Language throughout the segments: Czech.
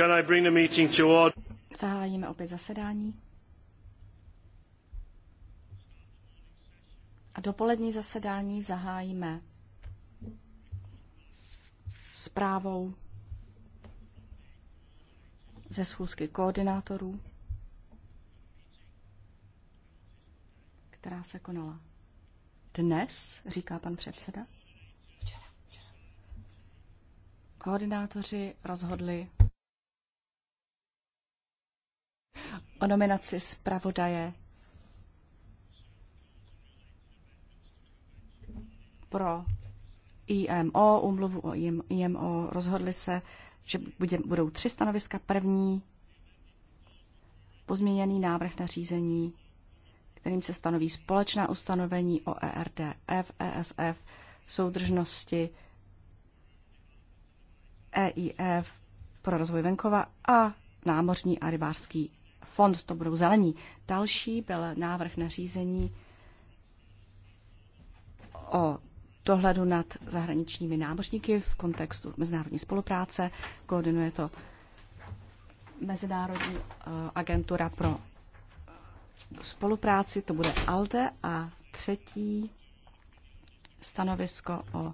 Can I bring the meeting to order? Zahájíme opět zasedání. A dopolední zasedání zahájíme zprávou ze schůzky koordinátorů, která se konala dnes, říká pan předseda. Koordinátoři rozhodli o nominaci zpravodaje pro IMO, umluvu o IMO, rozhodli se, že budou tři stanoviska. První pozměněný návrh na řízení, kterým se stanoví společná ustanovení o ERDF, ESF, soudržnosti, EIF pro rozvoj venkova a námořní a rybářský fond, to budou zelení. Další byl návrh na řízení o dohledu nad zahraničními námořníky v kontextu mezinárodní spolupráce. Koordinuje to Mezinárodní eh, agentura pro eh, spolupráci, to bude ALDE a třetí stanovisko o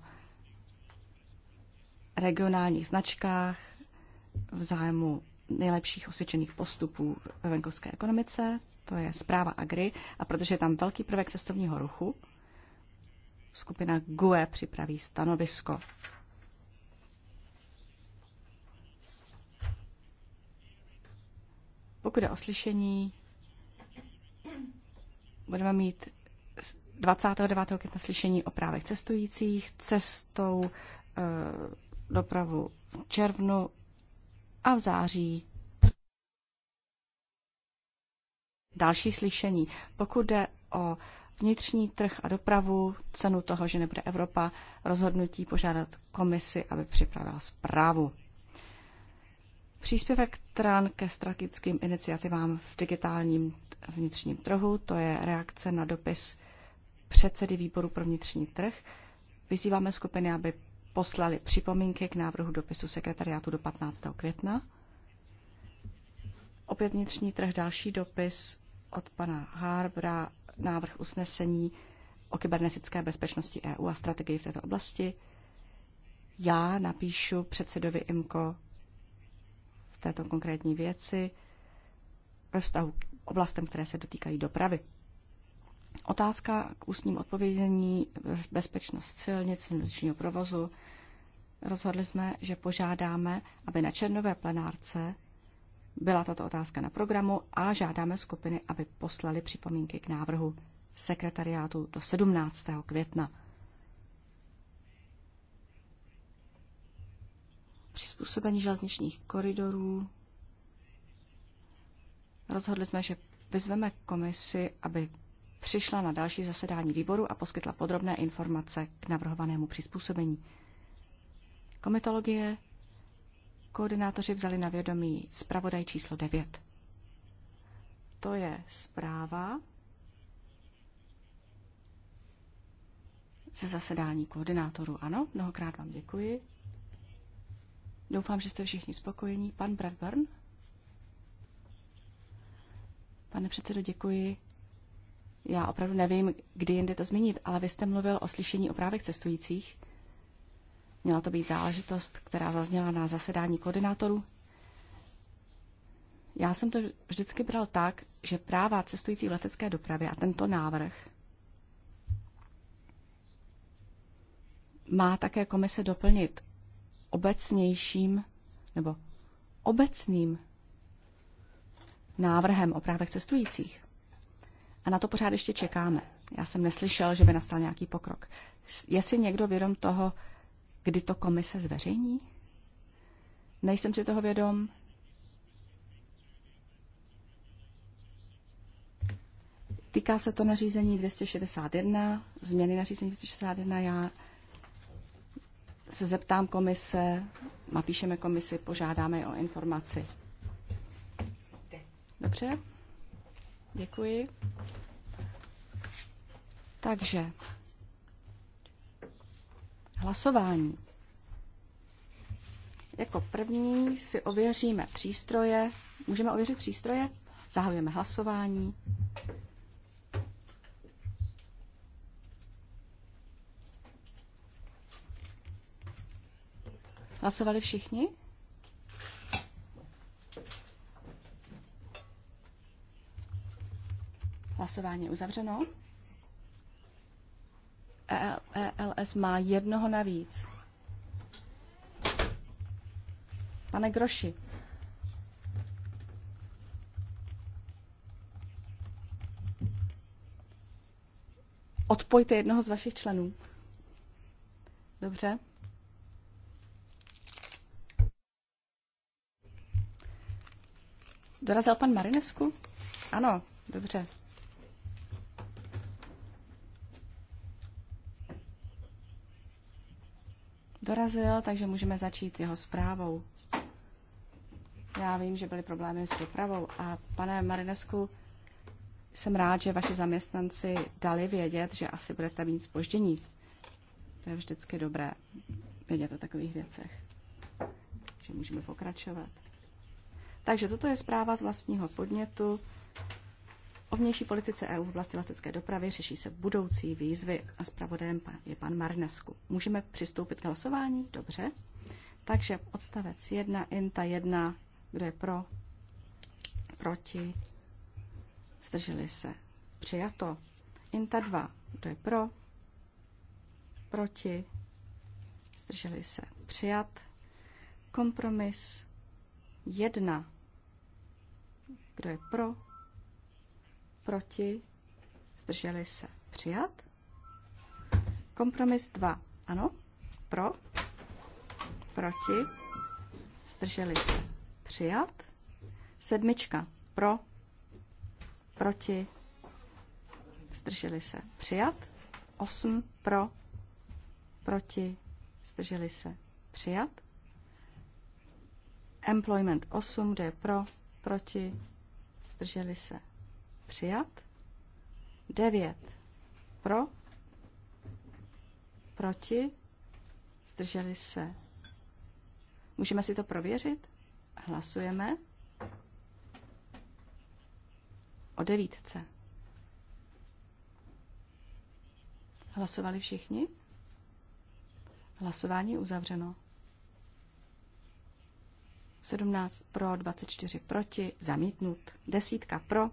regionálních značkách v zájmu nejlepších osvědčených postupů ve venkovské ekonomice, to je zpráva Agri, a protože je tam velký prvek cestovního ruchu, skupina GUE připraví stanovisko. Pokud je o slyšení, budeme mít 29. května slyšení o právech cestujících, cestou, eh, dopravu v červnu, a v září další slyšení. Pokud jde o vnitřní trh a dopravu, cenu toho, že nebude Evropa, rozhodnutí požádat komisi, aby připravila zprávu. Příspěvek TRAN ke strategickým iniciativám v digitálním vnitřním trhu, to je reakce na dopis předsedy výboru pro vnitřní trh. Vyzýváme skupiny, aby poslali připomínky k návrhu dopisu sekretariátu do 15. května. Opět vnitřní trh další dopis od pana Harbra, návrh usnesení o kybernetické bezpečnosti EU a strategii v této oblasti. Já napíšu předsedovi IMCO v této konkrétní věci ve vztahu k oblastem, které se dotýkají dopravy. Otázka k ústním odpovědění bezpečnost silnic, silničního provozu. Rozhodli jsme, že požádáme, aby na černové plenárce byla tato otázka na programu a žádáme skupiny, aby poslali připomínky k návrhu sekretariátu do 17. května. Přizpůsobení železničních koridorů. Rozhodli jsme, že vyzveme komisi, aby přišla na další zasedání výboru a poskytla podrobné informace k navrhovanému přizpůsobení. Komitologie koordinátoři vzali na vědomí zpravodaj číslo 9. To je zpráva ze zasedání koordinátorů. Ano, mnohokrát vám děkuji. Doufám, že jste všichni spokojení. Pan Bradburn? Pane předsedo, děkuji. Já opravdu nevím, kdy jinde to zmínit, ale vy jste mluvil o slyšení o právech cestujících. Měla to být záležitost, která zazněla na zasedání koordinátorů. Já jsem to vždycky bral tak, že práva cestující v letecké dopravě a tento návrh má také komise doplnit obecnějším nebo obecným návrhem o právech cestujících. A na to pořád ještě čekáme. Já jsem neslyšel, že by nastal nějaký pokrok. Je si někdo vědom toho, kdy to komise zveřejní? Nejsem si toho vědom. Týká se to nařízení 261, změny nařízení 261. Já se zeptám komise, napíšeme komisi, požádáme o informaci. Dobře? Děkuji. Takže hlasování. Jako první si ověříme přístroje. Můžeme ověřit přístroje? Zahajujeme hlasování. Hlasovali všichni? Hlasování je uzavřeno. ELS e má jednoho navíc. Pane Groši. Odpojte jednoho z vašich členů. Dobře. Dorazil pan Marinesku? Ano, dobře. dorazil, takže můžeme začít jeho zprávou. Já vím, že byly problémy s dopravou a pane Marinesku, jsem rád, že vaši zaměstnanci dali vědět, že asi budete mít spoždění. To je vždycky dobré vědět o takových věcech, že můžeme pokračovat. Takže toto je zpráva z vlastního podnětu O vnější politice EU v oblasti letecké dopravy řeší se budoucí výzvy a zpravodajem je pan Marnesku. Můžeme přistoupit k hlasování? Dobře. Takže odstavec 1, INTA 1, kdo je pro, proti, zdrželi se. Přijato. INTA 2, kdo je pro, proti, zdrželi se. Přijat. Kompromis 1, kdo je pro, proti, zdrželi se přijat. Kompromis 2, ano, pro, proti, zdrželi se přijat. Sedmička, pro, proti, zdrželi se přijat. Osm, pro, proti, zdrželi se přijat. Employment 8, kde je pro, proti, zdrželi se Přijat. 9. Pro. Proti. Zdrželi se. Můžeme si to prověřit? Hlasujeme. O devítce. Hlasovali všichni? Hlasování uzavřeno. 17 pro, 24 proti, zamítnut. Desítka pro,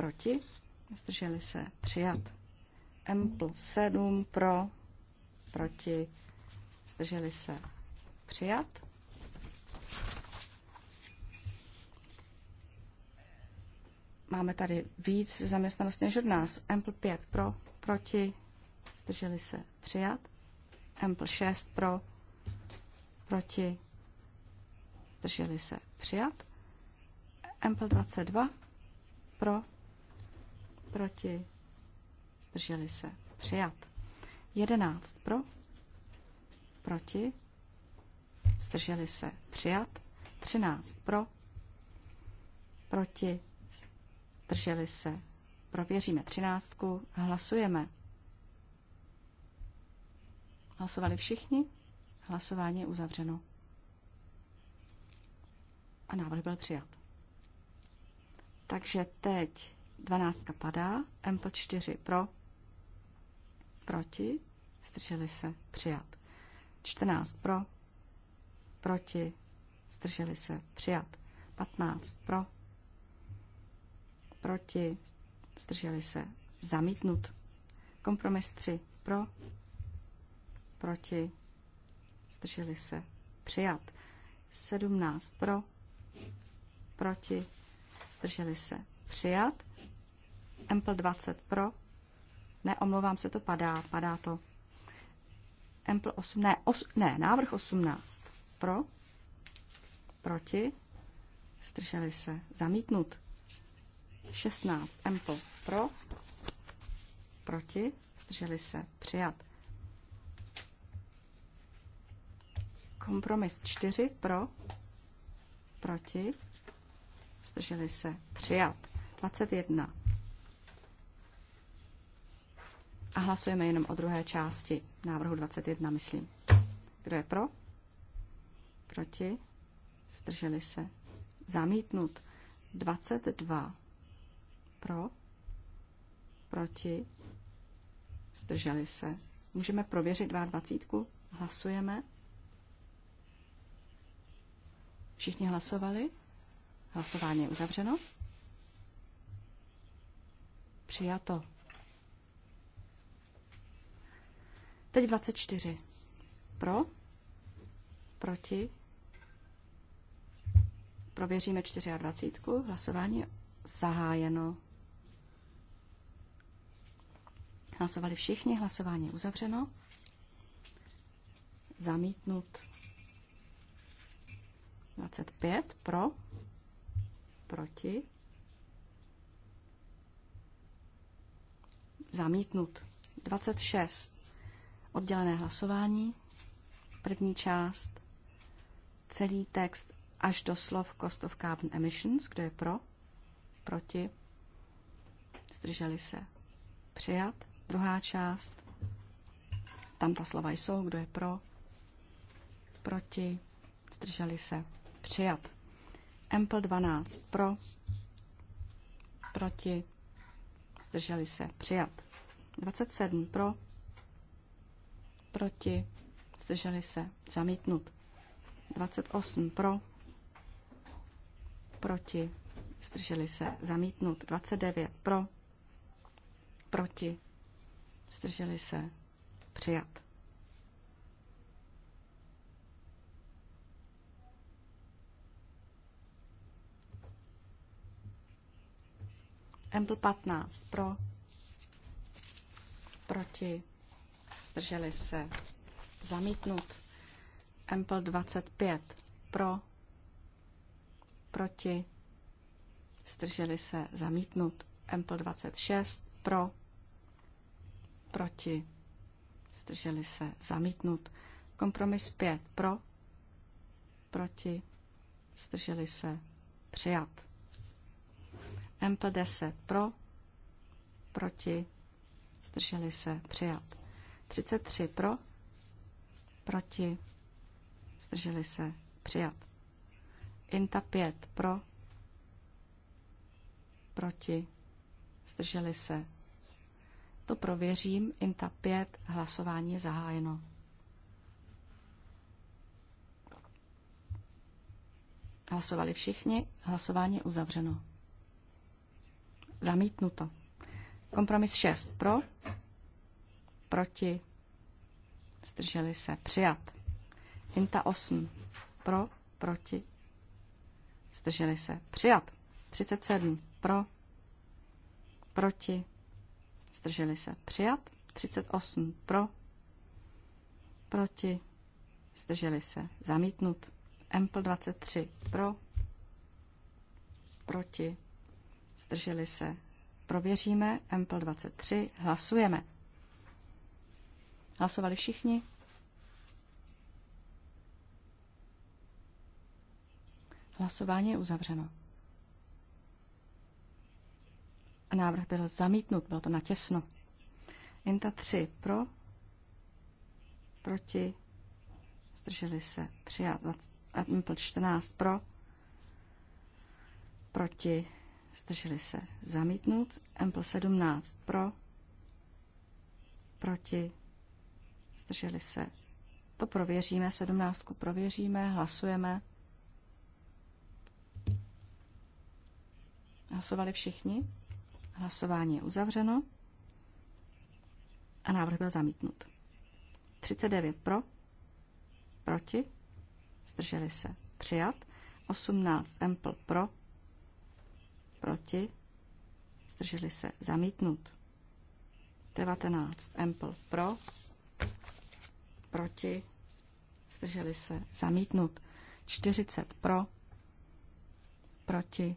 Proti? Zdrželi se. Přijat. plus 7 pro. Proti? Zdrželi se. Přijat. Máme tady víc zaměstnanosti než od nás. plus 5 pro. Proti? Zdrželi se. Přijat. plus 6 pro. Proti? Zdrželi se. Přijat. plus 22 pro proti, zdrželi se, přijat. 11 pro, proti, zdrželi se, přijat. 13 pro, proti, zdrželi se. Prověříme třináctku, hlasujeme. Hlasovali všichni? Hlasování je uzavřeno. A návrh byl přijat. Takže teď 12 padá, mp 4 pro, proti, zdrželi se, přijat. 14 pro, proti, zdrželi se, přijat. 15 pro, proti, zdrželi se, zamítnut. Kompromis 3 pro, proti, zdrželi se, přijat. 17 pro, proti, zdrželi se, přijat. Ample 20 pro. Ne, omlouvám se, to padá, padá to. Ample 8, ne, os, ne, návrh 18 pro. Proti. Zdrželi se. Zamítnut. 16. Ample pro. Proti. Zdrželi se. Přijat. Kompromis 4 pro. Proti. Zdrželi se. Přijat. 21 A hlasujeme jenom o druhé části návrhu 21, myslím. Kdo je pro? Proti? Zdrželi se. Zamítnut. 22. Pro? Proti? Zdrželi se. Můžeme prověřit 22. Hlasujeme. Všichni hlasovali? Hlasování je uzavřeno? Přijato. Teď 24. Pro? Proti? Prověříme 24. Hlasování zahájeno. Hlasovali všichni, hlasování uzavřeno. Zamítnut. 25 pro, proti. Zamítnut. 26 Oddělené hlasování. První část. Celý text až do slov Cost of Carbon Emissions. Kdo je pro? Proti? Zdrželi se. Přijat. Druhá část. Tam ta slova jsou. Kdo je pro? Proti? Zdrželi se. Přijat. Ample 12. Pro? Proti? Zdrželi se. Přijat. 27. Pro? proti, zdrželi se, zamítnut. 28 pro, proti, zdrželi se, zamítnut. 29 pro, proti, zdrželi se, přijat. Empl 15 pro, proti, zdrželi se, zamítnut. Ample 25 pro, proti, zdrželi se, zamítnut. Ample 26 pro, proti, zdrželi se, zamítnut. Kompromis 5 pro, proti, zdrželi se, přijat. MP10 pro, proti, zdrželi se, přijat. 33 pro, proti, zdrželi se, přijat. Inta 5 pro, proti, zdrželi se. To prověřím, Inta 5, hlasování je zahájeno. Hlasovali všichni, hlasování je uzavřeno. Zamítnuto. Kompromis 6 pro, proti, zdrželi se, přijat. Inta 8, pro, proti, zdrželi se, přijat. 37, pro, proti, zdrželi se, přijat. 38, pro, proti, zdrželi se, zamítnut. Ample 23, pro, proti, zdrželi se, prověříme, Ample 23, hlasujeme. Hlasovali všichni? Hlasování je uzavřeno. A návrh byl zamítnut, bylo to natěsno. Inta 3 pro, proti, zdrželi se, přijat. Apple eh, 14 pro, proti, zdrželi se, zamítnut. Apple 17 pro, proti, zdrželi se. To prověříme, sedmnáctku prověříme, hlasujeme. Hlasovali všichni? Hlasování je uzavřeno a návrh byl zamítnut. 39 pro, proti, zdrželi se, přijat. 18 empl pro, proti, zdrželi se, zamítnut. 19 empl pro, proti, zdrželi se, zamítnut. 40 pro, proti,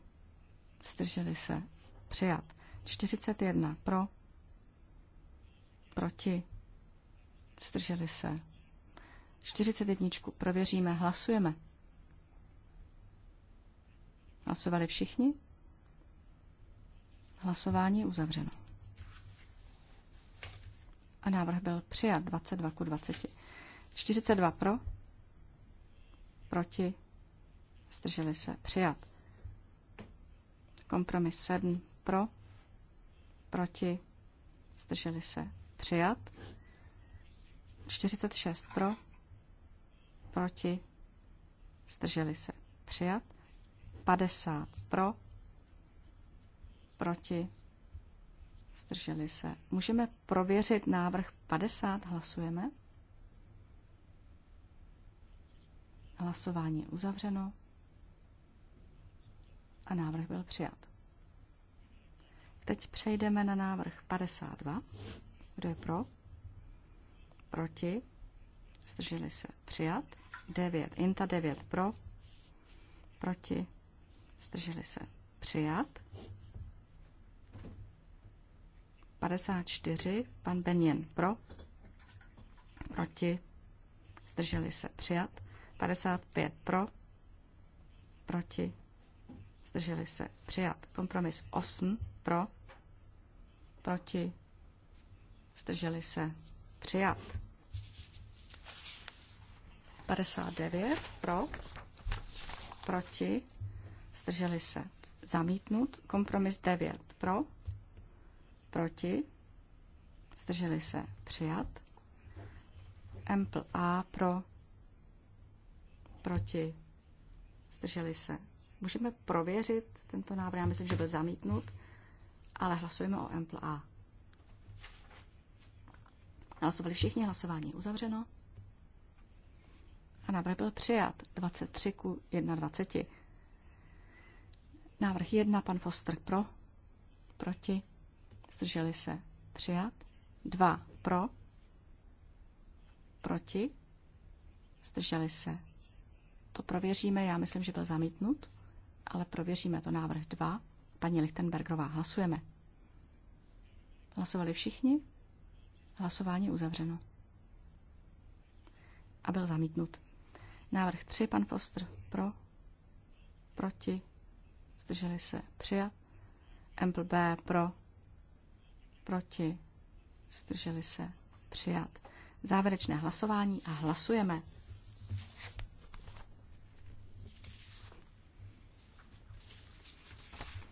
zdrželi se, přijat. 41 pro, proti, zdrželi se. 41 prověříme, hlasujeme. Hlasovali všichni? Hlasování uzavřeno a návrh byl přijat 22 ku 20. 42 pro, proti, zdrželi se, přijat. Kompromis 7 pro, proti, zdrželi se, přijat. 46 pro, proti, zdrželi se, přijat. 50 pro, proti, Zdrželi se. Můžeme prověřit návrh 50. Hlasujeme. Hlasování je uzavřeno. A návrh byl přijat. Teď přejdeme na návrh 52. Kdo je pro? Proti? Zdrželi se. Přijat. 9. Inta 9 pro. Proti? Zdrželi se. Přijat. 54, pan Benjen pro, proti, zdrželi se přijat. 55 pro, proti, zdrželi se přijat. Kompromis 8 pro, proti, zdrželi se přijat. 59 pro, proti, zdrželi se zamítnut. Kompromis 9 pro, Proti? Zdrželi se. Přijat. Empl A pro. Proti? Zdrželi se. Můžeme prověřit tento návrh. Já myslím, že byl zamítnut, ale hlasujeme o Empl A. Hlasovali všichni, hlasování uzavřeno. A návrh byl přijat 23 ku 21. Návrh 1, pan Foster pro, proti, zdrželi se přijat, dva pro, proti, zdrželi se. To prověříme, já myslím, že byl zamítnut, ale prověříme to návrh dva Paní Lichtenbergová, hlasujeme. Hlasovali všichni? Hlasování uzavřeno. A byl zamítnut. Návrh 3, pan Foster, pro, proti, zdrželi se, přijat. Ample B, pro, proti, zdrželi se, přijat. Závěrečné hlasování a hlasujeme.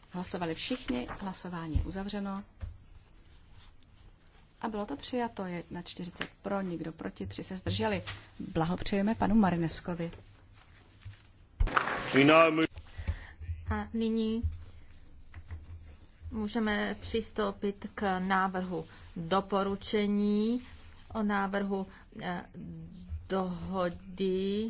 Hlasovali všichni, hlasování je uzavřeno. A bylo to přijato, je na 40 pro, nikdo proti, tři se zdrželi. Blahopřejeme panu Marineskovi. A nyní můžeme přistoupit k návrhu doporučení o návrhu eh, dohody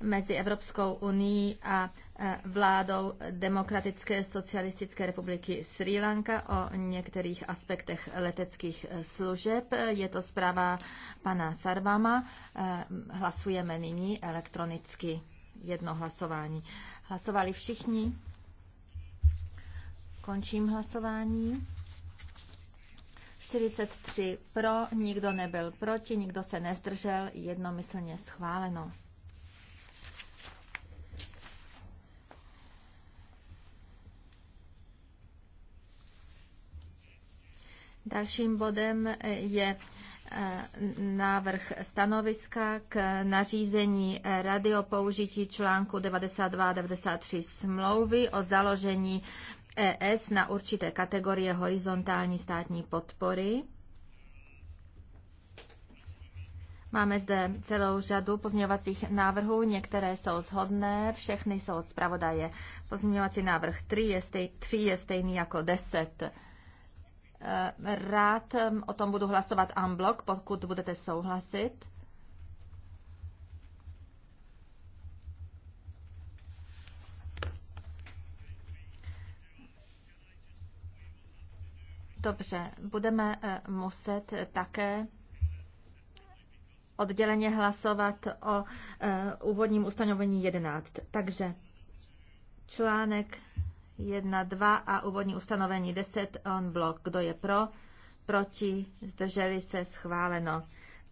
mezi Evropskou unii a eh, vládou Demokratické socialistické republiky Sri Lanka o některých aspektech leteckých eh, služeb. Je to zpráva pana Sarvama. Hlasujeme nyní elektronicky jedno hlasování. Hlasovali všichni? Končím hlasování. 43 pro, nikdo nebyl proti, nikdo se nezdržel, jednomyslně schváleno. Dalším bodem eh, je eh, návrh stanoviska k nařízení eh, Rady o použití článku 92 a 93 smlouvy o založení ES na určité kategorie horizontální státní podpory. Máme zde celou řadu pozměňovacích návrhů, některé jsou shodné, všechny jsou od zpravodaje. Pozměňovací návrh 3 je, stej, 3 je stejný jako 10. E, rád o tom budu hlasovat unblock, pokud budete souhlasit. Dobře, budeme eh, muset také odděleně hlasovat o eh, úvodním ustanovení 11. Takže článek 1, 2 a úvodní ustanovení 10 on blok. Kdo je pro? Proti? Zdrželi se? Schváleno.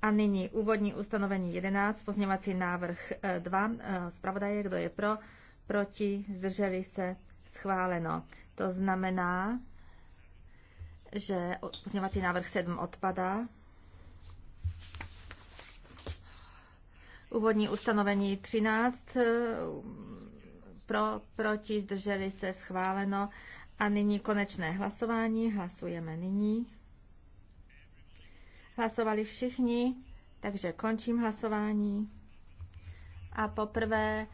A nyní úvodní ustanovení 11, pozněvací návrh 2. Eh, zpravodaje, kdo je pro? Proti? Zdrželi se? Schváleno. To znamená, že pozměňovací návrh 7 odpadá. Úvodní ustanovení 13 eh, pro, proti, zdrželi se, schváleno. A nyní konečné hlasování. Hlasujeme nyní. Hlasovali všichni, takže končím hlasování. A poprvé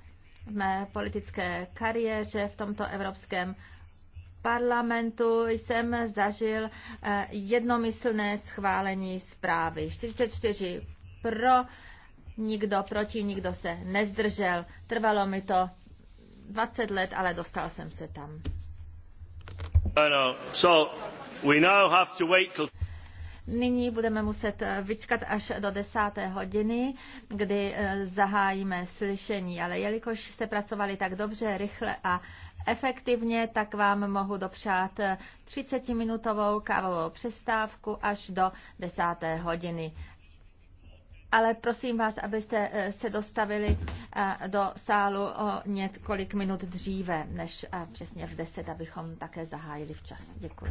v mé politické kariéře v tomto Evropském parlamentu jsem zažil eh, jednomyslné schválení zprávy. 44 pro, nikdo proti, nikdo se nezdržel. Trvalo mi to 20 let, ale dostal jsem se tam. Nyní budeme muset eh, vyčkat až do desáté hodiny, kdy eh, zahájíme slyšení, ale jelikož se pracovali tak dobře, rychle a efektivně, tak vám mohu dopřát 30-minutovou kávovou přestávku až do 10. hodiny ale prosím vás, abyste eh, se dostavili eh, do sálu o několik minut dříve, než eh, přesně v 10, abychom také zahájili včas. Děkuji.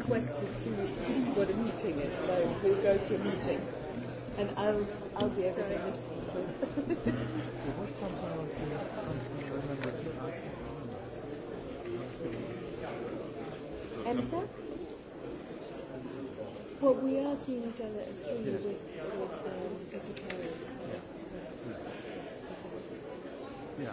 requested to see what a meeting is, so we'll go to a meeting. And I'll, I'll be able to listen. EMSA? Well, we are seeing each other at three with, with um, Yeah.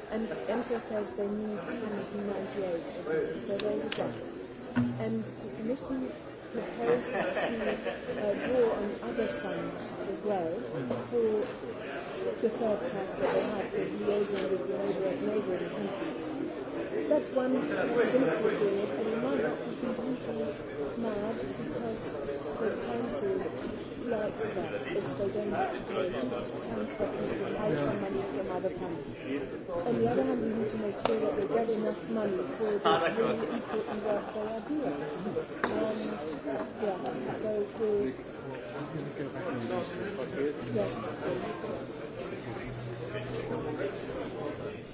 and EMSA says they need 198, so there's a gap. And the Commission proposed to uh, draw on other funds as well for the third task that they have, the liaison with the neighbouring, neighbouring countries. That's one possibility of doing it, it might not be completely mad because the council likes that if they don't pay tank workers to hide some money from other funds. On the other hand, we need to make sure that they get enough money for the really ah, important work they are doing. Um, yeah, so the... Yes.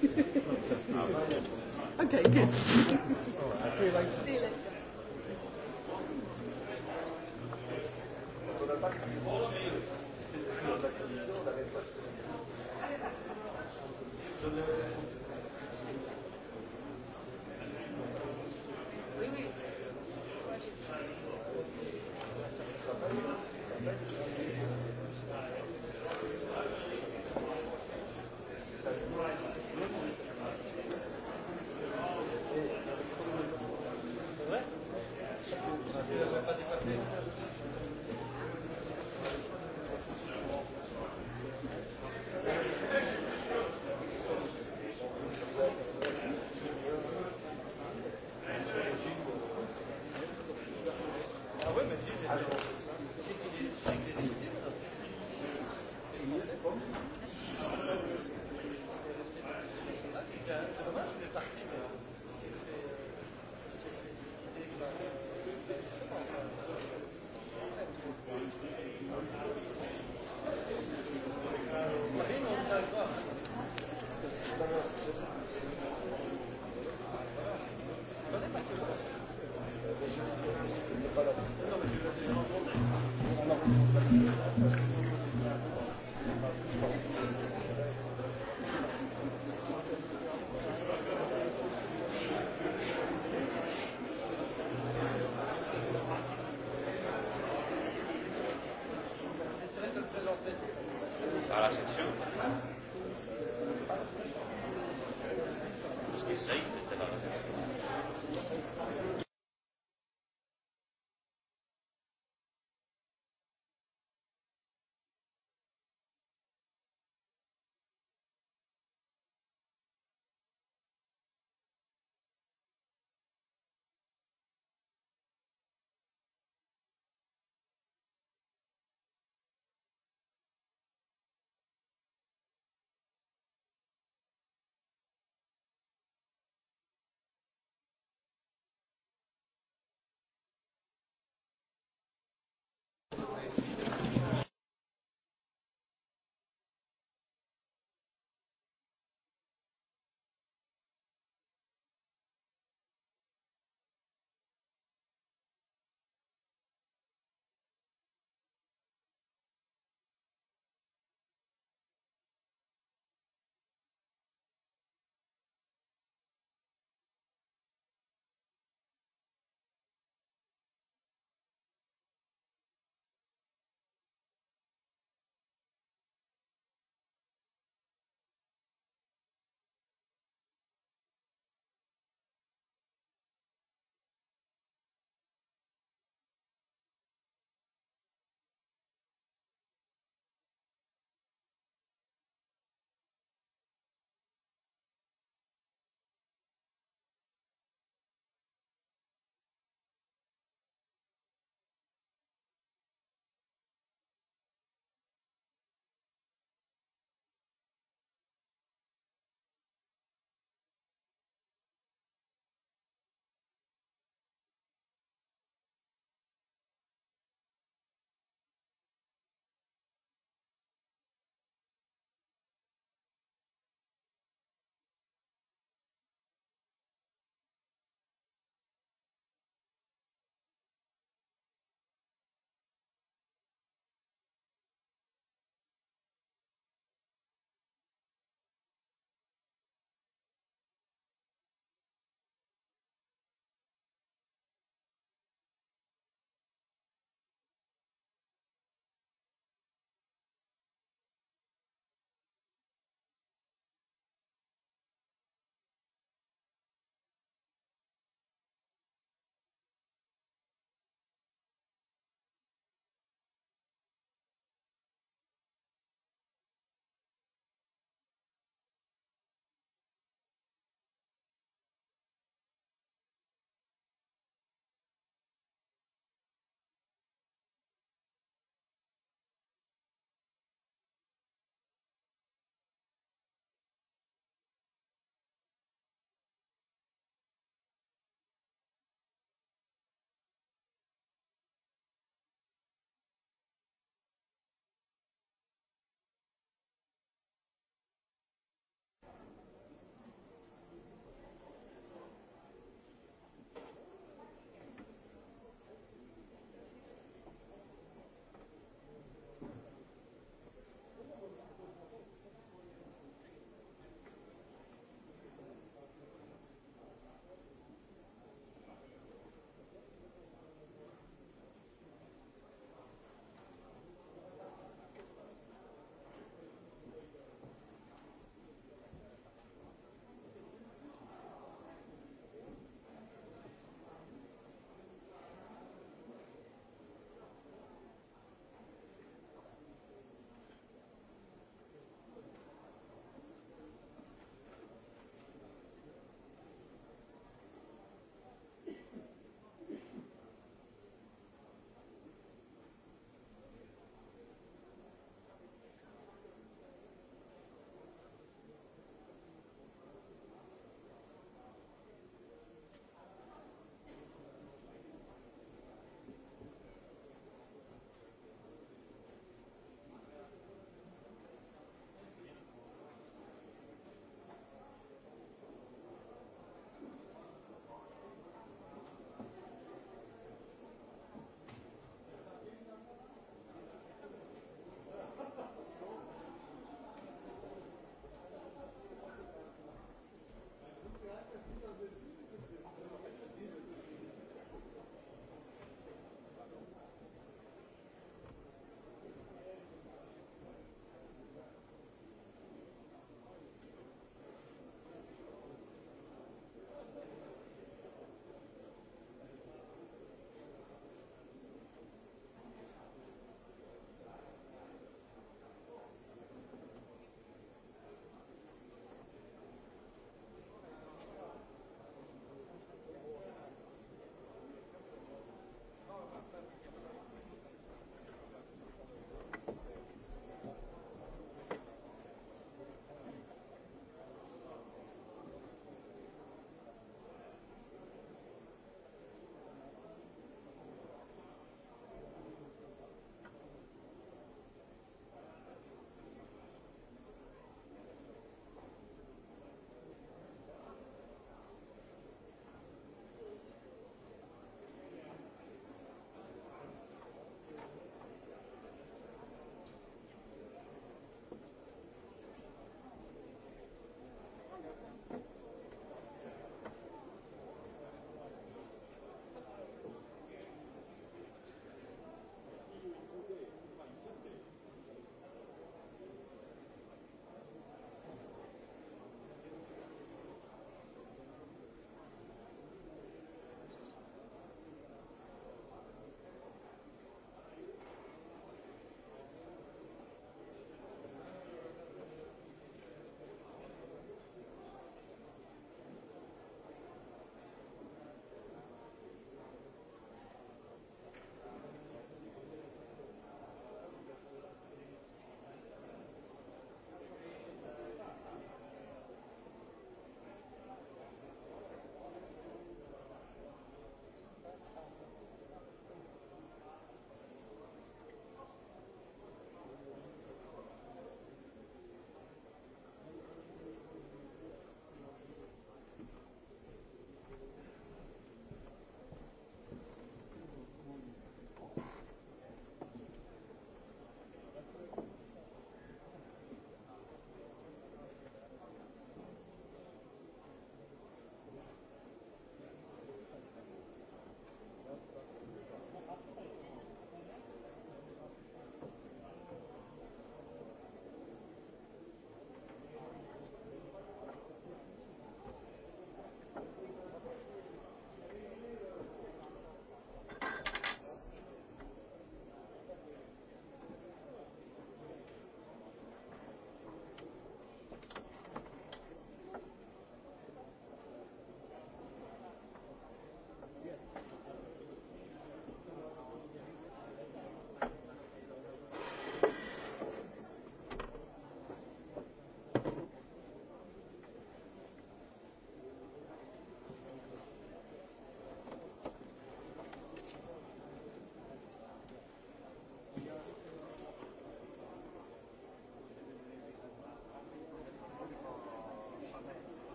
okay, good. All right. See you later. See you later. Je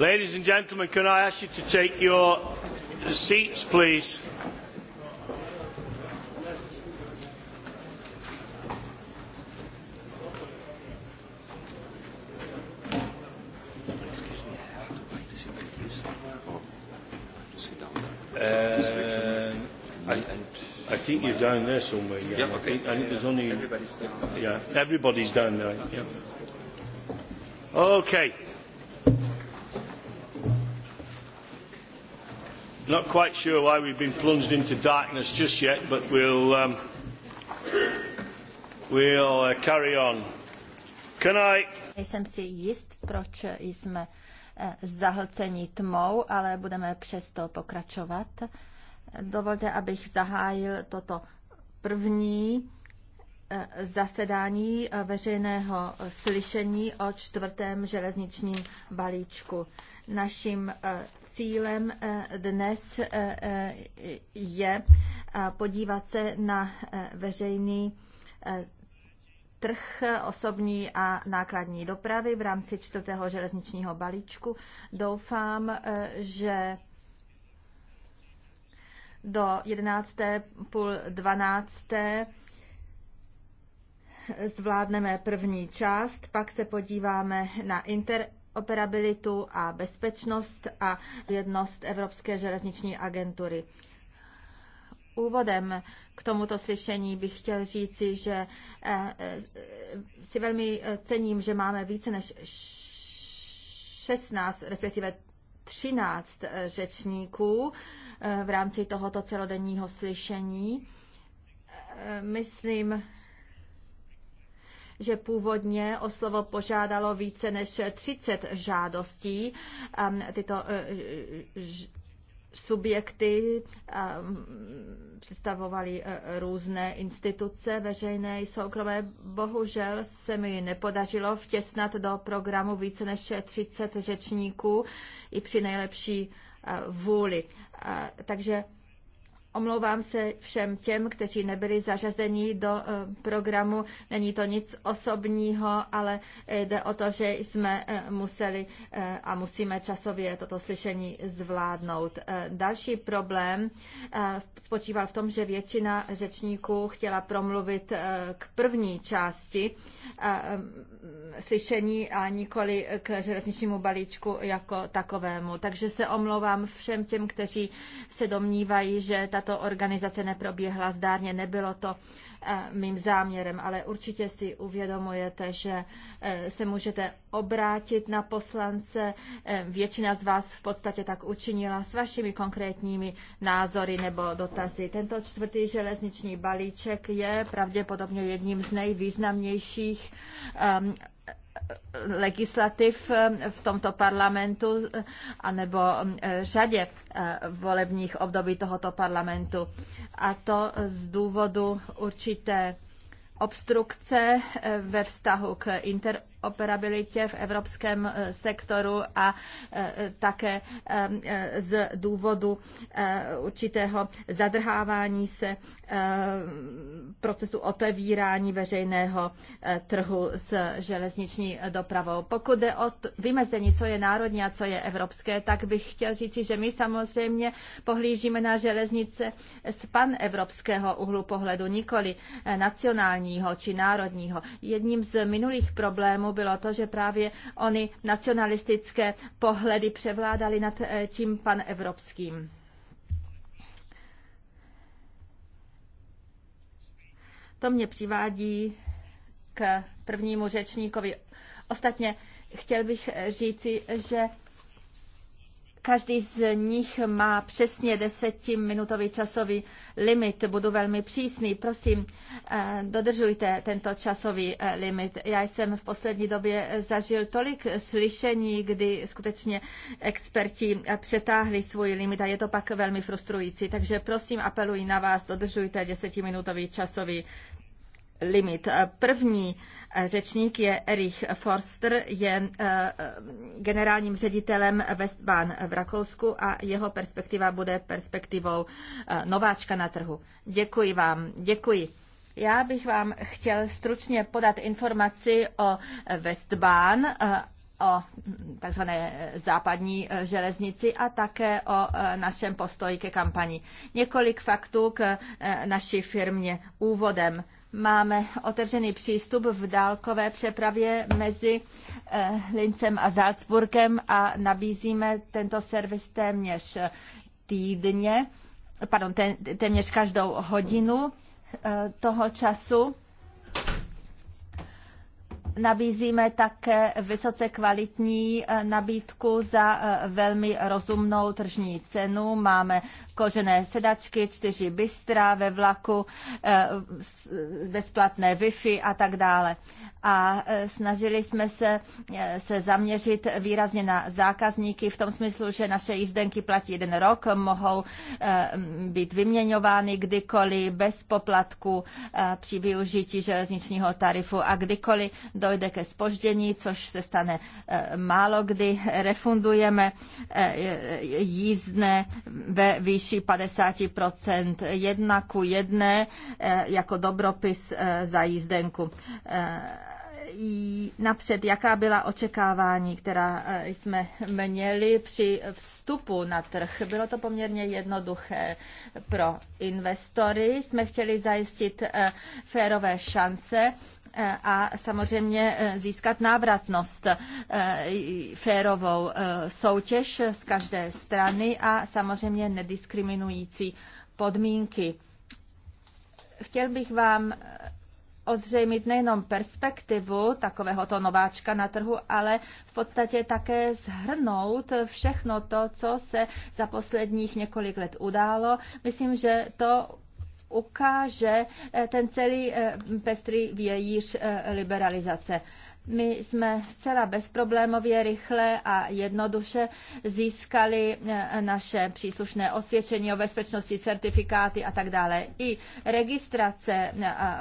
Ladies and gentlemen, can I ask you to take your seats, please? Um, I, I think you're down there somewhere. Yeah, yeah okay. I think, there's only. Everybody's down. Yeah, everybody's down there. Yeah. Okay. Not quite sure why we've been plunged into darkness just yet, but we'll, um, we'll uh, carry on. Can I... Nejsem si jist, proč jsme eh, zahlceni tmou, ale budeme přesto pokračovat. Dovolte, abych zahájil toto první eh, zasedání eh, veřejného slyšení o čtvrtém železničním balíčku. Naším cílem eh, dnes eh, eh, je podívat se na veřejný trh osobní a nákladní dopravy v rámci čtvrtého železničního balíčku. Doufám, že do 11. půl 12. zvládneme první část, pak se podíváme na inter interoperabilitu a bezpečnost a jednost Evropské železniční agentury. Úvodem k tomuto slyšení bych chtěl říci, že eh, eh, si velmi eh, cením, že máme více než 16, respektive 13 řečníků v rámci tohoto celodenního slyšení. Myslím, že původně o slovo požádalo více než 30 žádostí. Ehm, tyto eh, subjekty ehm, představovaly eh, různé instituce veřejné i soukromé. Bohužel se mi nepodařilo vtěsnat do programu více než 30 řečníků i při nejlepší eh, vůli. Takže Omlouvám se všem těm, kteří nebyli zařazeni do eh, programu. Není to nic osobního, ale jde o to, že jsme eh, museli eh, a musíme časově toto slyšení zvládnout. Další problém spočíval v tom, že většina řečníků chtěla promluvit k první části slyšení a nikoli k železničnímu balíčku jako takovému. Takže se omlouvám všem těm, kteří se domnívají, že ta tato organizace neproběhla zdárně. Nebylo to eh, mým záměrem, ale určitě si uvědomujete, že eh, se můžete obrátit na poslance. Eh, většina z vás v podstatě tak učinila s vašimi konkrétními názory nebo dotazy. Tento čtvrtý železniční balíček je pravděpodobně jedním z nejvýznamnějších ehm, legislativ eh, v tomto parlamentu eh, anebo eh, řadě volebních období tohoto parlamentu. A to z důvodu určité obstrukce eh, ve vztahu k interoperabilitě v evropském eh, sektoru a eh, také z důvodu určitého zadrhávání se procesu otevírání veřejného trhu s železniční dopravou. Pokud jde o vymezení, co je národní a co je evropské, tak bych chtěl říci, že my samozřejmě pohlížíme na železnice z panevropského úhlu pohledu, nikoli nacionální regionálního či národního. Jedním z minulých problémů bylo to, že právě oni nacionalistické pohledy převládali nad tím eh, panevropským. To mě přivádí k prvnímu řečníkovi. Ostatně chtěl bych eh, říci, že Každý z nich má přesně desetiminutový časový limit. Budu velmi přísný. Prosím, eh, dodržujte tento časový eh, limit. Já jsem v poslední době zažil tolik slyšení, kdy skutečně experti eh, přetáhli svůj limit a je to pak velmi frustrující. Takže prosím, apeluji na vás, dodržujte desetiminutový časový limit. První eh, řečník je Erich Forster, je eh, generálním ředitelem Westbahn v Rakousku a jeho perspektiva bude perspektivou eh, nováčka na trhu. Děkuji vám, děkuji. Já bych vám chtěl stručně podat informaci o Westbahn o tzv. západní železnici a také o našem postoji ke kampani. Několik faktů k naší firmě úvodem máme otevřený přístup v dálkové přepravě mezi eh, Lincem a Salzburgem a nabízíme tento servis téměř týdně, pardon, téměř každou hodinu eh, toho času. Nabízíme také vysoce kvalitní eh, nabídku za velmi rozumnou tržní cenu. Máme kožené sedačky, čtyři bystra ve vlaku, eh, bezplatné Wi-Fi a tak dále. A eh, snažili jsme se, eh, se zaměřit výrazně na zákazníky v tom smyslu, že naše jízdenky platí jeden rok, mohou být vyměňovány kdykoliv bez poplatku při využití železničního tarifu a kdykoliv dojde ke spoždění, což se stane málo kdy, refundujeme jízdné ve výši výši 50% 1 ku jedné eh, jako dobropis eh, za jízdenku eh, napřed, jaká byla očekávání, která jsme měli při vstupu na trh. Bylo to poměrně jednoduché pro investory. Jsme chtěli zajistit férové šance a samozřejmě e, získat návratnost e, férovou e, soutěž z každé strany a samozřejmě nediskriminující podmínky. Chtěl bych vám ozřejmit nejenom perspektivu takovéhoto nováčka na trhu, ale v podstatě také zhrnout všechno to, co se za posledních několik let událo. Myslím, že to ukáže eh, ten celý eh, pestrý vějíř eh, liberalizace. My jsme zcela bezproblémově, rychle a jednoduše získali e, naše příslušné osvědčení o bezpečnosti, certifikáty a tak dále. I registrace e,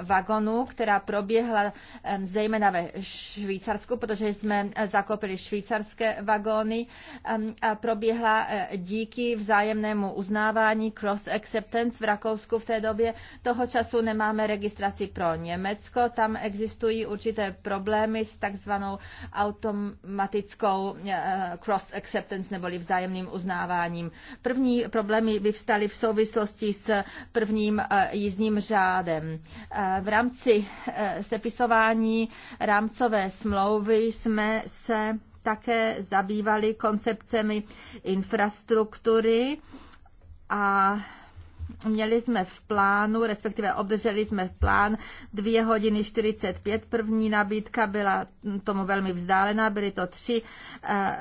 vagonů, která proběhla e, zejména ve Švýcarsku, protože jsme zakoupili švýcarské vagóny, proběhla díky vzájemnému uznávání cross acceptance v Rakousku v té době. Toho času nemáme registraci pro Německo, tam existují určité problémy s takzvanou automatickou eh, cross acceptance neboli vzájemným uznáváním. První problémy vyvstaly v souvislosti s prvním eh, jízdním řádem. Eh, v rámci sepisování rámcové smlouvy jsme se také zabývali koncepcemi infrastruktury a Měli jsme v plánu, respektive obdrželi jsme v plán 2 hodiny 45. První nabídka byla tomu velmi vzdálená, byly to 3 eh,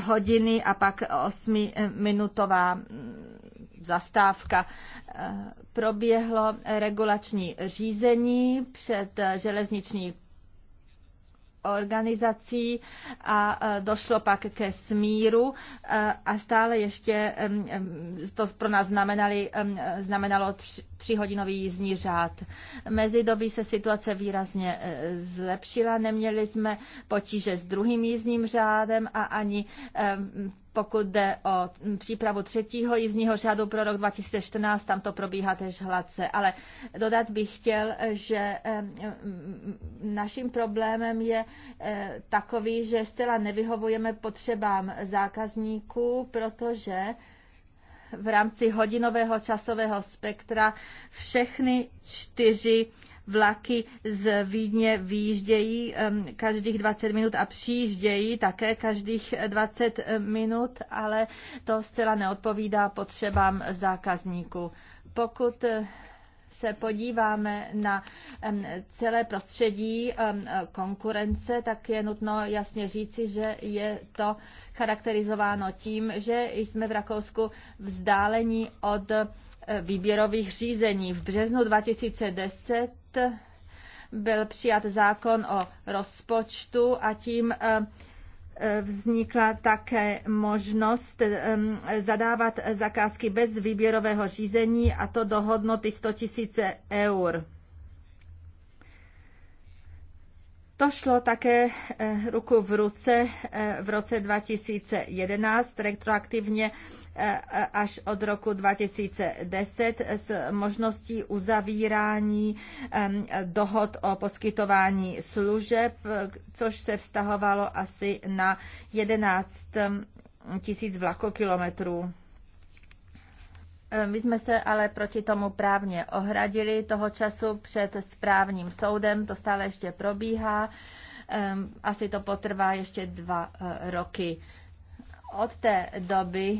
hodiny a pak 8-minutová mm, zastávka. Eh, proběhlo regulační řízení před železniční organizací a e, došlo pak ke smíru e, a stále ještě to pro nás znamenali, znamenalo tříhodinový jízdní řád. Mezidobí se situace výrazně e, zlepšila, neměli jsme potíže s druhým jízdním řádem a ani pokud jde o přípravu třetího jízdního řádu pro rok 2014, tam to probíhá tež hladce. Ale dodat bych chtěl, že naším problémem je eh, takový, že zcela nevyhovujeme potřebám zákazníků, protože v rámci hodinového časového spektra všechny čtyři vlaky z Vídně výjíždějí každých 20 minut a přijíždějí také každých 20 minut, ale to zcela neodpovídá potřebám zákazníků. Pokud eh, se podíváme na celé prostředí konkurence, tak je nutno jasně říci, že je to charakterizováno tím, že jsme v Rakousku vzdálení od eh, výběrových řízení. V březnu 2010 byl přijat zákon o rozpočtu a tím eh, eh, vznikla také možnost eh, zadávat zakázky bez výběrového řízení a to do hodnoty 100 000 eur. To šlo také eh, ruku v ruce eh, v roce 2011, retroaktivně eh, až od roku 2010 s možností uzavírání dohod o poskytování služeb, což se vztahovalo asi na 11 tisíc vlakokilometrů. Eh, my jsme se ale proti tomu právně ohradili toho času před správním soudem, to stále ještě probíhá, asi to potrvá ještě dva eh, roky. Od té doby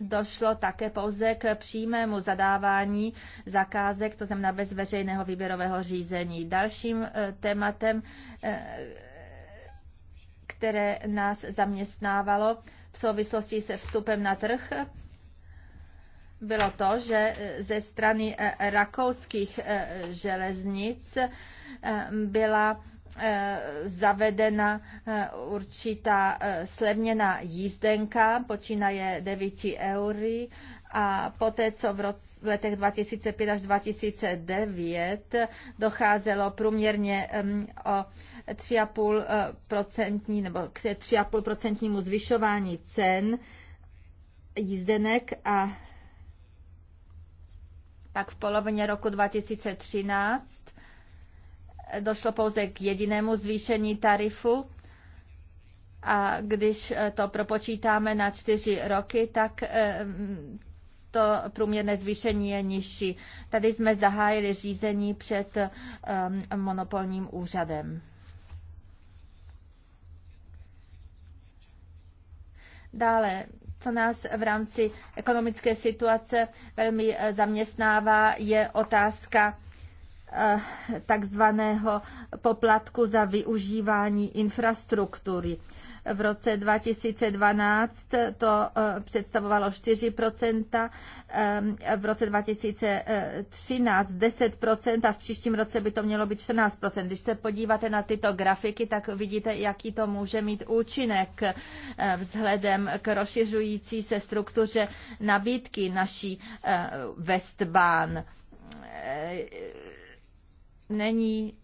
došlo také pouze k přímému zadávání zakázek, to znamená bez veřejného výběrového řízení. Dalším eh, tématem, které nás zaměstnávalo v souvislosti se vstupem na trh, bylo to, že eh, ze strany eh, rakouských eh, železnic byla zavedena určitá slevněná jízdenka, počínaje 9 eury a poté, co v, roce, v letech 2005 až 2009 docházelo průměrně o 3,5% nebo k 3,5% zvyšování cen jízdenek a tak v polovině roku 2013 došlo pouze k jedinému zvýšení tarifu a když eh, to propočítáme na čtyři roky, tak eh, mm, to průměrné zvýšení je nižší. Tady jsme zahájili řízení před eh, monopolním úřadem. Dále co nás v rámci ekonomické situace velmi eh, zaměstnává, je otázka eh, takzvaného poplatku za využívání infrastruktury v roce 2012 to eh, představovalo 4 eh, v roce 2013 10 a v příštím roce by to mělo být 14 Když se podíváte na tyto grafiky, tak vidíte, jaký to může mít účinek eh, vzhledem k rozšiřující se struktuře nabídky naší Westbahn. Není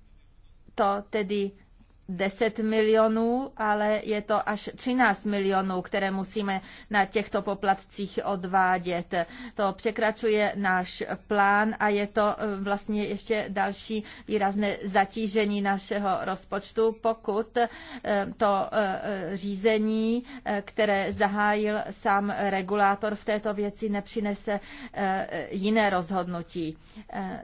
to tedy 10 milionů, ale je to až 13 milionů, které musíme na těchto poplatcích odvádět. To překračuje náš plán a je to eh, vlastně ještě další výrazné zatížení našeho rozpočtu, pokud eh, to eh, řízení, které zahájil sám regulátor v této věci, nepřinese jiné rozhodnutí.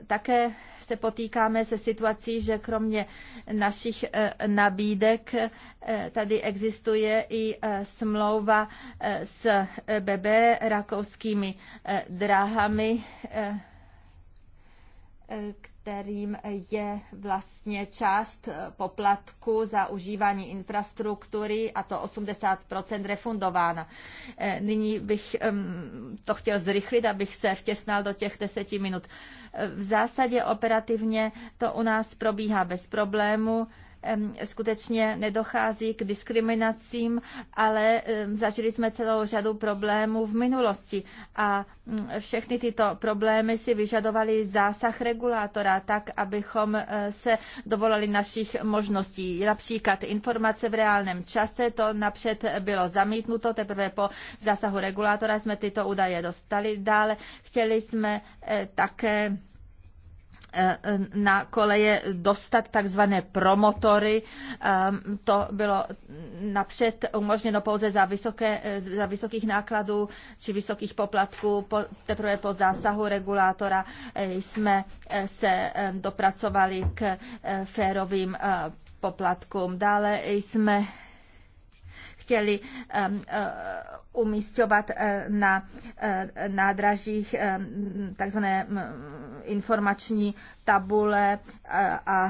Také se potýkáme se situací, že kromě našich nabídek. Eh, tady existuje i eh, smlouva eh, s BB rakouskými dráhami, kterým je vlastně část poplatku za užívání infrastruktury a to 80 refundována. Nyní bych to chtěl zrychlit, abych se vtěsnal do těch deseti minut. V zásadě operativně to u nás probíhá bez problému skutečně nedochází k diskriminacím, ale zažili jsme celou řadu problémů v minulosti a mm, všechny tyto problémy si vyžadovaly zásah regulátora, tak abychom e, se dovolali našich možností. Například informace v reálném čase, to napřed bylo zamítnuto, teprve po zásahu regulátora jsme tyto údaje dostali. Dále chtěli jsme e, také Eh, na koleje dostat takzvané promotory. Eh, to bylo napřed umožněno pouze za, vysoké, eh, za vysokých nákladů či vysokých poplatků. Po, teprve po zásahu regulátora jsme se dopracovali k férovým poplatkům. Dále jsme chtěli um, uh, umístovat uh, na uh, nádražích um, takzvané um, informační tabule a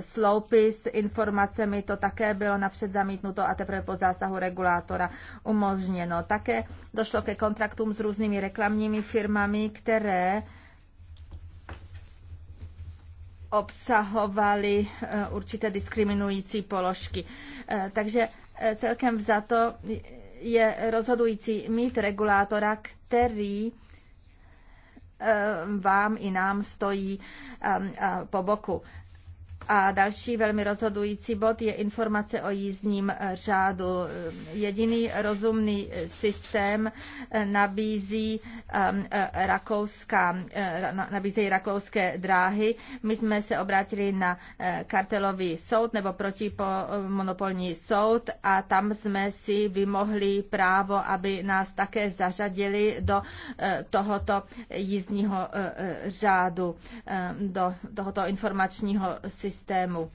sloupy s informacemi. To také bylo napřed zamítnuto a teprve po zásahu regulátora umožněno. Také došlo ke kontraktům s různými reklamními firmami, které obsahovaly určité diskriminující položky. Takže celkem vzato je rozhodující mít regulátora, který eh, vám i nám stojí eh, eh, po boku. A další velmi rozhodující bod je informace o jízdním řádu. Jediný rozumný systém nabízí um, eh, rakouská, eh, nabízejí rakouské dráhy. My jsme se obrátili na eh, kartelový soud nebo proti monopolní soud a tam jsme si vymohli právo, aby nás také zařadili do tohoto jízdního řádu, do tohoto informačního systému systému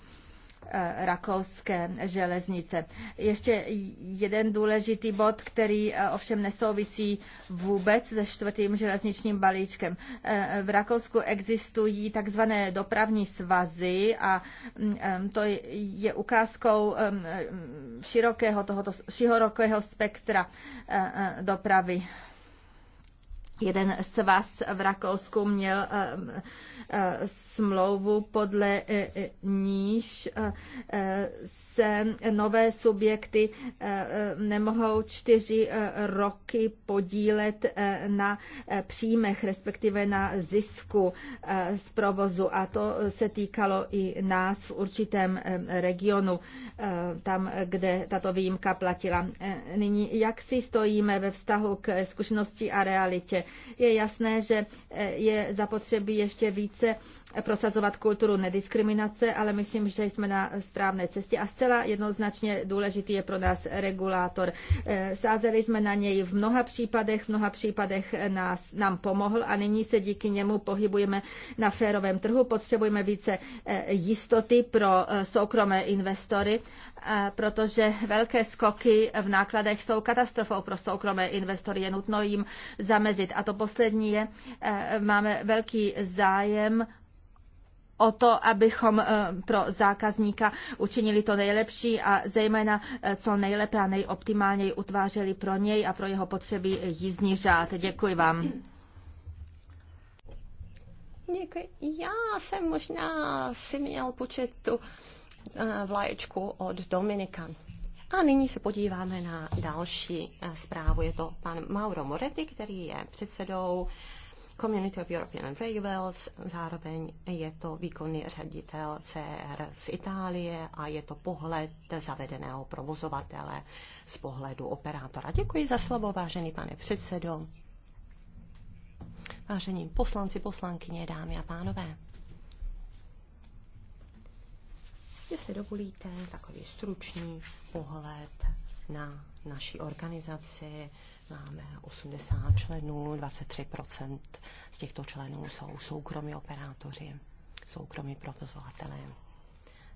eh, rakouské železnice. Ještě jeden důležitý bod, který eh, ovšem nesouvisí vůbec se čtvrtým železničním balíčkem. Eh, v Rakousku existují takzvané dopravní svazy a mm, to je ukázkou mm, širokého, tohoto, širokého spektra dopravy Jeden z vás v Rakousku měl eh, eh, smlouvu, podle eh, níž se nové subjekty nemohou čtyři roky podílet na příjmech, respektive na zisku z provozu. A to se týkalo i nás v určitém regionu, tam, kde tato výjimka platila. Nyní, jak si stojíme ve vztahu k zkušenosti a realitě? Je jasné, že eh, je zapotřebí ještě více eh, prosazovat kulturu nediskriminace, ale myslím, že jsme na správné cestě a zcela jednoznačně důležitý je pro nás regulátor. Eh, sázeli jsme na něj v mnoha případech, v mnoha případech nás, nám pomohl a nyní se díky němu pohybujeme na férovém trhu. Potřebujeme více jistoty pro soukromé investory Eh, protože velké skoky v nákladech jsou katastrofou pro soukromé investory. Je nutno jim zamezit. A to poslední je, eh, máme velký zájem o to, abychom eh, pro zákazníka učinili to nejlepší a zejména co nejlépe a nejoptimálněji utvářeli pro něj a pro jeho potřeby jízdní řád. Děkuji vám. Děkuji. Já jsem možná si měl počet tu Eh, vlaječku od Dominika. A nyní se podíváme na další eh, zprávu. Je to pan Mauro Moretti, který je předsedou Community of European Railways, zároveň je to výkonný ředitel CR z Itálie a je to pohled zavedeného provozovatele z pohledu operátora. Děkuji za slovo, vážený pane předsedo. Vážení poslanci, poslankyně, dámy a pánové. Jestli dovolíte, takový stručný pohled na naší organizaci. Máme 80 členů, 23% z těchto členů jsou soukromí operátoři, soukromí provozovatelé.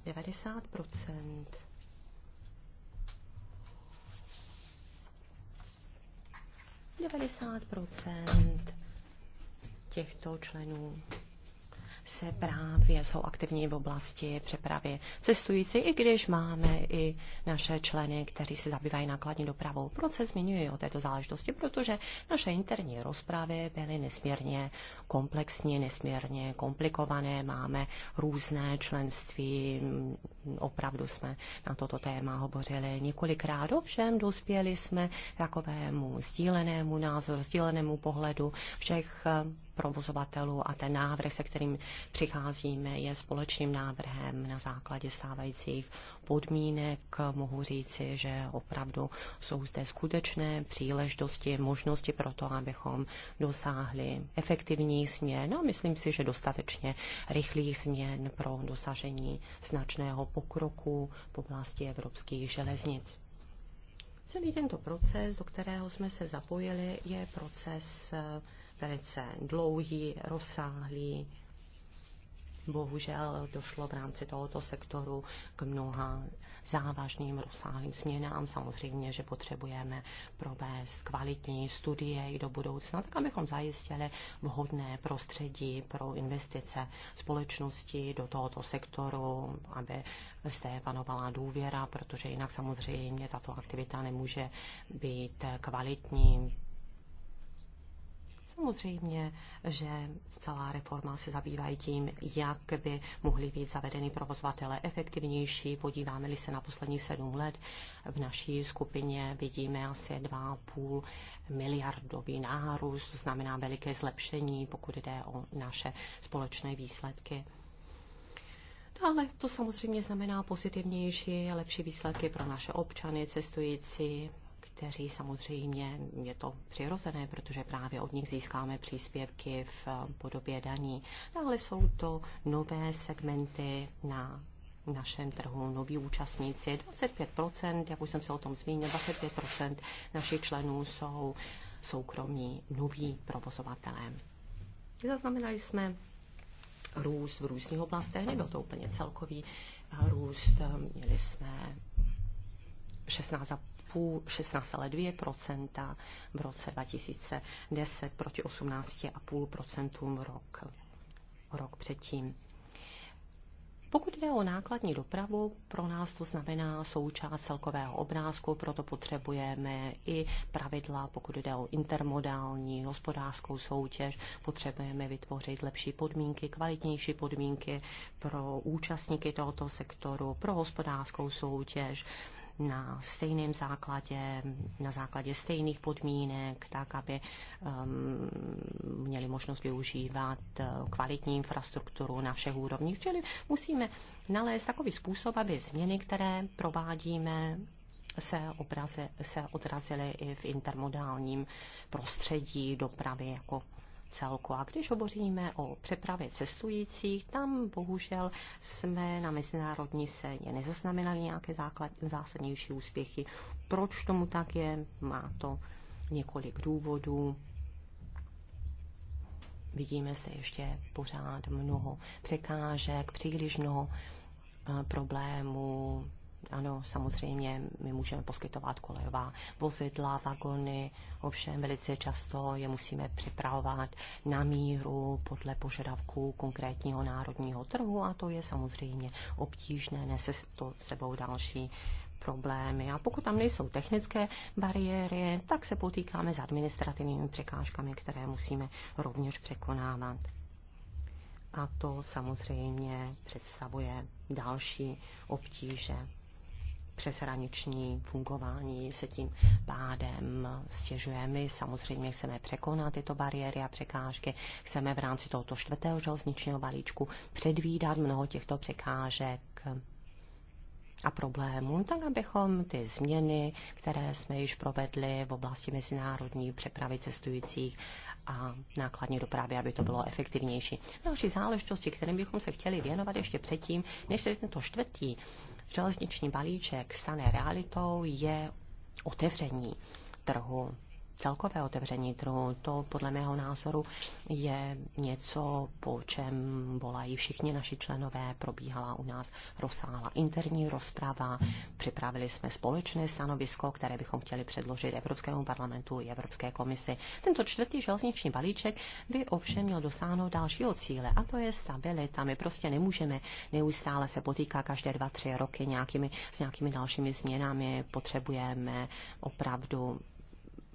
90% 90 těchto členů se právě jsou aktivní v oblasti přepravy cestující, i když máme i naše členy, kteří se zabývají nákladní dopravou. Proč se zmiňuji o této záležitosti? Protože naše interní rozpravy byly nesmírně komplexní, nesmírně komplikované. Máme různé členství opravdu jsme na toto téma hovořili několikrát. Ovšem dospěli jsme takovému sdílenému názoru, sdílenému pohledu všech eh, provozovatelů a ten návrh, se kterým přicházíme, je společným návrhem na základě stávajících podmínek mohu říci, že opravdu jsou zde skutečné příležitosti, možnosti pro to, abychom dosáhli efektivních změn a myslím si, že dostatečně rychlých změn pro dosažení značného pokroku v oblasti evropských železnic. Celý tento proces, do kterého jsme se zapojili, je proces velice dlouhý, rozsáhlý, bohužel došlo v rámci tohoto sektoru k mnoha závažným rozsáhlým změnám. Samozřejmě, že potřebujeme provést kvalitní studie i do budoucna, tak abychom zajistili vhodné prostředí pro investice společnosti do tohoto sektoru, aby zde panovala důvěra, protože jinak samozřejmě tato aktivita nemůže být kvalitní Samozřejmě, že celá reforma se zabývá tím, jak by mohly být zavedeny provozovatele efektivnější. Podíváme-li se na poslední sedm let, v naší skupině vidíme asi 2,5 miliardový nárůst, to znamená veliké zlepšení, pokud jde o naše společné výsledky. No, ale to samozřejmě znamená pozitivnější a lepší výsledky pro naše občany, cestující, kteří samozřejmě je to přirozené, protože právě od nich získáme příspěvky v eh, podobě daní. No, ale jsou to nové segmenty na našem trhu noví účastníci. 25%, jak už jsem se o tom zmínil, 25% našich členů jsou soukromí noví provozovatelé. Zaznamenali jsme růst v různých oblastech, nebyl to úplně celkový eh, růst, eh, měli jsme 16 16,2 v roce 2010 proti 18,5 rok, rok předtím. Pokud jde o nákladní dopravu, pro nás to znamená součást celkového obrázku, proto potřebujeme i pravidla, pokud jde o intermodální hospodářskou soutěž, potřebujeme vytvořit lepší podmínky, kvalitnější podmínky pro účastníky tohoto sektoru, pro hospodářskou soutěž, na stejném základě, na základě stejných podmínek, tak aby um, měli možnost využívat uh, kvalitní infrastrukturu na všech úrovních. Čili musíme nalézt takový způsob, aby změny, které provádíme, se, obraze, se odrazily i v intermodálním prostředí dopravy jako celku. A když hovoříme o přepravě cestujících, tam bohužel jsme na mezinárodní scéně nezaznamenali nějaké základ, zásadnější úspěchy. Proč tomu tak je? Má to několik důvodů. Vidíme zde ještě pořád mnoho překážek, příliš mnoho eh, problémů, ano, samozřejmě my můžeme poskytovat kolejová vozidla, vagony, ovšem velice často je musíme připravovat na míru podle požadavků konkrétního národního trhu a to je samozřejmě obtížné, nese to sebou další problémy. A pokud tam nejsou technické bariéry, tak se potýkáme s administrativními překážkami, které musíme rovněž překonávat. A to samozřejmě představuje další obtíže přeshraniční fungování se tím pádem stěžuje. My samozřejmě chceme překonat tyto bariéry a překážky. Chceme v rámci tohoto čtvrtého železničního balíčku předvídat mnoho těchto překážek a problémů, tak abychom ty změny, které jsme již provedli v oblasti mezinárodní přepravy cestujících a nákladní dopravy, aby to bylo efektivnější. Další záležitosti, kterým bychom se chtěli věnovat ještě předtím, než se tento čtvrtý železniční balíček stane realitou, je otevření trhu celkové otevření trhu, to podle mého názoru je něco, po čem volají všichni naši členové. Probíhala u nás rozsáhlá interní rozprava, připravili jsme společné stanovisko, které bychom chtěli předložit Evropskému parlamentu i Evropské komisi. Tento čtvrtý železniční balíček by ovšem měl dosáhnout dalšího cíle, a to je stabilita. My prostě nemůžeme neustále se potýkat každé dva, tři roky nějakými, s nějakými dalšími změnami. Potřebujeme opravdu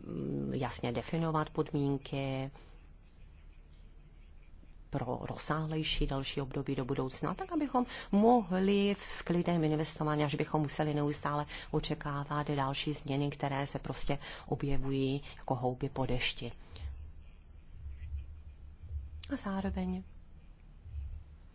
Mm, jasně definovat podmínky pro rozsáhlejší další období do budoucna, tak abychom mohli s klidem investovat, až bychom museli neustále očekávat další změny, které se prostě objevují jako houby po dešti. A zároveň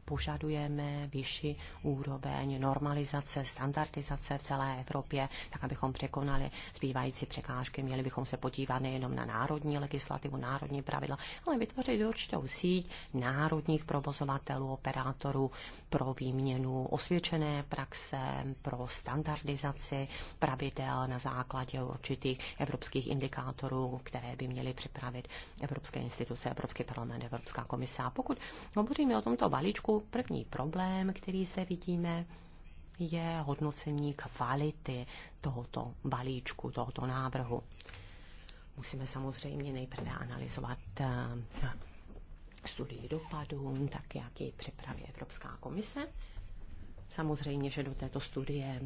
požadujeme vyšší úroveň normalizace, standardizace v celé Evropě, tak abychom překonali zbývající překážky. Měli bychom se podívat nejenom na národní legislativu, národní pravidla, ale vytvořit určitou síť národních provozovatelů, operátorů pro výměnu osvědčené praxe, pro standardizaci pravidel na základě určitých evropských indikátorů, které by měly připravit evropské instituce, Evropský parlament, Evropská komise. A pokud hovoříme o tomto balíčku, První problém, který zde vidíme, je hodnocení kvality tohoto balíčku, tohoto návrhu. Musíme samozřejmě nejprve analyzovat eh, studii dopadů, tak jak ji připraví Evropská komise. Samozřejmě, že do této studie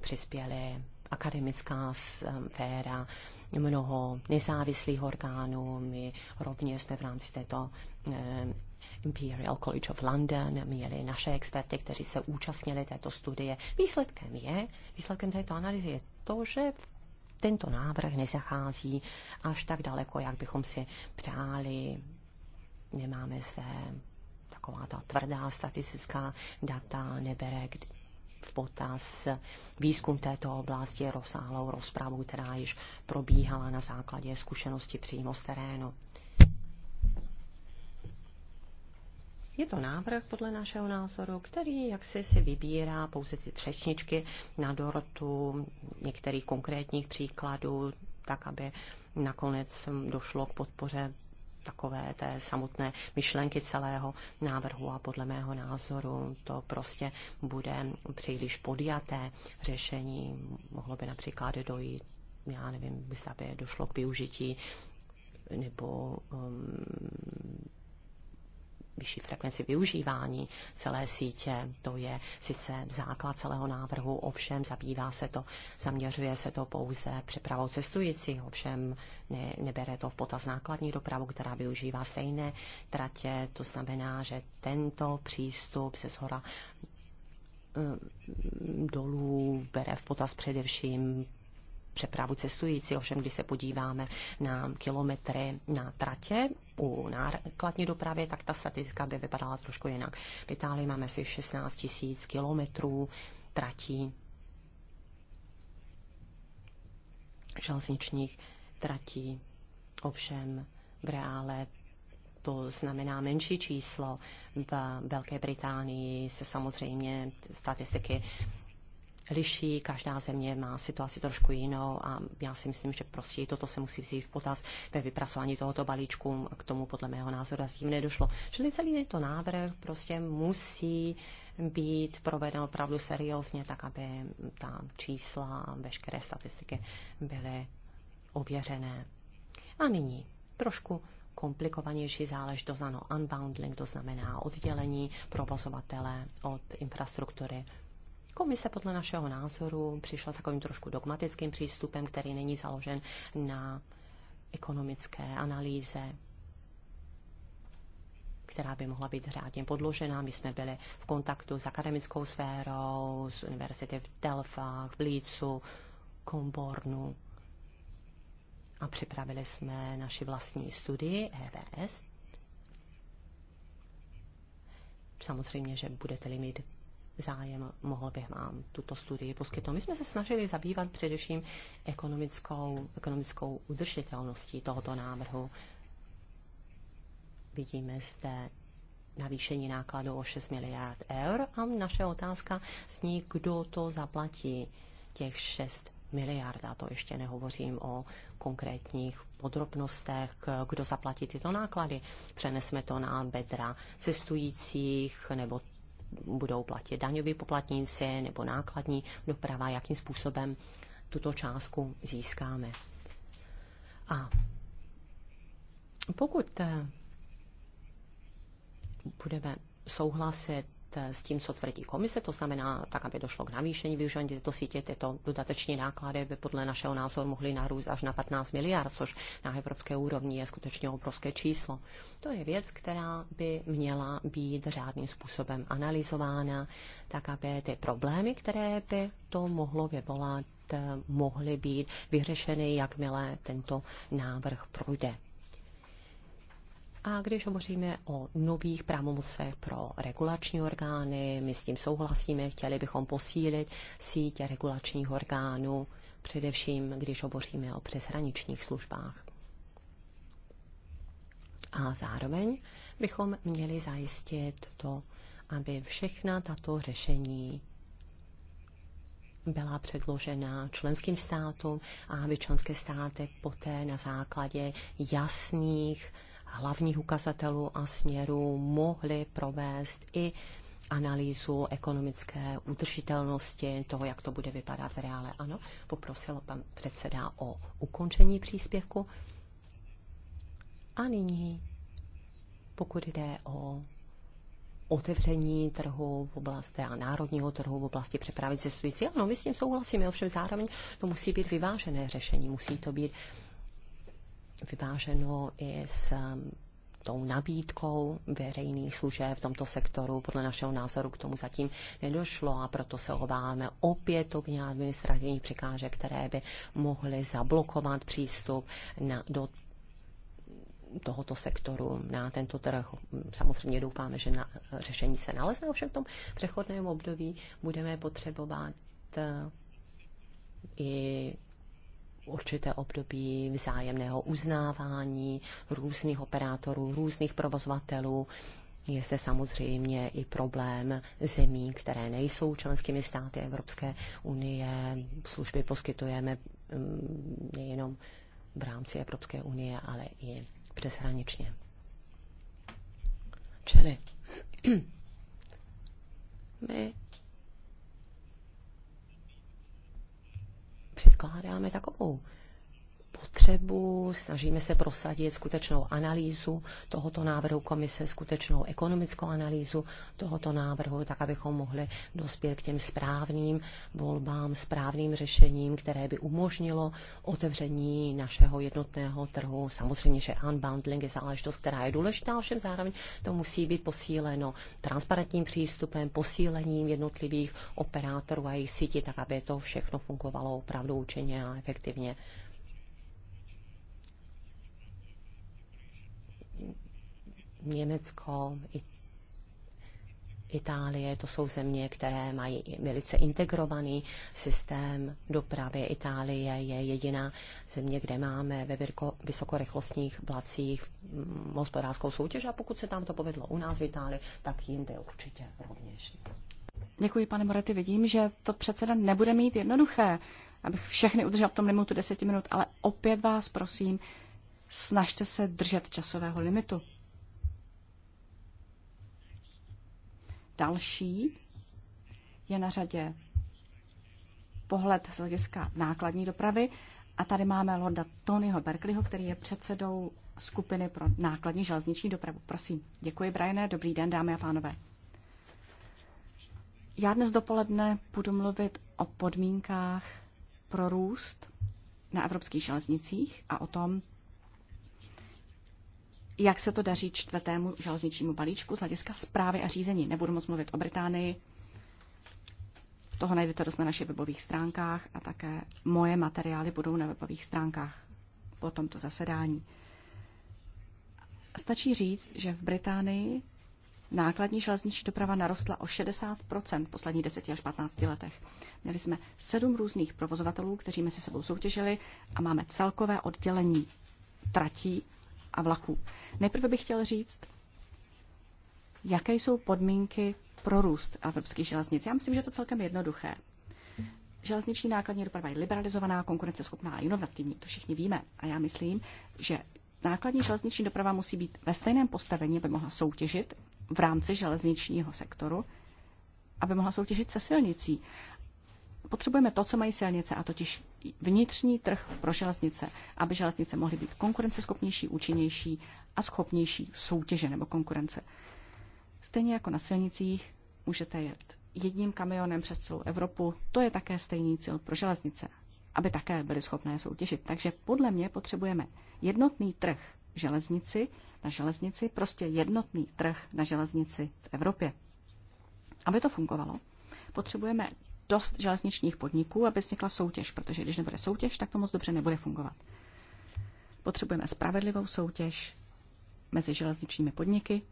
přispěly akademická sféra, mnoho nezávislých orgánů. My rovněž jsme v rámci této eh, Imperial College of London, měli naše experty, kteří se účastnili této studie. Výsledkem je, výsledkem této analýzy je to, že tento návrh nezachází až tak daleko, jak bychom si přáli. Nemáme zde taková ta tvrdá statistická data, nebere v potaz výzkum této oblasti rozsáhlou rozpravu, která již probíhala na základě zkušenosti přímo z terénu. Je to návrh podle našeho názoru, který jaksi si vybírá pouze ty třešničky na dortu některých konkrétních příkladů, tak aby nakonec došlo k podpoře takové té samotné myšlenky celého návrhu a podle mého názoru to prostě bude příliš podjaté řešení. Mohlo by například dojít, já nevím, zda by došlo k využití nebo um, vyšší frekvenci využívání celé sítě. To je sice základ celého návrhu, ovšem zabývá se to, zaměřuje se to pouze přepravou cestujících, ovšem ne, nebere to v potaz nákladní dopravu, která využívá stejné tratě. To znamená, že tento přístup se zhora eh, dolů bere v potaz především přepravu cestující. Ovšem, když se podíváme na kilometry na tratě u nákladní dopravy, tak ta statistika by vypadala trošku jinak. V Itálii máme asi 16 tisíc kilometrů tratí železničních tratí. Ovšem v reále to znamená menší číslo. V Velké Británii se samozřejmě statistiky liší, každá země má situaci trošku jinou a já si myslím, že prostě toto se musí vzít v potaz ve vypracování tohoto balíčku a k tomu podle mého názoru tím nedošlo. Čili celý tento návrh prostě musí být proveden opravdu seriózně, tak aby ta čísla a veškeré statistiky byly ověřené. A nyní trošku komplikovanější záležitost, ano, unbundling, to znamená oddělení provozovatele od infrastruktury Komise podle našeho názoru přišla takovým trošku dogmatickým přístupem, který není založen na ekonomické analýze, která by mohla být řádně podložená. My jsme byli v kontaktu s akademickou sférou, s univerzity v Delfách, v Lícu, Kombornu a připravili jsme naši vlastní studii EBS. Samozřejmě, že budete-li mít zájem, mohl bych vám tuto studii poskytnout. My jsme se snažili zabývat především ekonomickou, ekonomickou udržitelností tohoto návrhu. Vidíme zde navýšení nákladů o 6 miliard eur a naše otázka zní, kdo to zaplatí těch 6 miliard. A to ještě nehovořím o konkrétních podrobnostech, kdo zaplatí tyto náklady. Přenesme to na bedra cestujících nebo budou platit daňoví poplatníci nebo nákladní doprava, jakým způsobem tuto částku získáme. A pokud eh, budeme souhlasit E, s tím, co tvrdí komise, to znamená tak, aby došlo k navýšení využívání této sítě, tyto dodateční náklady by podle našeho názoru mohly narůst až na 15 miliard, což na evropské úrovni je skutečně obrovské číslo. To je věc, která by měla být řádným způsobem analyzována, tak aby ty problémy, které by to mohlo vyvolat, e, mohly být vyřešeny, jakmile tento návrh projde. A když hovoříme o nových pravomocech pro regulační orgány, my s tím souhlasíme, chtěli bychom posílit síť regulačních orgánů, především když hovoříme o přeshraničních službách. A zároveň bychom měli zajistit to, aby všechna tato řešení byla předložena členským státům a aby členské státy poté na základě jasných hlavních ukazatelů a směrů mohli provést i analýzu ekonomické udržitelnosti, toho, jak to bude vypadat v reále. Ano, poprosil pan předseda o ukončení příspěvku. A nyní, pokud jde o otevření trhu v oblasti a národního trhu v oblasti přepravy cestující. Ano, my s tím souhlasíme, ovšem zároveň to musí být vyvážené řešení, musí to být vyváženo i s um, tou nabídkou veřejných služeb v tomto sektoru. Podle našeho názoru k tomu zatím nedošlo a proto se obáváme obně administrativních překážek, které by mohly zablokovat přístup na, do tohoto sektoru na tento trh. Samozřejmě doufáme, že na řešení se nalezne, ovšem v tom přechodném období budeme potřebovat eh, i určité období vzájemného uznávání různých operátorů, různých provozovatelů. Je zde samozřejmě i problém zemí, které nejsou členskými státy Evropské unie. Služby poskytujeme mm, nejenom v rámci Evropské unie, ale i přeshraničně. Čili my přeskládáme takovou potřebu, snažíme se prosadit skutečnou analýzu tohoto návrhu komise, skutečnou ekonomickou analýzu tohoto návrhu, tak abychom mohli dospět k těm správným volbám, správným řešením, které by umožnilo otevření našeho jednotného trhu. Samozřejmě, že unbundling je záležitost, která je důležitá, ovšem zároveň to musí být posíleno transparentním přístupem, posílením jednotlivých operátorů a jejich sítí, tak aby to všechno fungovalo opravdu účinně a efektivně. Německo, Itálie, to jsou země, které mají velice integrovaný systém dopravy. Itálie je jediná země, kde máme ve vysokorychlostních vlacích mm, hospodářskou soutěž a pokud se tam to povedlo u nás v Itálii, tak jinde určitě rovněž. Děkuji, pane Morety. Vidím, že to předseda nebude mít jednoduché, abych všechny udržel v tom limitu 10 minut, ale opět vás prosím, snažte se držet časového limitu. Další je na řadě pohled z hlediska nákladní dopravy. A tady máme Lorda Tonyho Berkeleyho, který je předsedou skupiny pro nákladní železniční dopravu. Prosím. Děkuji, Brianne. Dobrý den, dámy a pánové. Já dnes dopoledne budu mluvit o podmínkách pro růst na evropských železnicích a o tom, jak se to daří čtvrtému železničnímu balíčku z hlediska zprávy a řízení. Nebudu moc mluvit o Británii, toho najdete dost na našich webových stránkách a také moje materiály budou na webových stránkách po tomto zasedání. Stačí říct, že v Británii nákladní železniční doprava narostla o 60 v posledních 10 až 15 letech. Měli jsme sedm různých provozovatelů, kteří mezi sebou soutěžili a máme celkové oddělení tratí, a vlaků. Nejprve bych chtěl říct, jaké jsou podmínky pro růst evropských železnic. Já myslím, že je to celkem jednoduché. Železniční nákladní doprava je liberalizovaná, konkurenceschopná a inovativní, to všichni víme. A já myslím, že nákladní železniční doprava musí být ve stejném postavení, aby mohla soutěžit v rámci železničního sektoru, aby mohla soutěžit se silnicí. Potřebujeme to, co mají silnice, a totiž vnitřní trh pro železnice, aby železnice mohly být konkurenceschopnější, účinnější a schopnější soutěže nebo konkurence. Stejně jako na silnicích můžete jet jedním kamionem přes celou Evropu, to je také stejný cíl pro železnice, aby také byly schopné soutěžit. Takže podle mě potřebujeme jednotný trh železnici na železnici, prostě jednotný trh na železnici v Evropě. Aby to fungovalo, potřebujeme dost železničních podniků, aby vznikla soutěž, protože když nebude soutěž, tak to moc dobře nebude fungovat. Potřebujeme spravedlivou soutěž mezi železničními podniky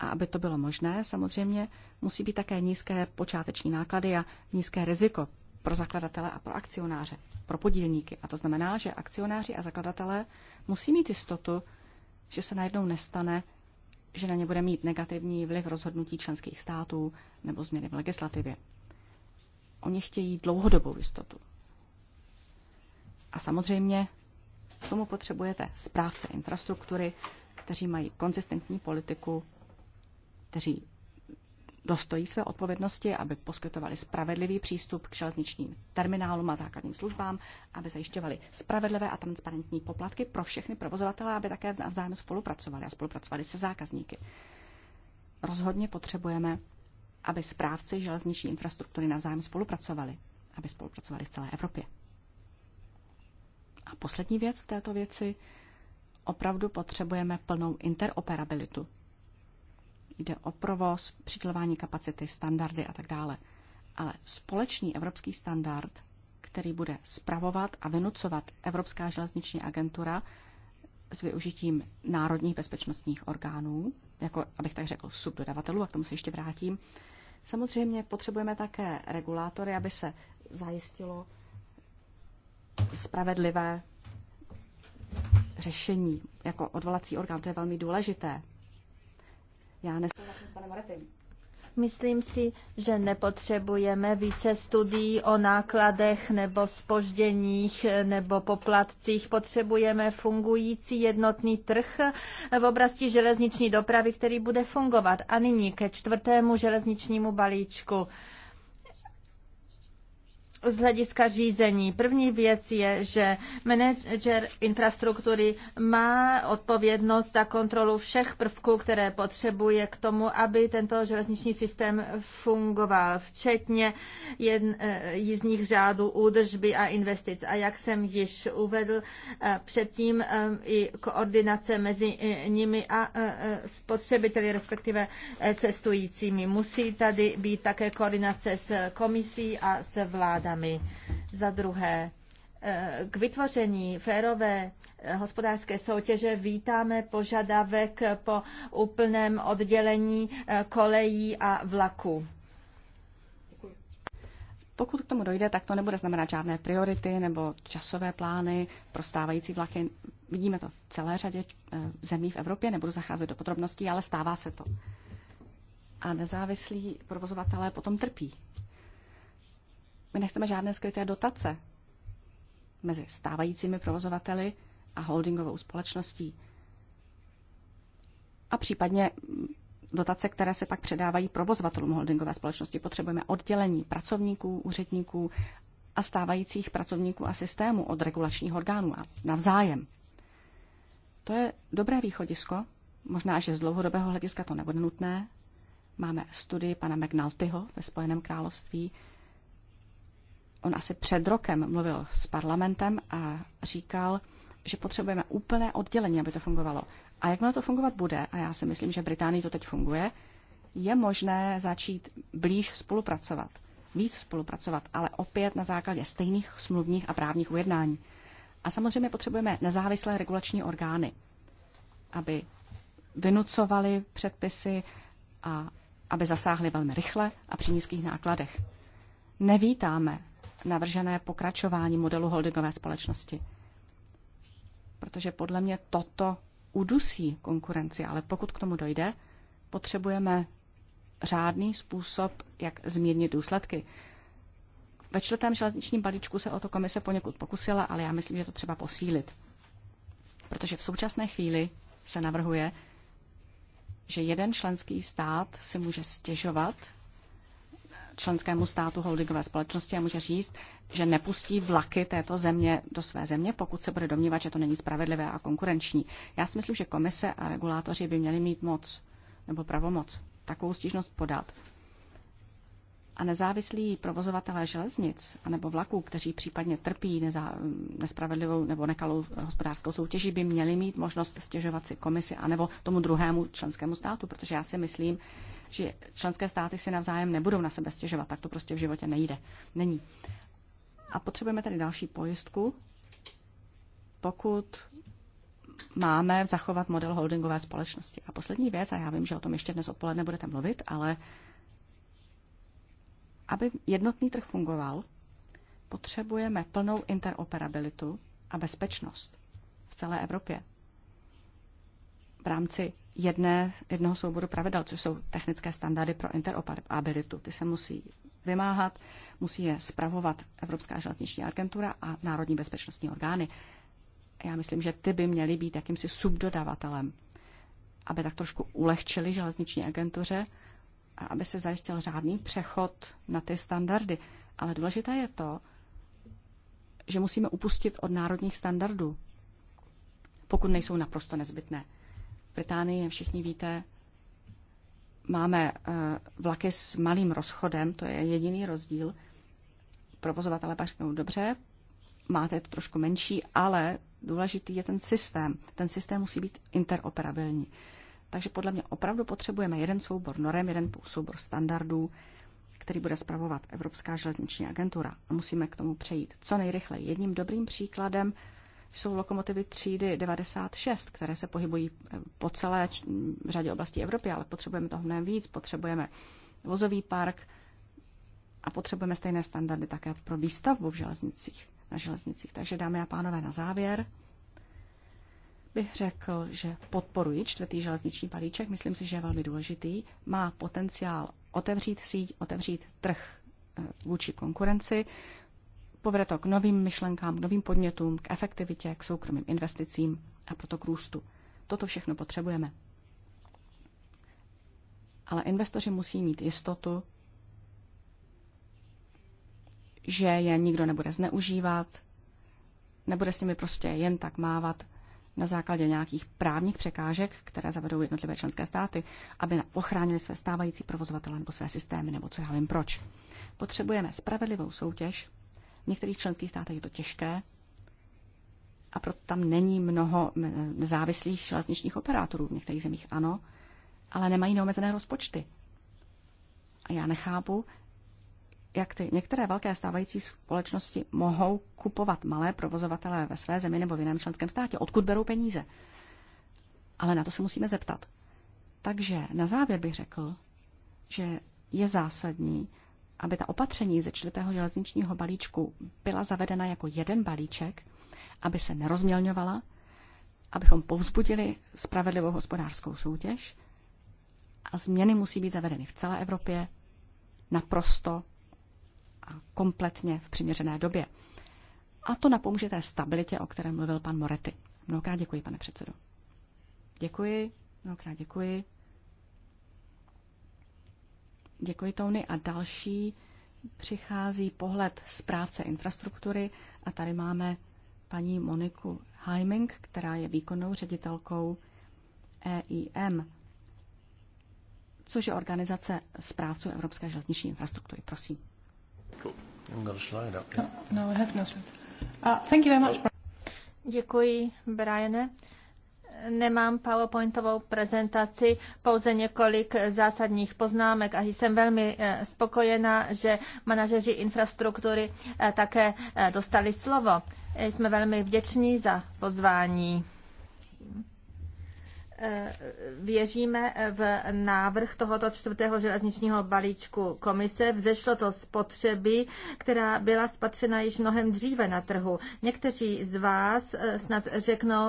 a aby to bylo možné, samozřejmě musí být také nízké počáteční náklady a nízké riziko pro zakladatele a pro akcionáře, pro podílníky. A to znamená, že akcionáři a zakladatelé musí mít jistotu, že se najednou nestane, že na ně bude mít negativní vliv rozhodnutí členských států nebo změny v legislativě. Oni chtějí dlouhodobou jistotu. A samozřejmě k tomu potřebujete správce infrastruktury, kteří mají konzistentní politiku, kteří dostojí své odpovědnosti, aby poskytovali spravedlivý přístup k železničním terminálům a základním službám, aby zajišťovali spravedlivé a transparentní poplatky pro všechny provozovatele, aby také navzájem spolupracovali a spolupracovali se zákazníky. Rozhodně potřebujeme aby správci železniční infrastruktury zájem spolupracovali, aby spolupracovali v celé Evropě. A poslední věc v této věci, opravdu potřebujeme plnou interoperabilitu. Jde o provoz, přidělování kapacity, standardy a tak dále. Ale společný evropský standard, který bude spravovat a vynucovat Evropská železniční agentura s využitím národních bezpečnostních orgánů, jako, abych tak řekl, subdodavatelů, a k tomu se ještě vrátím, Samozřejmě potřebujeme také regulátory, aby se zajistilo spravedlivé řešení jako odvolací orgán. To je velmi důležité. Já nesouhlasím s panem Marefim. Myslím si, že nepotřebujeme více studií o nákladech nebo spožděních nebo poplatcích. Potřebujeme fungující jednotný trh v oblasti železniční dopravy, který bude fungovat. A nyní ke čtvrtému železničnímu balíčku z hlediska řízení. První věc je, že manažer infrastruktury má odpovědnost za kontrolu všech prvků, které potřebuje k tomu, aby tento železniční systém fungoval, včetně jedn, eh, jízdních řádů, údržby a investic. A jak jsem již uvedl eh, předtím, eh, i koordinace mezi nimi a spotřebiteli, respektive cestujícími. Musí tady být také koordinace s komisí a s vládou vládami. Za druhé, eh, k vytvoření férové eh, hospodářské soutěže vítáme požadavek po úplném oddělení eh, kolejí a vlaku. Pokud k tomu dojde, tak to nebude znamenat žádné priority nebo časové plány pro stávající vlaky. Vidíme to v celé řadě zemí v Evropě, nebudu zacházet do podrobností, ale stává se to. A nezávislí provozovatelé potom trpí. My nechceme žádné skryté dotace mezi stávajícími provozovateli a holdingovou společností. A případně dotace, které se pak předávají provozovatelům holdingové společnosti. Potřebujeme oddělení pracovníků, úředníků a stávajících pracovníků a systému od regulačních orgánů a navzájem. To je dobré východisko, možná, že z dlouhodobého hlediska to nebude nutné. Máme studii pana McNaltyho ve Spojeném království, on asi před rokem mluvil s parlamentem a říkal, že potřebujeme úplné oddělení, aby to fungovalo. A jakmile to fungovat bude, a já si myslím, že Británii to teď funguje, je možné začít blíž spolupracovat, víc spolupracovat, ale opět na základě stejných smluvních a právních ujednání. A samozřejmě potřebujeme nezávislé regulační orgány, aby vynucovali předpisy a aby zasáhli velmi rychle a při nízkých nákladech. Nevítáme navržené pokračování modelu holdingové společnosti. Protože podle mě toto udusí konkurenci, ale pokud k tomu dojde, potřebujeme řádný způsob, jak zmírnit důsledky. Ve čtvrtém železničním balíčku se o to komise poněkud pokusila, ale já myslím, že to třeba posílit. Protože v současné chvíli se navrhuje, že jeden členský stát si může stěžovat členskému státu holdingové společnosti a může říct, že nepustí vlaky této země do své země, pokud se bude domnívat, že to není spravedlivé a konkurenční. Já si myslím, že komise a regulátoři by měli mít moc nebo pravomoc takovou stížnost podat. A nezávislí provozovatelé železnic anebo vlaků, kteří případně trpí nezá, nespravedlivou nebo nekalou hospodářskou soutěží, by měli mít možnost stěžovat si komisi anebo tomu druhému členskému státu, protože já si myslím, že členské státy si navzájem nebudou na sebe stěžovat. Tak to prostě v životě nejde. Není. A potřebujeme tedy další pojistku, pokud máme zachovat model holdingové společnosti. A poslední věc, a já vím, že o tom ještě dnes odpoledne budete mluvit, ale aby jednotný trh fungoval, potřebujeme plnou interoperabilitu a bezpečnost v celé Evropě v rámci jedné, jednoho souboru pravidel, což jsou technické standardy pro interoperabilitu. Ty se musí vymáhat, musí je spravovat Evropská železniční agentura a národní bezpečnostní orgány. Já myslím, že ty by měly být jakýmsi subdodavatelem, aby tak trošku ulehčili železniční agentuře a aby se zajistil řádný přechod na ty standardy. Ale důležité je to, že musíme upustit od národních standardů, pokud nejsou naprosto nezbytné. Británii, jak všichni víte, máme eh, vlaky s malým rozchodem, to je jediný rozdíl. Provozovatele pařknou dobře, máte to trošku menší, ale důležitý je ten systém. Ten systém musí být interoperabilní. Takže podle mě opravdu potřebujeme jeden soubor norem, jeden soubor standardů, který bude spravovat Evropská železniční agentura. A musíme k tomu přejít co nejrychleji. Jedním dobrým příkladem jsou lokomotivy třídy 96, které se pohybují eh, po celé řadě oblastí Evropy, ale potřebujeme toho mnohem víc. Potřebujeme vozový park a potřebujeme stejné standardy také pro výstavbu v železnicích, na železnicích. Takže, dámy a pánové, na závěr bych řekl, že podporuji čtvrtý železniční palíček, Myslím si, že je velmi důležitý. Má potenciál otevřít síť, otevřít trh eh, vůči konkurenci, Povede to k novým myšlenkám, k novým podnětům, k efektivitě, k soukromým investicím a proto k růstu. Toto všechno potřebujeme. Ale investoři musí mít jistotu, že je nikdo nebude zneužívat, nebude s nimi prostě jen tak mávat na základě nějakých právních překážek, které zavedou jednotlivé členské státy, aby ochránili své stávající provozovatele nebo své systémy, nebo co já vím proč. Potřebujeme spravedlivou soutěž, některých členských státech je to těžké a proto tam není mnoho nezávislých železničních operátorů. V některých zemích ano, ale nemají neomezené rozpočty. A já nechápu, jak ty některé velké stávající společnosti mohou kupovat malé provozovatele ve své zemi nebo v jiném členském státě. Odkud berou peníze? Ale na to se musíme zeptat. Takže na závěr bych řekl, že je zásadní, aby ta opatření ze čtvrtého železničního balíčku byla zavedena jako jeden balíček, aby se nerozmělňovala, abychom povzbudili spravedlivou hospodářskou soutěž a změny musí být zavedeny v celé Evropě naprosto a kompletně v přiměřené době. A to napomůže té stabilitě, o které mluvil pan Morety. Mnohokrát děkuji, pane předsedo. Děkuji, mnohokrát děkuji. Děkuji, Tony. A další přichází pohled správce infrastruktury a tady máme paní Moniku Heiming, která je výkonnou ředitelkou EIM, což je organizace zprávců Evropské železniční infrastruktury. Prosím. Děkuji, Briane nemám PowerPointovou prezentaci, pouze několik zásadních poznámek a jsem velmi eh, spokojena, že manažeři infrastruktury eh, také eh, dostali slovo. Jsme velmi vděční za pozvání. Eh, věříme eh, v návrh tohoto čtvrtého železničního balíčku komise. Vzešlo to z potřeby, která byla spatřena již mnohem dříve na trhu. Někteří z vás eh, snad řeknou,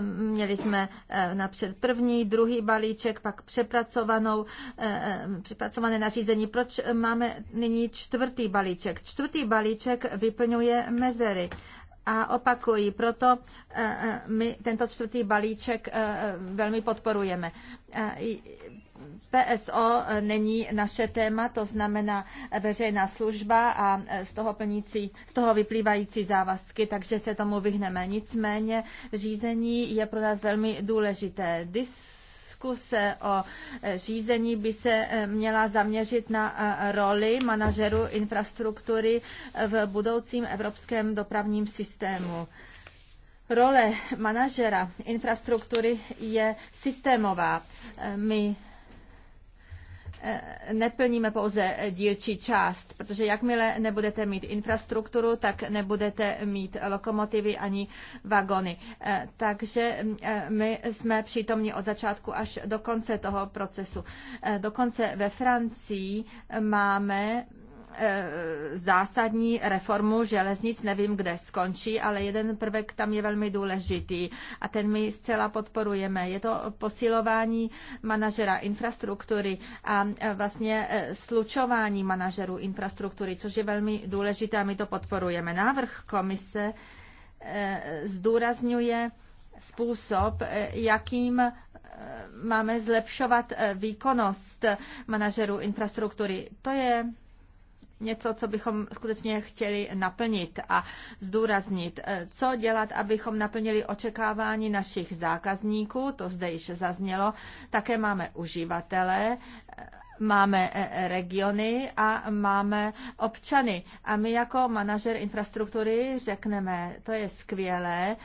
měli jsme napřed první, druhý balíček, pak přepracovanou, přepracované nařízení. Proč máme nyní čtvrtý balíček? Čtvrtý balíček vyplňuje mezery a opakují. Proto eh, eh, my tento čtvrtý balíček eh, velmi podporujeme. PSO není naše téma, to znamená veřejná služba a z toho, plnící, z toho vyplývající závazky, takže se tomu vyhneme. Nicméně řízení je pro nás velmi důležité. Dis diskuse o e, řízení by se e, měla zaměřit na e, roli manažerů infrastruktury v budoucím evropském dopravním systému. Role manažera infrastruktury je systémová. My Eh, neplníme pouze dílčí část, protože jakmile nebudete mít infrastrukturu, tak nebudete mít lokomotivy ani vagony. Eh, takže eh, my jsme přítomní od začátku až do konce toho procesu. Dokonce ve Francii máme Eh, zásadní reformu železnic, nevím, kde skončí, ale jeden prvek tam je velmi důležitý a ten my zcela podporujeme. Je to posilování manažera infrastruktury a eh, vlastně eh, slučování manažerů infrastruktury, což je velmi důležité a my to podporujeme. Návrh komise zdůrazňuje způsob, jakým máme zlepšovat výkonnost manažerů infrastruktury. To je něco, co bychom skutečně chtěli naplnit a zdůraznit. Eh, co dělat, abychom naplnili očekávání našich zákazníků, to zde již zaznělo. Také máme uživatele máme e, e, regiony a máme občany. A my jako manažer infrastruktury řekneme, to je skvělé,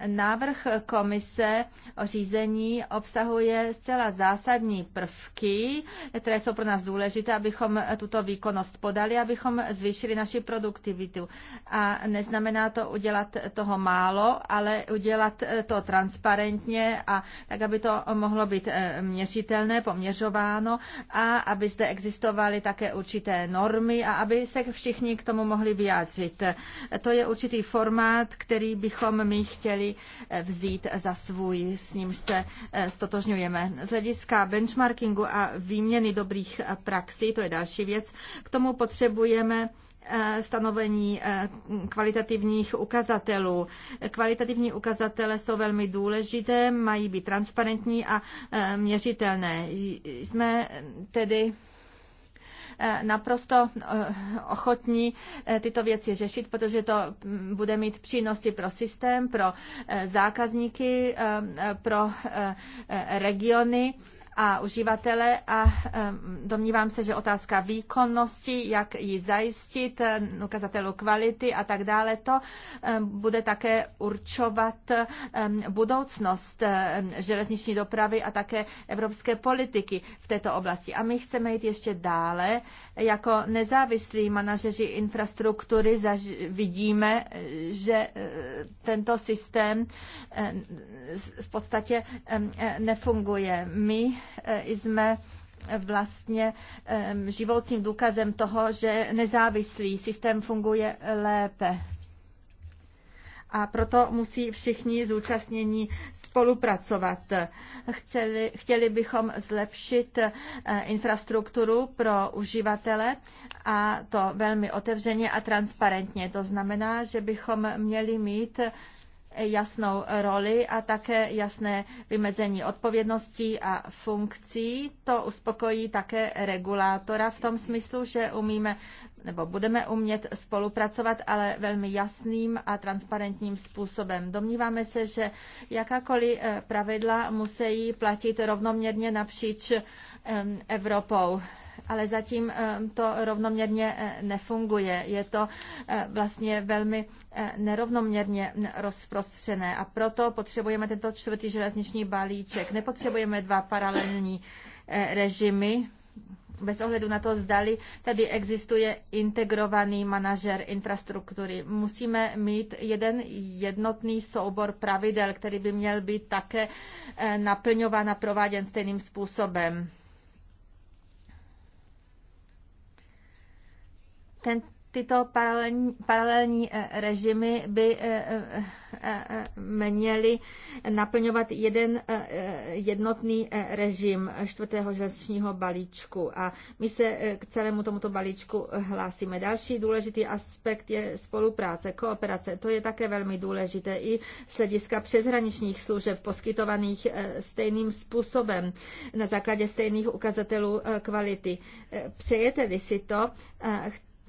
e, návrh komise o řízení obsahuje zcela zásadní prvky, které jsou pro nás důležité, abychom tuto výkonnost podali, abychom zvýšili naši produktivitu. A neznamená to udělat toho málo, ale udělat to transparentně a tak, aby to mohlo být měřitelné, poměřováno a aby zde existovaly také určité normy a aby se všichni k tomu mohli vyjádřit. To je určitý formát, který bychom my chtěli eh, vzít za svůj, s nímž se eh, stotožňujeme. Z hlediska benchmarkingu a výměny dobrých eh, praxí, to je další věc, k tomu potřebujeme Eh, stanovení eh, kvalitativních ukazatelů. Kvalitativní ukazatele jsou velmi důležité, mají být transparentní a eh, měřitelné. Jsme tedy naprosto ochotní tyto věci řešit, protože to mm, bude mít přínosy pro systém, pro zákazníky, pro regiony a uživatele a domnívám se, že otázka výkonnosti, jak ji zajistit, ukazatelů kvality a tak dále, to bude také určovat budoucnost železniční dopravy a také evropské politiky v této oblasti. A my chceme jít ještě dále. Jako nezávislí manažeři infrastruktury vidíme, že e, tento systém v podstatě e, nefunguje. My Eh, jsme eh, vlastně eh, živoucím důkazem toho, že nezávislý systém funguje lépe. A proto musí všichni zúčastnění spolupracovat. Chceli, chtěli bychom zlepšit infrastrukturu pro uživatele a to velmi otevřeně a transparentně. To znamená, že bychom měli mít jasnou roli a také jasné vymezení odpovědností a funkcí. To uspokojí také regulátora v tom smyslu, že umíme nebo budeme umět spolupracovat, ale velmi jasným a transparentním způsobem. Domníváme se, že jakákoliv eh, pravidla musí platit rovnoměrně napříč Evropou ale zatím eh, to rovnoměrně eh, nefunguje. Je to eh, vlastně velmi nerovnoměrně rozprostřené a proto potřebujeme tento čtvrtý železniční balíček. Nepotřebujeme dva paralelní režimy, bez ohledu na to, zdali tady existuje integrovaný manažer infrastruktury. Musíme mít jeden jednotný soubor pravidel, který by měl být také naplňován a prováděn stejným způsobem. Ten, tyto paralelní, paralelní eh, režimy by eh, eh, měly naplňovat jeden jednotný režim čtvrtého železničního balíčku. A my se k celému tomuto balíčku hlásíme. Další důležitý aspekt je spolupráce, kooperace. To je také velmi důležité i z hlediska přeshraničních služeb poskytovaných stejným způsobem na základě stejných ukazatelů kvality. Přejete-li si to,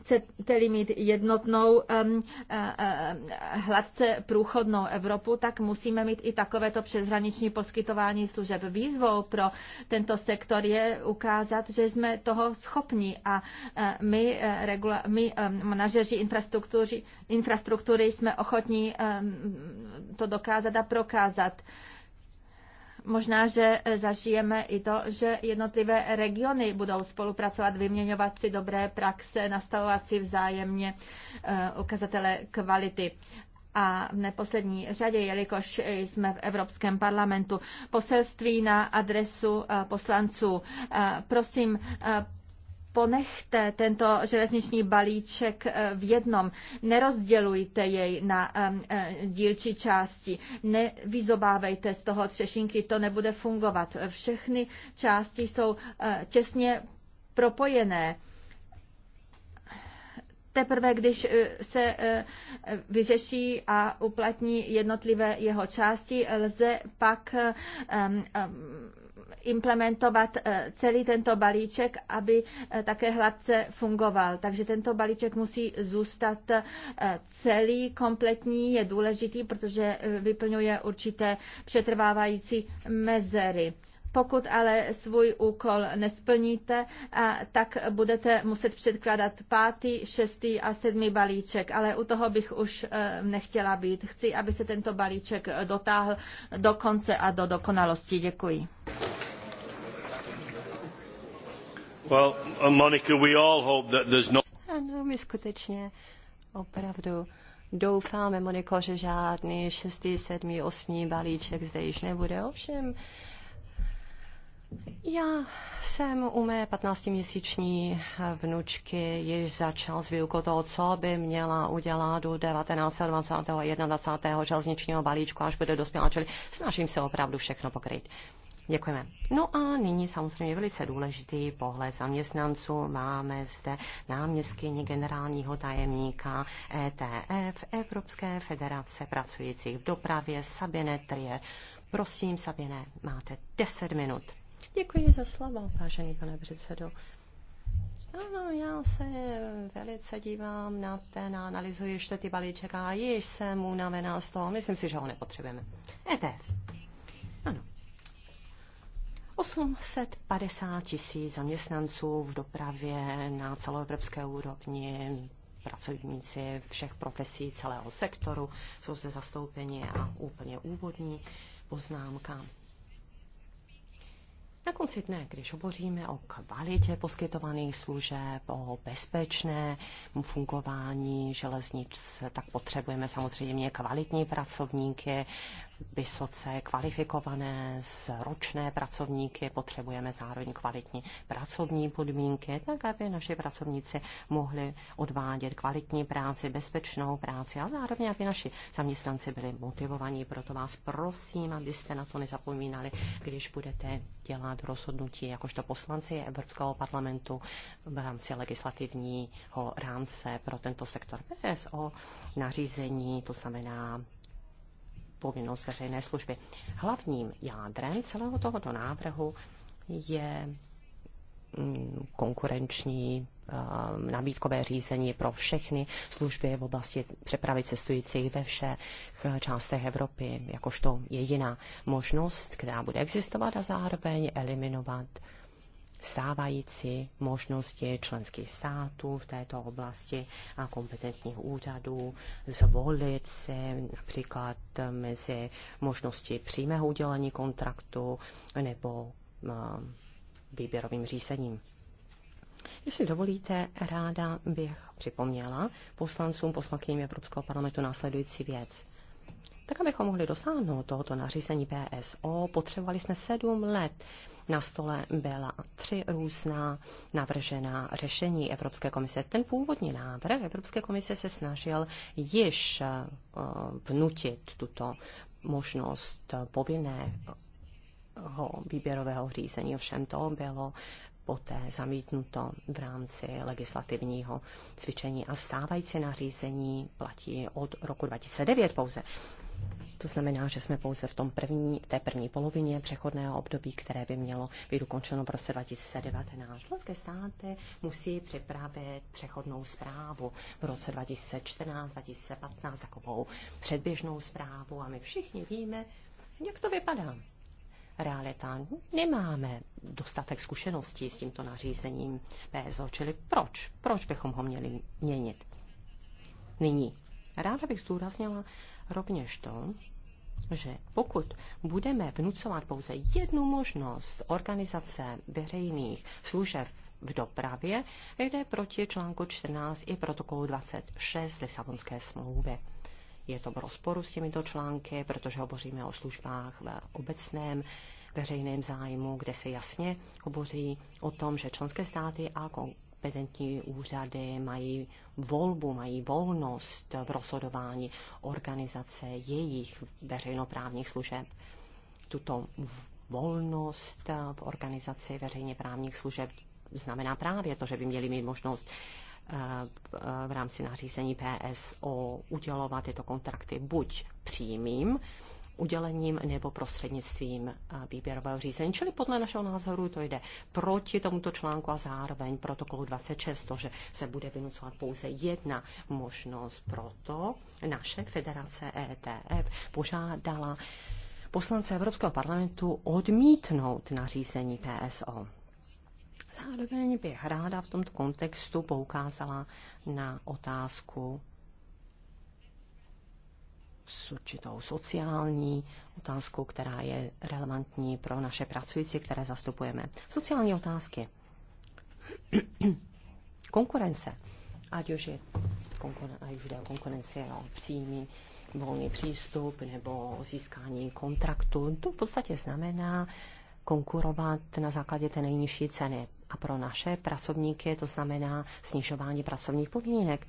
chcete-li mít jednotnou e, e, hladce průchodnou Evropu, tak musíme mít i takovéto přeshraniční poskytování služeb. Výzvou pro tento sektor je ukázat, že jsme toho schopni a e, my, regula- my manažeři infrastruktury, infrastruktury jsme ochotní to dokázat a prokázat. Možná, že eh, zažijeme i to, že jednotlivé regiony budou spolupracovat, vyměňovat si dobré praxe, nastavovat si vzájemně eh, ukazatele kvality. A v neposlední řadě, jelikož jsme v Evropském parlamentu, poselství na adresu eh, poslanců. Prosím, ponechte tento železniční balíček eh, v jednom, nerozdělujte jej na eh, eh, dílčí části, nevyzobávejte z toho třešinky, to nebude fungovat. Všechny části jsou těsně propojené teprve, když se vyřeší a uplatní jednotlivé jeho části, lze pak implementovat eh, celý tento balíček, aby eh, také hladce fungoval. Takže tento balíček musí zůstat eh, celý, kompletní, je důležitý, protože vyplňuje určité přetrvávající mezery. Pokud ale svůj úkol nesplníte, tak budete muset předkládat pátý, šestý a sedmý balíček, ale u toho bych už e, nechtěla být. Chci, aby se tento balíček dotáhl do konce a do dokonalosti. Děkuji. Well, uh, Monica, we all hope that there's no... Ano, my skutečně opravdu doufáme, Moniko, že žádný šestý, sedmý, osmý balíček zde již nebude. Ovšem, já jsem u mé 15-měsíční vnučky již začal s výukou toho, co by měla udělat do 19., 20. a 21. železničního balíčku, až bude dospělá, čili snažím se opravdu všechno pokryt. Děkujeme. No a nyní samozřejmě velice důležitý pohled zaměstnanců. Máme zde náměstkyni generálního tajemníka ETF Evropské federace pracujících v dopravě Sabine Trier. Prosím, Sabine, máte 10 minut. Děkuji za slovo, vážený pane předsedo. Ano, já se velice dívám na ten a analyzuji ještě ty balíček a již jsem unavená z toho. Myslím si, že ho nepotřebujeme. ETF. Ano. 850 tisíc zaměstnanců v dopravě na celoevropské úrovni, pracovníci všech profesí celého sektoru jsou zde zastoupeni a úplně úvodní poznámka. Na konci dne, když hovoříme o kvalitě poskytovaných služeb, o bezpečné fungování železnic, tak potřebujeme samozřejmě kvalitní pracovníky, vysoce kvalifikované, ročné pracovníky, potřebujeme zároveň kvalitní pracovní podmínky, tak aby naši pracovníci mohli odvádět kvalitní práci, bezpečnou práci a zároveň, aby naši zaměstnanci byli motivovaní. Proto vás prosím, abyste na to nezapomínali, když budete dělat rozhodnutí jakožto poslanci Evropského parlamentu v rámci legislativního rámce pro tento sektor PSO, nařízení, to znamená povinnost veřejné služby. Hlavním jádrem celého tohoto návrhu je mm, konkurenční eh, nabídkové řízení pro všechny služby v oblasti přepravy cestujících ve všech eh, částech Evropy, jakožto jediná možnost, která bude existovat a zároveň eliminovat stávající možnosti členských států v této oblasti a kompetentních úřadů zvolit si například mezi možnosti přímého udělení kontraktu nebo eh, výběrovým řízením. Jestli dovolíte, ráda bych připomněla poslancům, poslankyním Evropského parlamentu následující věc. Tak, abychom mohli dosáhnout tohoto nařízení PSO, potřebovali jsme sedm let na stole byla tři různá navržená řešení Evropské komise. Ten původní návrh Evropské komise se snažil již eh, vnutit tuto možnost povinného výběrového řízení. Ovšem to bylo poté zamítnuto v rámci legislativního cvičení a stávající nařízení platí od roku 2009 pouze. To znamená, že jsme pouze v tom první, té první polovině přechodného období, které by mělo být ukončeno v roce 2019. Členské státy musí připravit přechodnou zprávu v roce 2014, 2015, takovou předběžnou zprávu a my všichni víme, jak to vypadá. Realita. Nemáme dostatek zkušeností s tímto nařízením PSO, čili proč? Proč bychom ho měli měnit? Nyní. Ráda bych zdůraznila, rovněž to, že pokud budeme vnucovat pouze jednu možnost organizace veřejných služeb v dopravě, jde proti článku 14 i protokolu 26 Lisabonské smlouvy. Je to v rozporu s těmito články, protože hovoříme o službách v obecném veřejném zájmu, kde se jasně hovoří o tom, že členské státy a kompetentní úřady mají volbu, mají volnost v rozhodování organizace jejich veřejnoprávních služeb. Tuto volnost v organizaci veřejně právních služeb znamená právě to, že by měli mít možnost eh, v rámci nařízení PSO udělovat tyto kontrakty buď přímým udělením nebo prostřednictvím eh, výběrového řízení. Čili podle našeho názoru to jde proti tomuto článku a zároveň protokolu 26, to, že se bude vynucovat pouze jedna možnost. Proto naše federace ETF požádala poslance Evropského parlamentu odmítnout nařízení PSO. Zároveň bych ráda v tomto kontextu poukázala na otázku s určitou sociální otázkou, která je relevantní pro naše pracující, které zastupujeme. Sociální otázky. konkurence. Ať už, je, konkuren, ať už jde o konkurenci, o příjmy, volný přístup nebo získání kontraktu. To v podstatě znamená konkurovat na základě té nejnižší ceny. A pro naše pracovníky to znamená snižování pracovních podmínek.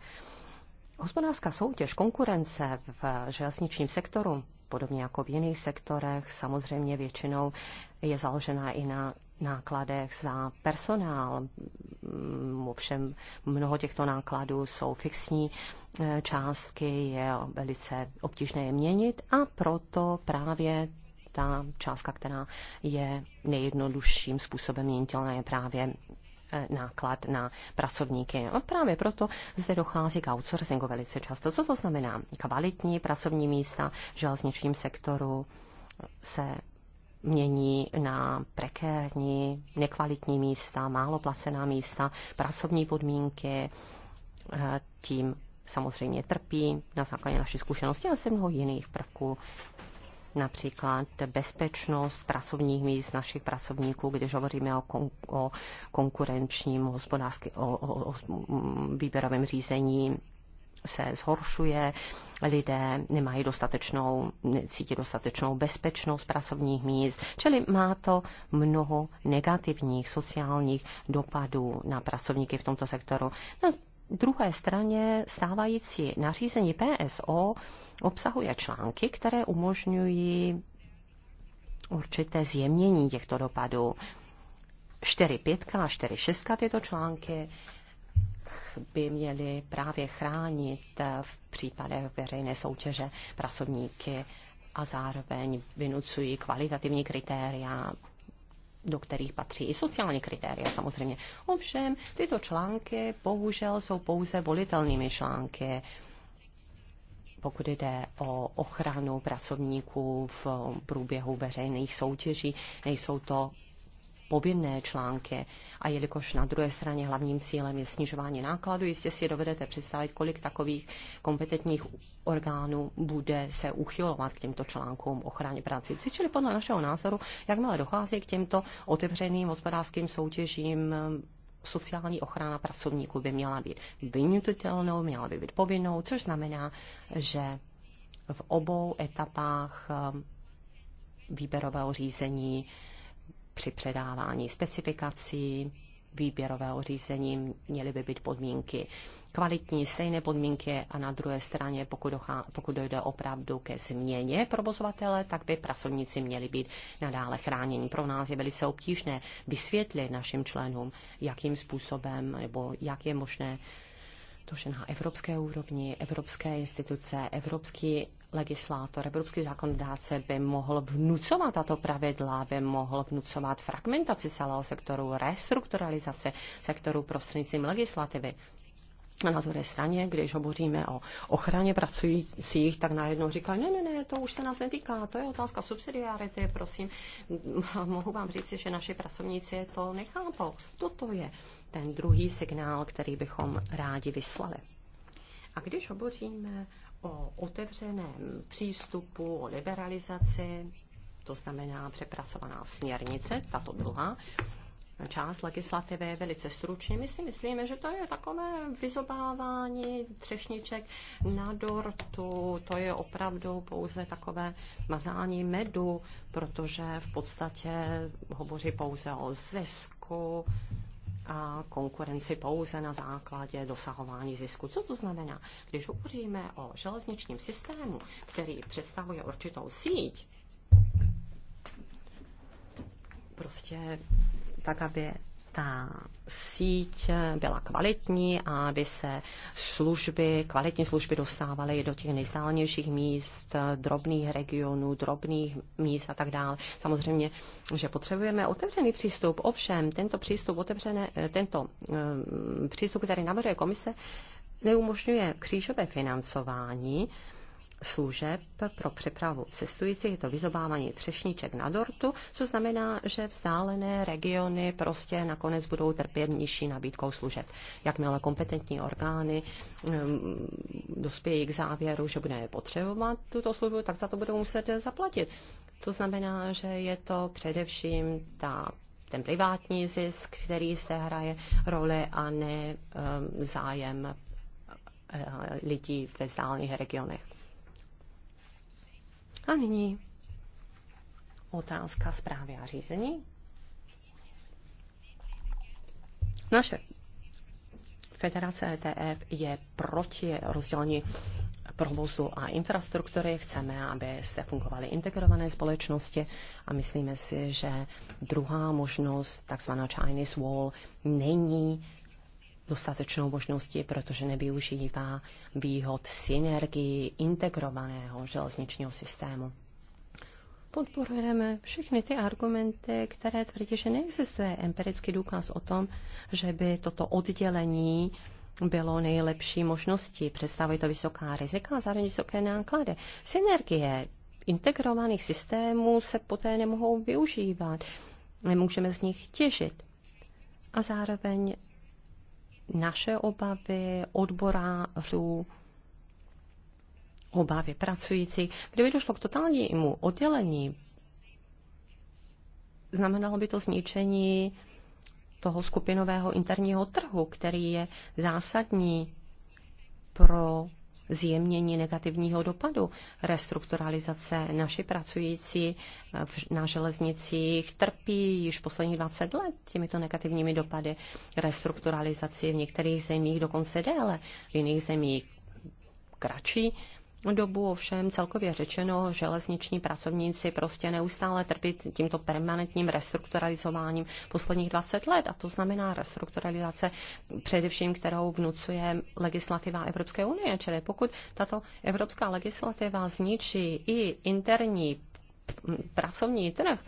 Hospodářská soutěž, konkurence v železničním sektoru, podobně jako v jiných sektorech, samozřejmě většinou je založená i na nákladech za personál. Mm, ovšem mnoho těchto nákladů jsou fixní eh, částky, je velice obtížné je měnit a proto právě ta částka, která je nejjednodušším způsobem měnitelná, je právě Eh, náklad na pracovníky. A právě proto zde dochází k outsourcingu velice často. Co to znamená? Kvalitní pracovní místa v železničním sektoru eh, se mění na prekérní, nekvalitní místa, málo placená místa, pracovní podmínky, eh, tím samozřejmě trpí na základě naší zkušenosti a z mnoho jiných prvků například bezpečnost pracovních míst našich pracovníků, když hovoříme o, kon, o konkurenčním hospodářském o, o, o výběrovém řízení se zhoršuje, lidé nemají dostatečnou, cítí dostatečnou bezpečnost pracovních míst, čili má to mnoho negativních sociálních dopadů na pracovníky v tomto sektoru. Na druhé straně stávající nařízení PSO obsahuje články, které umožňují určité zjemnění těchto dopadů. 4.5 a 4.6 tyto články by měly právě chránit v případech veřejné soutěže pracovníky a zároveň vynucují kvalitativní kritéria do kterých patří i sociální kritéria samozřejmě. Ovšem, tyto články bohužel jsou pouze volitelnými články pokud jde o ochranu pracovníků v průběhu veřejných soutěží. Nejsou to povinné články. A jelikož na druhé straně hlavním cílem je snižování nákladu, jistě si dovedete představit, kolik takových kompetentních orgánů bude se uchylovat k těmto článkům ochraně pracující. Čili podle našeho názoru, jakmile dochází k těmto otevřeným hospodářským soutěžím, sociální ochrana pracovníků by měla být vynutitelnou, měla by být povinnou, což znamená, že v obou etapách eh, výběrového řízení při předávání specifikací, výběrového řízení měly by být podmínky kvalitní, stejné podmínky a na druhé straně, pokud, dochá, pokud dojde opravdu ke změně provozovatele, tak by pracovníci měli být nadále chráněni. Pro nás je velice obtížné vysvětlit našim členům, jakým způsobem nebo jak je možné to, že na evropské úrovni, evropské instituce, evropský legislátor, evropský zákonodáce by mohl vnucovat tato pravidla, by mohl vnucovat fragmentaci celého sektoru, restrukturalizace sektoru prostřednictvím legislativy. A na druhé straně, když hovoříme o ochraně pracujících, tak najednou říká, ne, ne, ne, to už se nás netýká, to je otázka subsidiarity, prosím. Mohu vám říct, že naši pracovníci to nechápou. Toto je ten druhý signál, který bychom rádi vyslali. A když hovoříme o otevřeném přístupu, o liberalizaci, to znamená přepracovaná směrnice, tato druhá část legislativy je velice stručně. My si myslíme, že to je takové vyzobávání třešniček na dortu, to je opravdu pouze takové mazání medu, protože v podstatě hovoří pouze o zisku, a konkurenci pouze na základě dosahování zisku. Co to znamená? Když hovoříme o železničním systému, který představuje určitou síť, prostě tak, aby ta síť byla kvalitní a aby se služby, kvalitní služby dostávaly do těch nejzdálnějších míst, drobných regionů, drobných míst a tak dále. Samozřejmě, že potřebujeme otevřený přístup. Ovšem, tento přístup otevřené, tento ehm, přístup, který navrhuje komise, neumožňuje křížové financování, služeb pro přepravu cestujících, je to vyzobávání třešníček na dortu, co znamená, že vzdálené regiony prostě nakonec budou trpět nižší nabídkou služeb. Jakmile kompetentní orgány mm, dospějí k závěru, že budeme potřebovat tuto službu, tak za to budou muset zaplatit. To znamená, že je to především ta ten privátní zisk, který zde hraje roli a ne um, zájem uh, lidí ve vzdálených regionech. A nyní otázka zprávy a řízení. Naše Federace ETF je proti rozdělení provozu a infrastruktury. Chceme, aby jste fungovaly integrované společnosti a myslíme si, že druhá možnost, takzvaná Chinese Wall, není dostatečnou možností, protože nevyužívá výhod synergii integrovaného železničního systému. Podporujeme všechny ty argumenty, které tvrdí, že neexistuje empirický důkaz o tom, že by toto oddělení bylo nejlepší možností. Představuje to vysoká rizika a zároveň vysoké náklady. Synergie integrovaných systémů se poté nemohou využívat. Nemůžeme z nich těžit. A zároveň naše obavy odborářů, obavy pracujících. Kdyby došlo k totálnímu oddělení, znamenalo by to zničení toho skupinového interního trhu, který je zásadní pro zjemnění negativního dopadu restrukturalizace. Naši pracující eh, na železnicích trpí již poslední 20 let těmito negativními dopady restrukturalizaci v některých zemích dokonce déle, v jiných zemích kratší dobu ovšem celkově řečeno železniční pracovníci prostě neustále trpí tímto permanentním restrukturalizováním posledních 20 let a to znamená restrukturalizace především, kterou vnucuje legislativa Evropské unie, čili pokud tato evropská legislativa zničí i interní pracovní trh,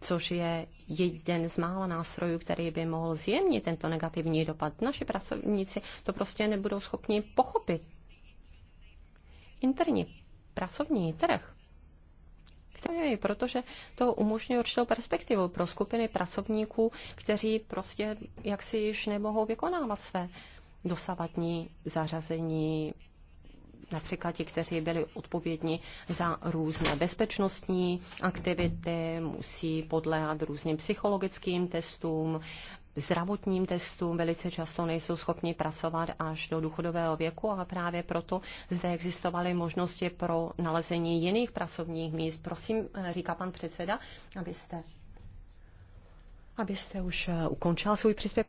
což je jeden z mála nástrojů, který by mohl zjemnit tento negativní dopad. Naši pracovníci to prostě nebudou schopni pochopit interní pracovní trh, aktivněji, protože to umožňuje určitou perspektivu pro skupiny pracovníků, kteří prostě jaksi již nemohou vykonávat své dosavadní zařazení, například ti, kteří byli odpovědní za různé bezpečnostní aktivity, musí podléhat různým psychologickým testům, zdravotním testům, velice často nejsou schopni pracovat až do důchodového věku a právě proto zde existovaly možnosti pro nalezení jiných pracovních míst. Prosím, eh, říká pan předseda, abyste, abyste už eh, ukončil svůj příspěvek.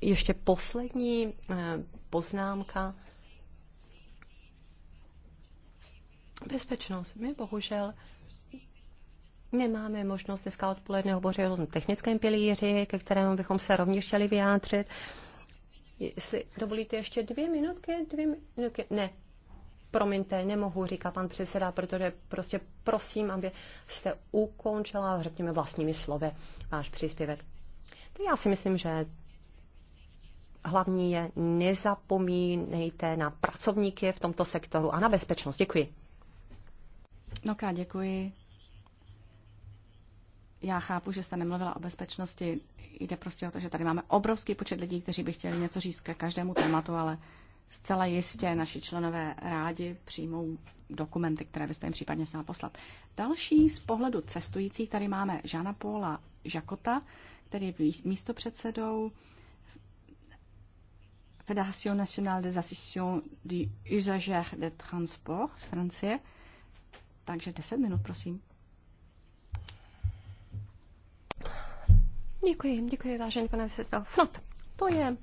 Ještě poslední eh, poznámka. Bezpečnost. My bohužel Nemáme možnost dneska odpoledne hovořit o tom technickém pilíři, ke kterému bychom se rovněž chtěli vyjádřit. Jestli dovolíte ještě dvě minutky, dvě minutky, ne, promiňte, nemohu, říká pan předseda, protože prostě prosím, aby jste ukončila, řekněme vlastními slovy, váš příspěvek. Tak já si myslím, že hlavní je nezapomínejte na pracovníky v tomto sektoru a na bezpečnost. Děkuji. No, děkuji já chápu, že jste nemluvila o bezpečnosti. Jde prostě o to, že tady máme obrovský počet lidí, kteří by chtěli něco říct ke každému tématu, ale zcela jistě naši členové rádi přijmou dokumenty, které byste jim případně chtěla poslat. Další z pohledu cestujících tady máme Žana Paula Žakota, který je místopředsedou Fédération nationale des assistions du usagers de transport z Francie. Takže 10 minut, prosím. Děkuji, děkuji, vážený pane předsedo. Front, to je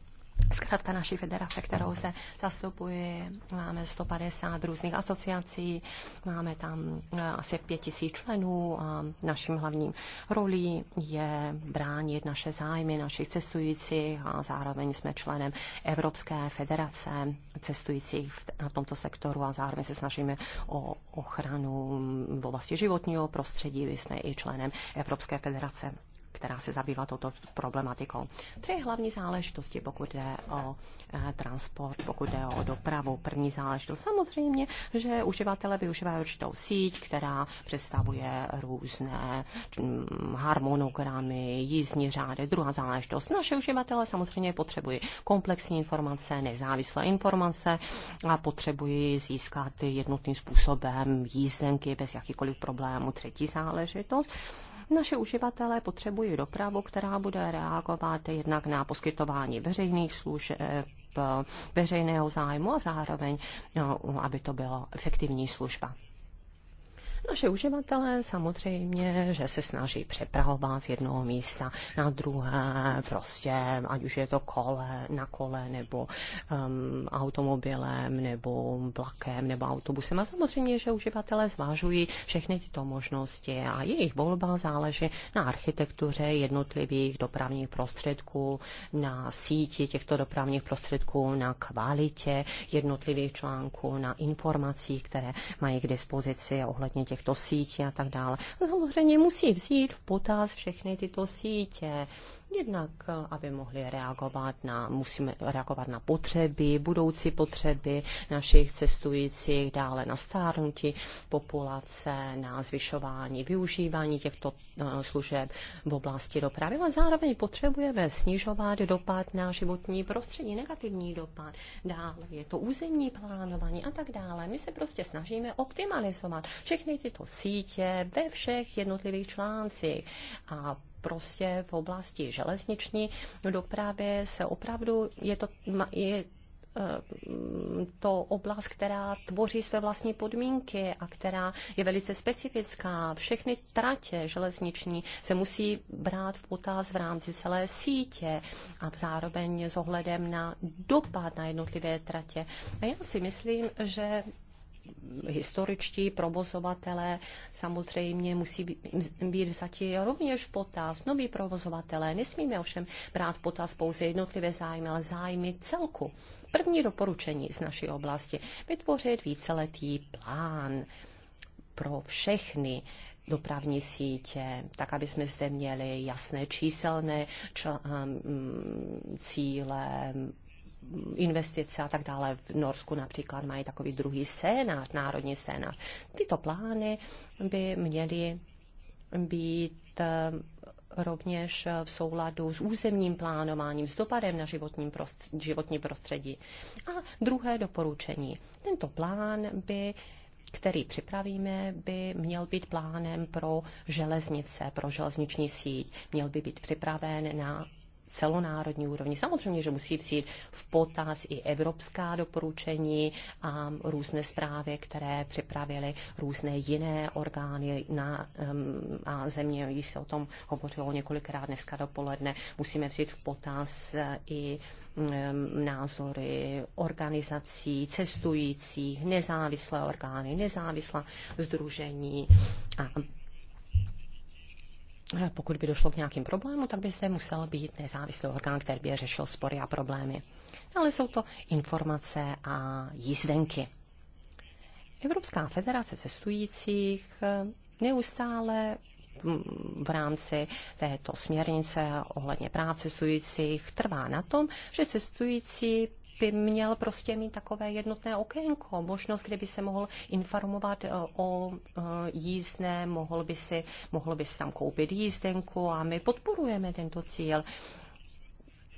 zkrátka naší federace, kterou se zastupuje. Máme 150 různých asociací, máme tam eh, asi 5000 členů a naším hlavním rolí je bránit naše zájmy našich cestujících a zároveň jsme členem Evropské federace cestujících v tomto sektoru a zároveň se snažíme o ochranu v oblasti životního prostředí. My jsme i členem Evropské federace která se zabývá touto problematikou. Tři hlavní záležitosti, pokud jde o eh, transport, pokud jde o dopravu. První záležitost samozřejmě, že uživatelé využívají určitou síť, která představuje různé mm, harmonogramy, jízdní řády. Druhá záležitost, naše uživatelé samozřejmě potřebují komplexní informace, nezávislé informace a potřebují získat jednotným způsobem jízdenky bez jakýkoliv problémů. Třetí záležitost, naše uživatelé potřebují dopravu, která bude reagovat jednak na poskytování veřejných služeb, eh, veřejného zájmu a zároveň, no, aby to byla efektivní služba. Naše uživatelé samozřejmě, že se snaží přepravovat z jednoho místa na druhé, prostě, ať už je to kole, na kole, nebo um, automobilem, nebo vlakem, nebo autobusem. A samozřejmě, že uživatelé zvážují všechny tyto možnosti a jejich volba záleží na architektuře jednotlivých dopravních prostředků, na síti těchto dopravních prostředků, na kvalitě jednotlivých článků, na informacích, které mají k dispozici ohledně těchto sítí a tak dále. Samozřejmě musí vzít v potaz všechny tyto sítě, Jednak, eh, aby mohli reagovat na, musíme reagovat na potřeby, budoucí potřeby našich cestujících, dále na stárnutí populace, na zvyšování, využívání těchto eh, služeb v oblasti dopravy, ale zároveň potřebujeme snižovat dopad na životní prostředí, negativní dopad, dále je to územní plánování a tak dále. My se prostě snažíme optimalizovat všechny tyto sítě ve všech jednotlivých článcích a prostě v oblasti železniční dopravy se opravdu je to, je eh, to oblast, která tvoří své vlastní podmínky a která je velice specifická. Všechny tratě železniční se musí brát v potaz v rámci celé sítě a zároveň s ohledem na dopad na jednotlivé tratě. A já si myslím, že historičtí provozovatelé samozřejmě musí být vzati rovněž potaz noví provozovatelé. Nesmíme ovšem brát potaz pouze jednotlivé zájmy, ale zájmy celku. První doporučení z naší oblasti vytvořit víceletý plán pro všechny dopravní sítě, tak aby jsme zde měli jasné číselné čl- cíle, investice a tak dále. V Norsku například mají takový druhý scénář, národní scénář. Tyto plány by měly být eh, rovněž eh, v souladu s územním plánováním, s dopadem na životní prostředí, životní prostředí. A druhé doporučení. Tento plán by který připravíme, by měl být plánem pro železnice, pro železniční síť. Měl by být připraven na celonárodní úrovni. Samozřejmě, že musí vzít v potaz i evropská doporučení a různé zprávy, které připravili různé jiné orgány na, um, a země, již se o tom hovořilo několikrát dneska dopoledne. Musíme vzít v potaz eh, i názory organizací, cestujících, nezávislé orgány, nezávislá združení a pokud by došlo k nějakým problémům, tak by zde musel být nezávislý orgán, který by řešil spory a problémy. Ale jsou to informace a jízdenky. Evropská federace cestujících eh, neustále hm, v rámci této směrnice ohledně práv cestujících trvá na tom, že cestující by měl prostě mít takové jednotné okénko, možnost, kde by se mohl informovat e, o e, jízdné, mohl by si, mohl by si tam koupit jízdenku a my podporujeme tento cíl.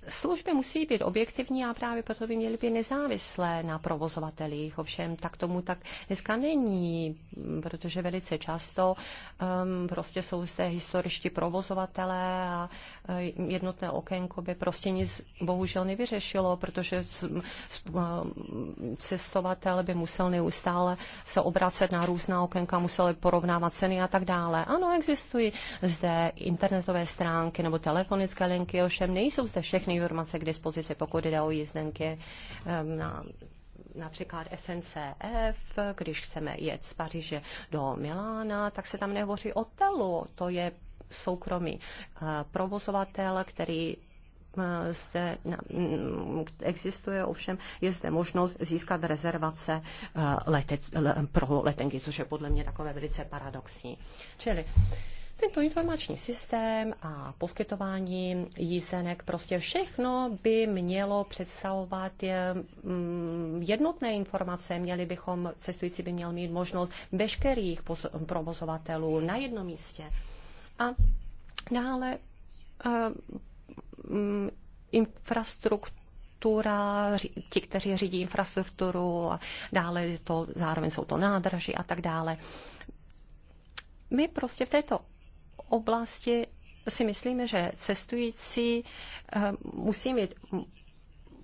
Služby musí být objektivní a právě proto by měly být nezávislé na provozovatelích. Ovšem, tak tomu tak dneska není, protože velice často um, prostě jsou zde historičtí provozovatelé a Eh, jednotné okénko by prostě nic bohužel nevyřešilo, protože eh, cestovatel by musel neustále se obracet na různá okénka, musel porovnávat ceny a tak dále. Ano, existují zde internetové stránky nebo telefonické linky, ovšem nejsou zde všechny informace k dispozici, pokud jde o jízdenky eh, na například SNCF, když chceme jet z Paříže do Milána, tak se tam nehovoří o telu. To je soukromý eh, provozovatel, který zde eh, mm, existuje, ovšem je zde možnost získat rezervace eh, letec, pro letenky, což je podle mě takové velice paradoxní. Čili tento informační systém a poskytování jízdenek, prostě všechno by mělo představovat mm, jednotné informace. Měli bychom, cestující by měl mít možnost veškerých provozovatelů na jednom místě a dále uh, infrastruktura infrastruktura, ti, kteří řídí infrastrukturu a dále to, zároveň jsou to nádraží a tak dále. My prostě v této oblasti si myslíme, že cestující eh, musí mít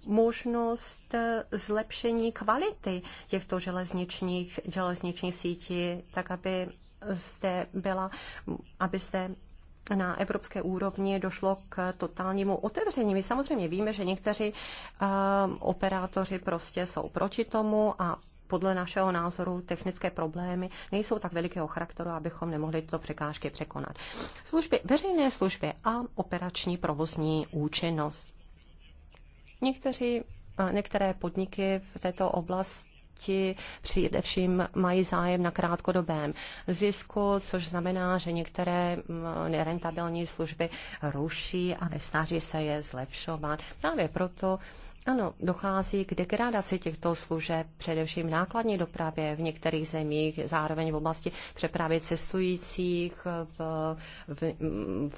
možnost eh, zlepšení kvality těchto železničních, železničních sítí, tak aby jste byla, aby na evropské úrovni došlo k totálnímu otevření. My samozřejmě víme, že někteří uh, operátoři prostě jsou proti tomu a podle našeho názoru technické problémy nejsou tak velikého charakteru, abychom nemohli tyto překážky překonat. Služby, veřejné služby a operační provozní účinnost. Někteří, některé podniky v této oblasti ti především mají zájem na krátkodobém zisku, což znamená, že některé mm, nerentabilní služby ruší a nesnaží se je zlepšovat. Právě proto ano, dochází k degradaci těchto služeb, především v nákladní dopravě v některých zemích, zároveň v oblasti přepravy cestujících v, v,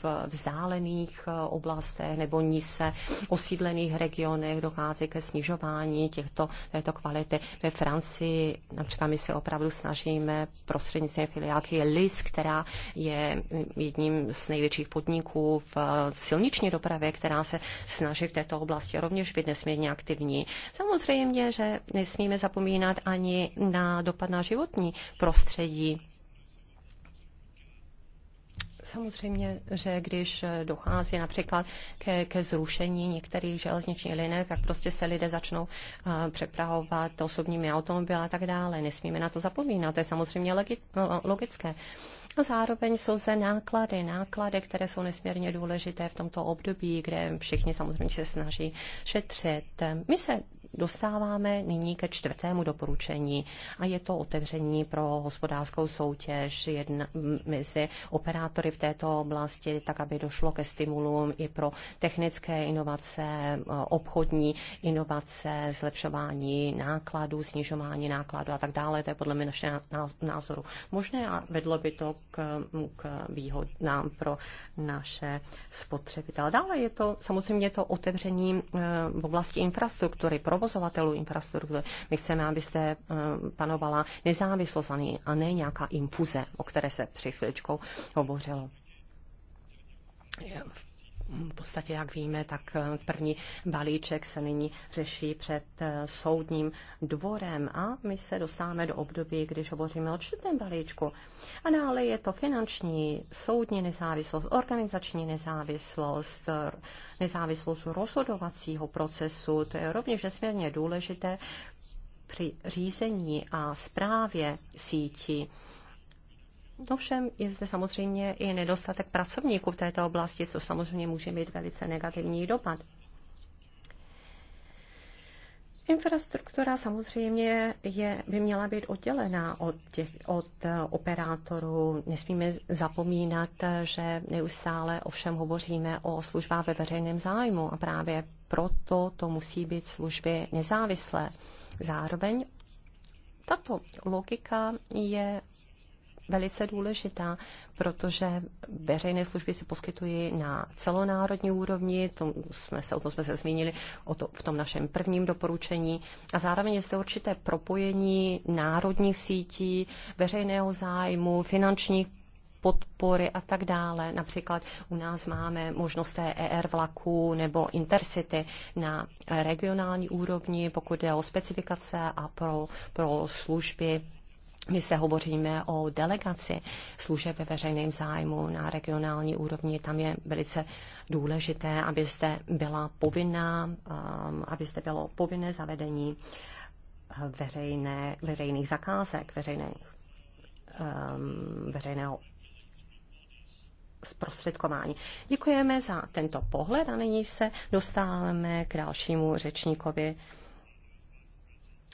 v vzdálených oblastech nebo níse osídlených regionech dochází ke snižování těchto, této kvality. Ve Francii například my se opravdu snažíme prostřednictvím filiálky LIS, která je jedním z největších podniků v silniční dopravě, která se snaží v této oblasti rovněž být nesmírně mimořádně aktivní. Samozřejmě, že nesmíme zapomínat ani na dopad na životní prostředí. Samozřejmě, že když dochází například ke, ke zrušení některých železničních linek, tak prostě se lidé začnou uh, přepravovat osobními automobily a tak dále. Nesmíme na to zapomínat, to je samozřejmě eh, logické. A zároveň jsou zde náklady, náklady, které jsou nesmírně důležité v tomto období, kde všichni samozřejmě se snaží šetřit. My se dostáváme nyní ke čtvrtému doporučení a je to otevření pro hospodářskou soutěž jedna, mezi operátory v této oblasti, tak aby došlo ke stimulům i pro technické inovace, obchodní inovace, zlepšování nákladů, snižování nákladů a tak dále. To je podle mě našeho názoru možné a vedlo by to k, k výhodnám pro naše spotřebitele. Dále je to samozřejmě to otevření eh, v oblasti infrastruktury, provozu provozovatelů infrastruktury. My chceme, abyste eh, panovala nezávislost a ne nějaká infuze, o které se před chvíličkou hovořilo. V v podstatě, jak víme, tak eh, první balíček se nyní řeší před eh, soudním dvorem a my se dostáváme do období, když hovoříme o čtvrtém balíčku. A dále je to finanční, soudní nezávislost, organizační nezávislost, eh, nezávislost rozhodovacího procesu. To je rovněž nesmírně důležité při řízení a správě sítí Ovšem je zde samozřejmě i nedostatek pracovníků v této oblasti, co samozřejmě může mít velice negativní dopad. Infrastruktura samozřejmě je, by měla být oddělená od, těch, od eh, operátorů. Nesmíme zapomínat, že neustále ovšem hovoříme o službách ve veřejném zájmu a právě proto to musí být služby nezávislé. Zároveň tato logika je velice důležitá, protože veřejné služby se poskytují na celonárodní úrovni, to jsme se, o tom jsme se zmínili o to, v tom našem prvním doporučení, a zároveň je zde určité propojení národní sítí, veřejného zájmu, finanční podpory a tak dále. Například u nás máme možnost té ER vlaku nebo Intercity na regionální úrovni, pokud jde o specifikace a pro, pro služby my se hovoříme o delegaci služeb ve veřejném zájmu na regionální úrovni. Tam je velice důležité, abyste byla povinná, um, abyste bylo povinné zavedení uh, veřejné, veřejných zakázek, veřejných, um, veřejného zprostředkování. Děkujeme za tento pohled a nyní se dostáváme k dalšímu řečníkovi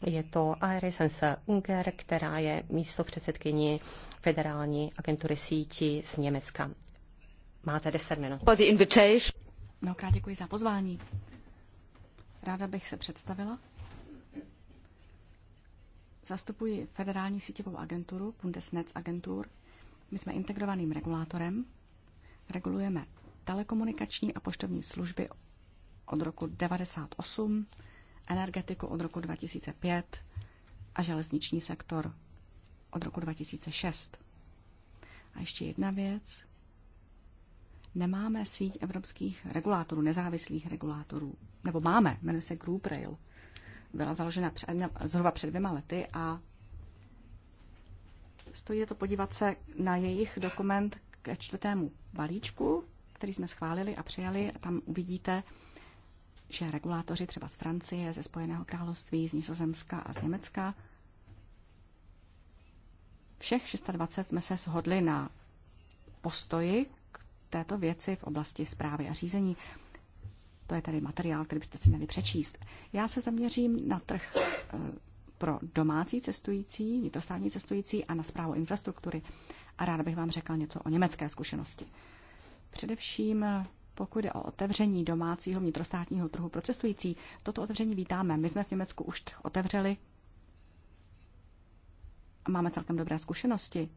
je to Sense, Unger, která je místo předsedkyni Federální agentury sítí z Německa. Máte 10 minut. Mnohokrát děkuji za pozvání. Ráda bych se představila. Zastupuji federální síťovou agenturu Bundesnetz Agentur. My jsme integrovaným regulátorem. Regulujeme telekomunikační a poštovní služby od roku 1998 energetiku od roku 2005 a železniční sektor od roku 2006. A ještě jedna věc. Nemáme síť evropských regulátorů, nezávislých regulátorů. Nebo máme, jmenuje se Group Rail. Byla založena před, zhruba před dvěma lety a stojí to podívat se na jejich dokument ke čtvrtému balíčku, který jsme schválili a přijali. A tam uvidíte, že regulátoři třeba z Francie, ze Spojeného království, z Nizozemska a z Německa, všech 620 jsme se shodli na postoji k této věci v oblasti zprávy a řízení. To je tady materiál, který byste si měli přečíst. Já se zaměřím na trh eh, pro domácí cestující, vnitrostátní cestující a na zprávu infrastruktury. A ráda bych vám řekla něco o německé zkušenosti. Především pokud je o otevření domácího vnitrostátního trhu pro cestující, toto otevření vítáme. My jsme v Německu už trh otevřeli a máme celkem dobré zkušenosti.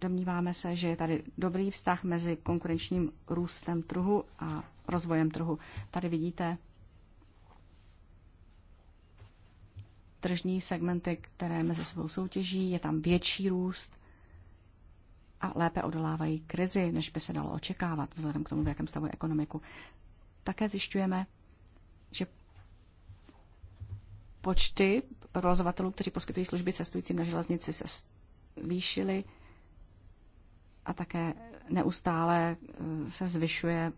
Domníváme se, že je tady dobrý vztah mezi konkurenčním růstem trhu a rozvojem trhu. Tady vidíte tržní segmenty, které mezi sebou soutěží, je tam větší růst a lépe odolávají krizi, než by se dalo očekávat, vzhledem k tomu, v jakém stavu je ekonomiku. Také zjišťujeme, že počty provozovatelů, kteří poskytují služby cestujícím na železnici, se zvýšily a také neustále eh, se zvyšuje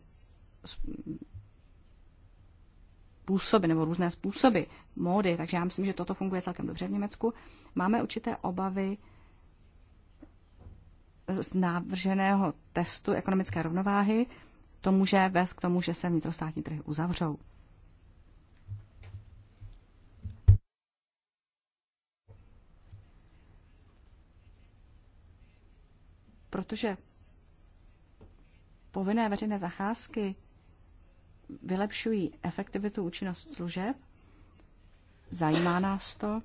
způsoby nebo různé způsoby módy, takže já myslím, že toto funguje celkem dobře v Německu. Máme určité obavy, z navrženého testu ekonomické rovnováhy, to může vést k tomu, že se vnitrostátní trhy uzavřou. Protože povinné veřejné zacházky vylepšují efektivitu účinnost služeb, zajímá nás to,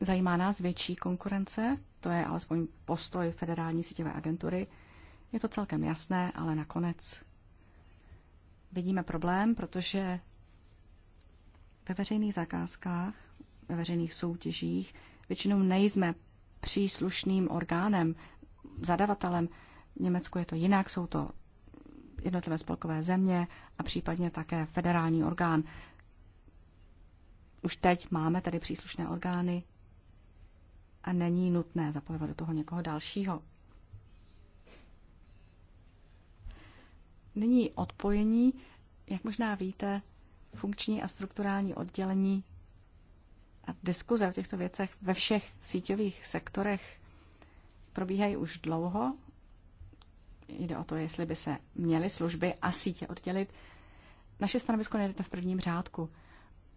zajímá nás větší konkurence to je alespoň postoj Federální sítěvé agentury. Je to celkem jasné, ale nakonec vidíme problém, protože ve veřejných zakázkách, ve veřejných soutěžích většinou nejsme příslušným orgánem, zadavatelem. V Německu je to jinak, jsou to jednotlivé spolkové země a případně také federální orgán. Už teď máme tady příslušné orgány, a není nutné zapojovat do toho někoho dalšího. Nyní odpojení. Jak možná víte, funkční a strukturální oddělení a diskuze o těchto věcech ve všech síťových sektorech probíhají už dlouho. Jde o to, jestli by se měly služby a sítě oddělit. Naše stanovisko najdete v prvním řádku.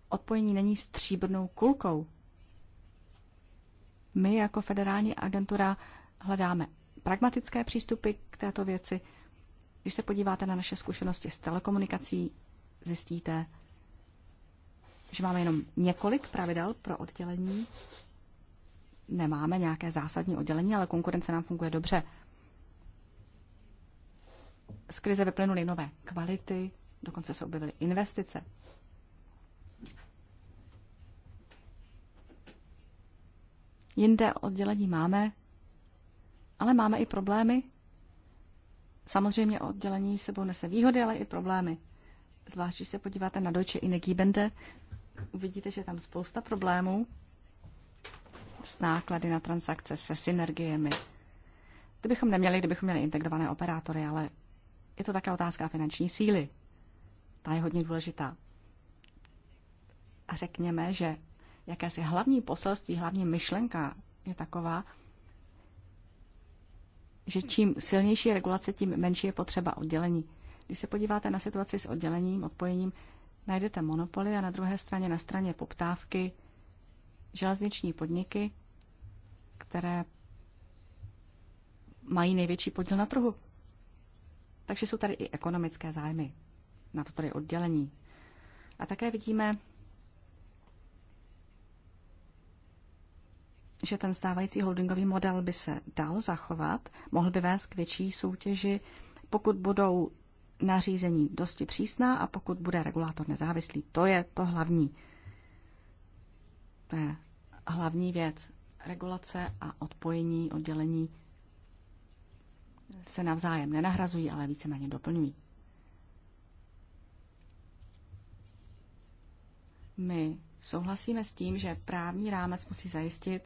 Odpojení není stříbrnou kulkou, my jako federální agentura hledáme pragmatické přístupy k této věci. Když se podíváte na naše zkušenosti s telekomunikací, zjistíte, že máme jenom několik pravidel pro oddělení. Nemáme nějaké zásadní oddělení, ale konkurence nám funguje dobře. Z krize vyplynuly nové kvality, dokonce se objevily investice. Jinde oddělení máme, ale máme i problémy. Samozřejmě oddělení sebou nese výhody, ale i problémy. Zvlášť, když se podíváte na Deutsche Energiebende, uvidíte, že tam spousta problémů s náklady na transakce, se synergiemi. Kdybychom neměli, kdybychom měli integrované operátory, ale je to také otázka finanční síly. Ta je hodně důležitá. A řekněme, že jakési hlavní poselství, hlavní myšlenka je taková, že čím silnější je regulace, tím menší je potřeba oddělení. Když se podíváte na situaci s oddělením, odpojením, najdete monopoly a na druhé straně, na straně poptávky, železniční podniky, které mají největší podíl na trhu. Takže jsou tady i ekonomické zájmy, na vzdory oddělení. A také vidíme že ten stávající holdingový model by se dal zachovat, mohl by vést k větší soutěži, pokud budou nařízení dosti přísná a pokud bude regulátor nezávislý. To je to hlavní. To je hlavní věc. Regulace a odpojení, oddělení se navzájem nenahrazují, ale víceméně doplňují. My souhlasíme s tím, že právní rámec musí zajistit,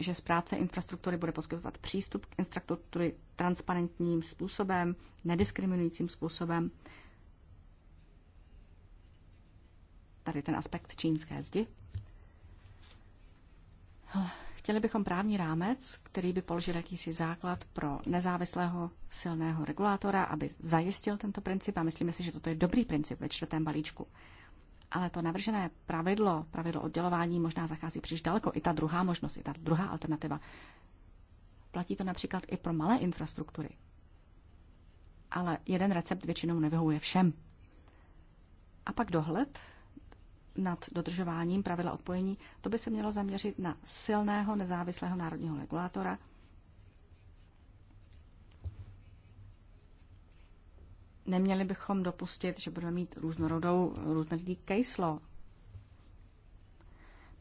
že správce infrastruktury bude poskytovat přístup k infrastruktury transparentním způsobem, nediskriminujícím způsobem. Tady ten aspekt čínské zdi. Chtěli bychom právní rámec, který by položil jakýsi základ pro nezávislého silného regulátora, aby zajistil tento princip a myslíme si, že toto je dobrý princip ve čtvrtém balíčku ale to navržené pravidlo, pravidlo oddělování možná zachází příliš daleko. I ta druhá možnost, i ta druhá alternativa. Platí to například i pro malé infrastruktury. Ale jeden recept většinou nevyhovuje všem. A pak dohled nad dodržováním pravidla odpojení, to by se mělo zaměřit na silného nezávislého národního regulátora, Neměli bychom dopustit, že budeme mít různorodou různorodý case law.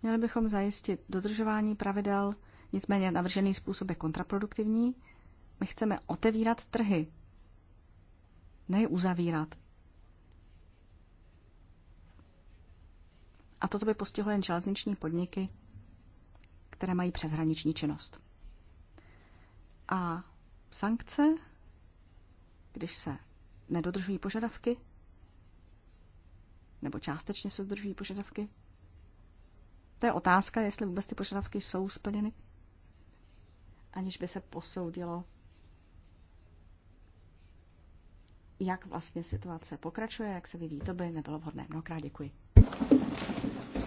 Měli bychom zajistit dodržování pravidel, nicméně navržený způsob je kontraproduktivní. My chceme otevírat trhy, ne uzavírat. A toto by postihlo jen železniční podniky, které mají přeshraniční činnost. A sankce, když se nedodržují požadavky? Nebo částečně se dodržují požadavky? To je otázka, jestli vůbec ty požadavky jsou splněny, aniž by se posoudilo, jak vlastně situace pokračuje, jak se vyvíjí. To by nebylo vhodné. Mnohokrát děkuji.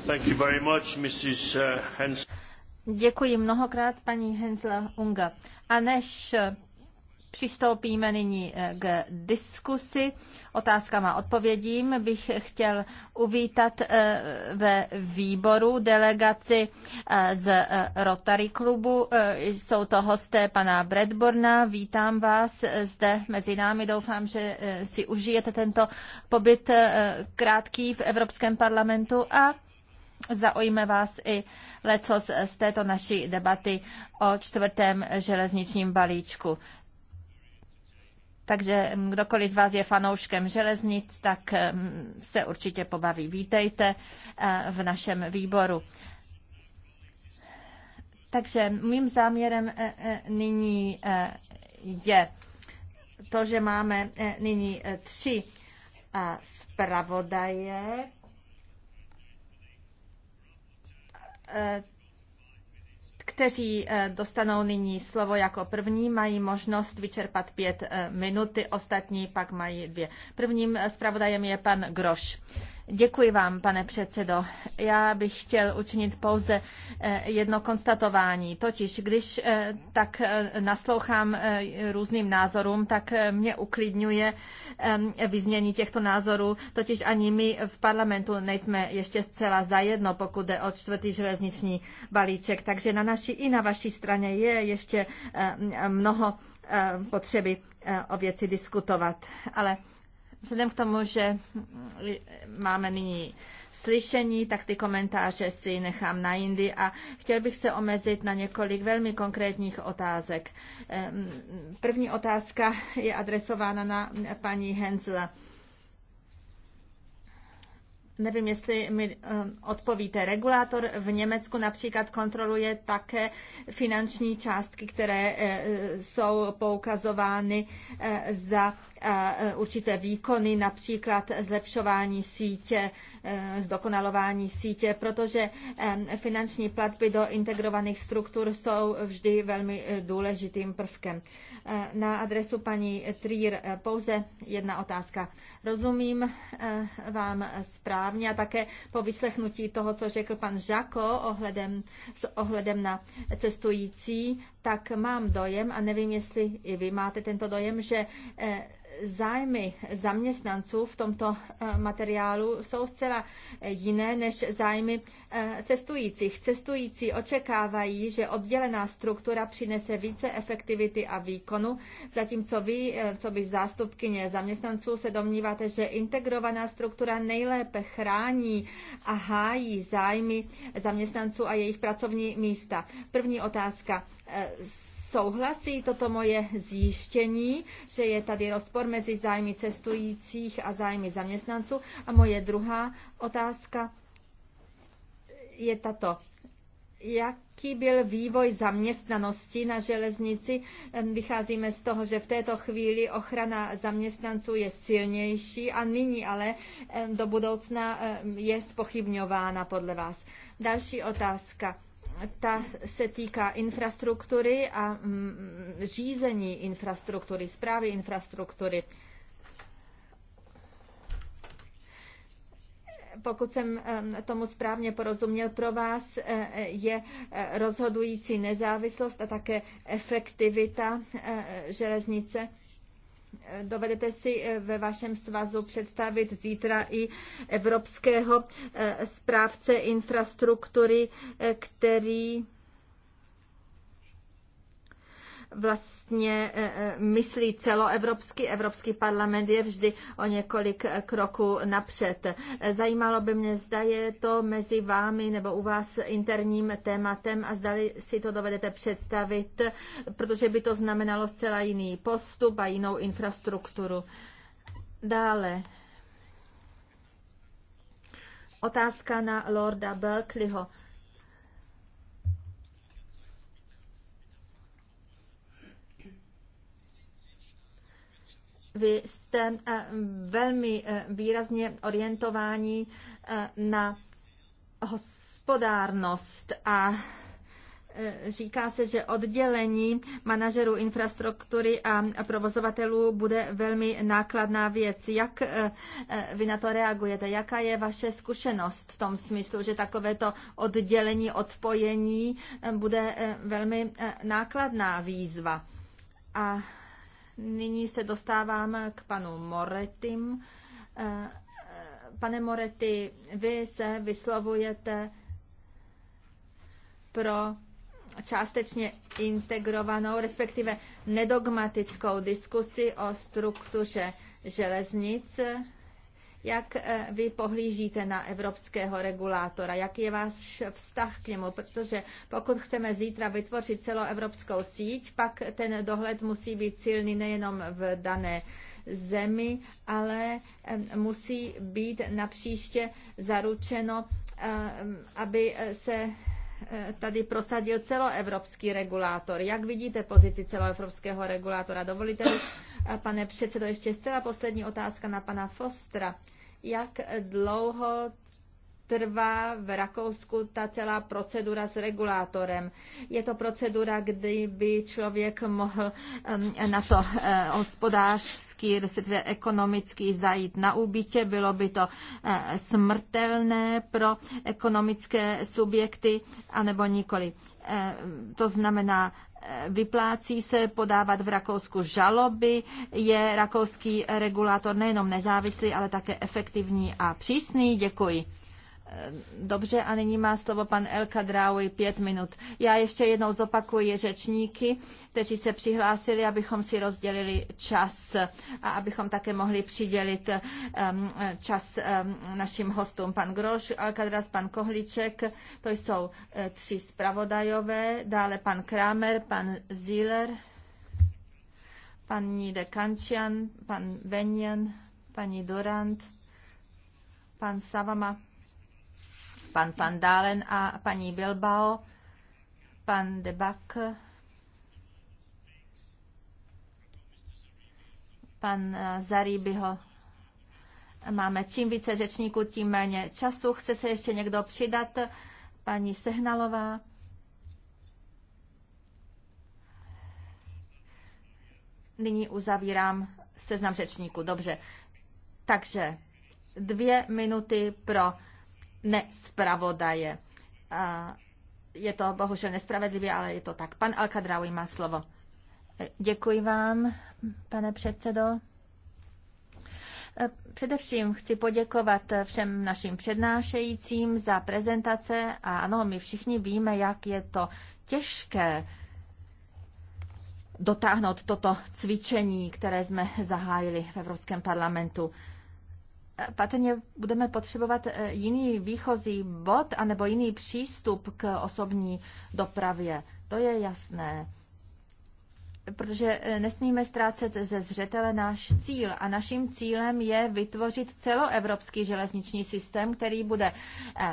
Thank you very much, Mrs. Uh, Hens. Děkuji mnohokrát, paní Hensla Unga. A než Přistoupíme nyní eh, k diskusi. Otázkama a odpovědím bych chtěl uvítat eh, ve výboru delegaci eh, z Rotary klubu. Jsou to hosté pana Bradborna. Vítám vás zde mezi námi. Doufám, že si užijete tento pobyt krátký v Evropském parlamentu a zaujme vás i lecos z této naší debaty o čtvrtém železničním balíčku. Takže mm, kdokoliv z vás je fanouškem železnic, tak mm, se určitě pobaví. Vítejte eh, v našem výboru. Takže mým záměrem eh, eh, nyní je to, že máme nyní tři zpravodaje kteří eh, dostanou nyní slovo jako první, mají možnost vyčerpat pět eh, minuty, ostatní pak mají dvě. Prvním eh, zpravodajem je pan Groš. Děkuji vám, pane předsedo. Já bych chtěl učinit pouze eh, jedno konstatování. Totiž, když eh, tak eh, naslouchám různým názorům, tak mě uklidňuje vyznění těchto názorů. Totiž ani my v parlamentu nejsme ještě zcela zajedno, pokud jde o čtvrtý železniční balíček. Takže na naší i na vaší straně je ještě mnoho potřeby o věci diskutovat. Ale Vzhledem k tomu, že máme nyní slyšení, tak ty komentáře si nechám na jindy a chtěl bych se omezit na několik velmi konkrétních otázek. Ehm, první otázka je adresována na paní Hensla. Nevím, jestli mi eh, odpovíte. Regulátor v Německu například kontroluje také finanční částky, které eh, jsou poukazovány eh, za určité výkony, například zlepšování sítě, zdokonalování sítě, protože finanční platby do integrovaných struktur jsou vždy velmi důležitým prvkem. Eh, na adresu paní Trier eh, pouze jedna otázka. Rozumím eh, vám správně a také po vyslechnutí toho, co řekl pan Žako ohledem, s ohledem na cestující, tak mám dojem a nevím, jestli i vy máte tento dojem, že zájmy zaměstnanců v tomto eh, materiálu jsou zcela eh, jiné než zájmy eh, cestujících. Cestující očekávají, že oddělená struktura přinese více efektivity a výkonu, zatímco vy, co by zástupkyně zaměstnanců, se domníváte, že integrovaná struktura nejlépe chrání a hájí zájmy zaměstnanců a jejich pracovní místa. První otázka souhlasí toto moje zjištění, že je tady rozpor mezi zájmy cestujících a zájmy zaměstnanců. A moje druhá otázka je tato. Jaký byl vývoj zaměstnanosti na železnici? Vycházíme z toho, že v této chvíli ochrana zaměstnanců je silnější a nyní ale do budoucna je spochybňována podle vás. Další otázka ta se týká infrastruktury a mm, řízení infrastruktury, zprávy infrastruktury. pokud jsem tomu správně porozuměl, pro vás eh, je eh, rozhodující nezávislost a také efektivita eh, železnice. Dovedete si eh, ve vašem svazu představit zítra i evropského eh, správce infrastruktury, eh, který vlastně e, e, myslí celoevropsky. Evropský parlament je vždy o několik e, kroků napřed. Zajímalo by mě, zda je to mezi vámi nebo u vás interním tématem a zdali si to dovedete představit, protože by to znamenalo zcela jiný postup a jinou infrastrukturu. Dále. Otázka na Lorda Berkeleyho Vy jste eh, velmi eh, výrazně orientováni eh, na hospodárnost a říká se, že oddělení manažerů infrastruktury a provozovatelů bude velmi nákladná věc. Jak vy na to reagujete? Jaká je vaše zkušenost v tom smyslu, že takovéto oddělení, odpojení bude velmi nákladná výzva? A Nyní se dostávám k panu Moretim. Eh, eh, pane Morety, vy se vyslovujete pro částečně integrovanou, respektive nedogmatickou diskusi o struktuře železnic jak eh, vy pohlížíte na evropského regulátora? Jaký je váš vztah k němu? Protože pokud chceme zítra vytvořit celoevropskou síť, pak ten dohled musí být silný nejenom v dané zemi, ale eh, musí být napříště zaručeno, eh, aby se tady prosadil celoevropský regulátor. Jak vidíte pozici celoevropského regulátora? Dovolíte Pane předsedo, ještě zcela poslední otázka na pana Fostra. Jak dlouho trvá v Rakousku ta celá procedura s regulátorem. Je to procedura, kdy by člověk mohl na to eh, hospodářský, respektive ekonomický zajít na úbytě. Bylo by to eh, smrtelné pro ekonomické subjekty, anebo nikoli. Eh, to znamená, vyplácí se podávat v Rakousku žaloby, je rakouský regulátor nejenom nezávislý, ale také efektivní a přísný. Děkuji. Eh, dobře, a nyní má slovo pan Elka Dráuj, pět minut. Já ještě jednou zopakuji řečníky, kteří se přihlásili, abychom si rozdělili čas a abychom také mohli přidělit um, čas um, našim hostům. Pan Groš, Alcadraz, pan Kohliček, to jsou eh, tři zpravodajové, dále pan Kramer, pan Ziller, paní De Kančian, pan Venjen, paní Durant, pan Savama pan Van Dalen a paní Bilbao, pan Debak, pan eh, Zaríbyho máme čím více řečníků, tím méně času. Chce se ještě někdo přidat? Paní Sehnalová. Nyní uzavírám seznam řečníků. Dobře. Takže dvě minuty pro nespravodaje. Je to bohužel nespravedlivé, ale je to tak. Pan Alkadraui má slovo. Děkuji vám, pane předsedo. Především chci poděkovat všem našim přednášejícím za prezentace a ano, my všichni víme, jak je to těžké dotáhnout toto cvičení, které jsme zahájili v Evropském parlamentu patrně budeme potřebovat eh, jiný výchozí bod anebo jiný přístup k osobní dopravě. To je jasné protože e, nesmíme ztrácet ze zřetele náš cíl. A naším cílem je vytvořit celoevropský železniční systém, který bude e,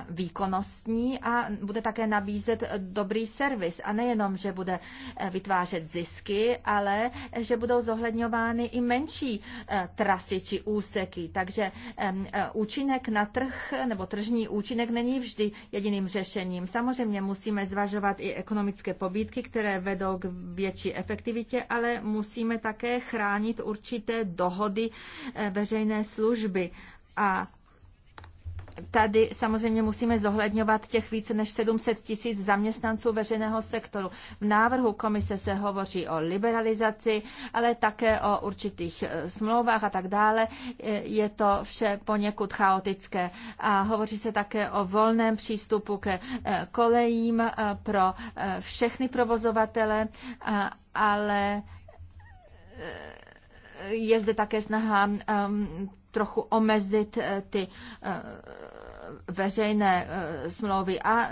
výkonnostní a bude také nabízet e, dobrý servis. A nejenom, že bude vytvářet zisky, ale že budou zohledňovány i menší trasy či úseky. Takže účinek na trh nebo tržní účinek není vždy jediným řešením. Samozřejmě musíme zvažovat i ekonomické pobídky, které vedou k větší efektivitě aktivitě, ale musíme také chránit určité dohody eh, veřejné služby. A tady samozřejmě musíme zohledňovat těch více než 700 tisíc zaměstnanců veřejného sektoru. V návrhu komise se hovoří o liberalizaci, ale také o určitých e, smlouvách a tak dále. E, je to vše poněkud chaotické. A hovoří se také o volném přístupu ke e, kolejím pro všechny provozovatele, ale je zde také snaha um, trochu omezit eh, ty eh, veřejné eh, smlouvy a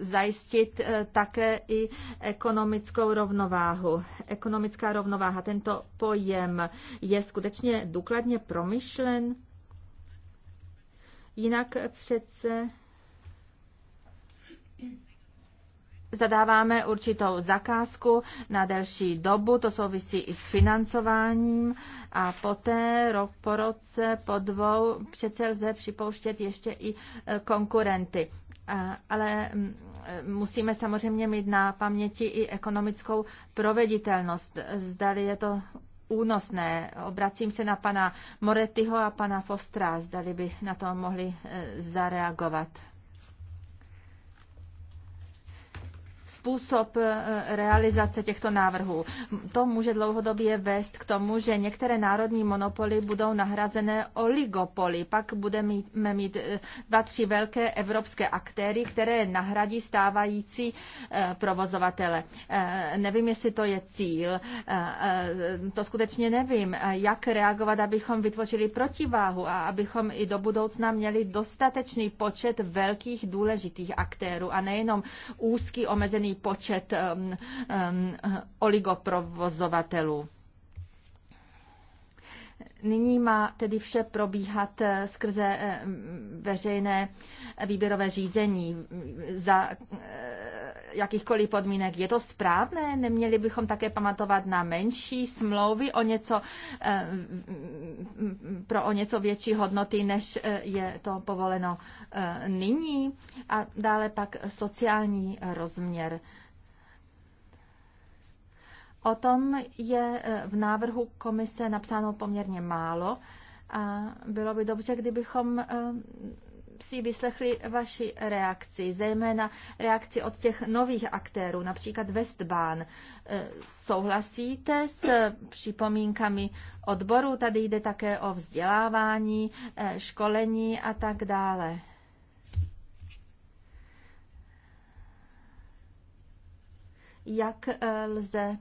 zajistit také i ekonomickou rovnováhu. Ekonomická rovnováha, tento pojem je skutečně důkladně promyšlen. Jinak přece zadáváme určitou zakázku na delší dobu, to souvisí i s financováním a poté rok po roce, po dvou přece lze připouštět ještě i e, konkurenty. Ale e, musíme samozřejmě mít na paměti i ekonomickou proveditelnost. Zdali je to únosné. Obracím se na pana Moretyho a pana Fostra, zdali by na to mohli e, zareagovat. způsob eh, realizace těchto návrhů. To může dlouhodobě vést k tomu, že některé národní monopoly budou nahrazené oligopoly. Pak budeme mít eh, dva, tři velké evropské aktéry, které nahradí stávající eh, provozovatele. Nevím, jestli to je cíl. To skutečně nevím. Jak reagovat, abychom vytvořili protiváhu a abychom i do budoucna měli dostatečný počet velkých důležitých aktérů a nejenom úzký omezený um, počet um, oligoprovozovatelů. Nyní má tedy vše probíhat eh, skrze eh, veřejné eh, výběrové řízení za jakýchkoliv podmínek. Je to správné? Neměli bychom také pamatovat na menší smlouvy o něco, eh, pro o něco větší hodnoty, než eh, je to povoleno eh, nyní? A dále pak sociální rozměr. O tom je v návrhu komise napsáno poměrně málo a bylo by dobře, kdybychom si vyslechli vaši reakci, zejména reakci od těch nových aktérů, například Westbahn. E, souhlasíte s připomínkami odboru? Tady jde také o vzdělávání, e, školení a tak dále. jak e, lze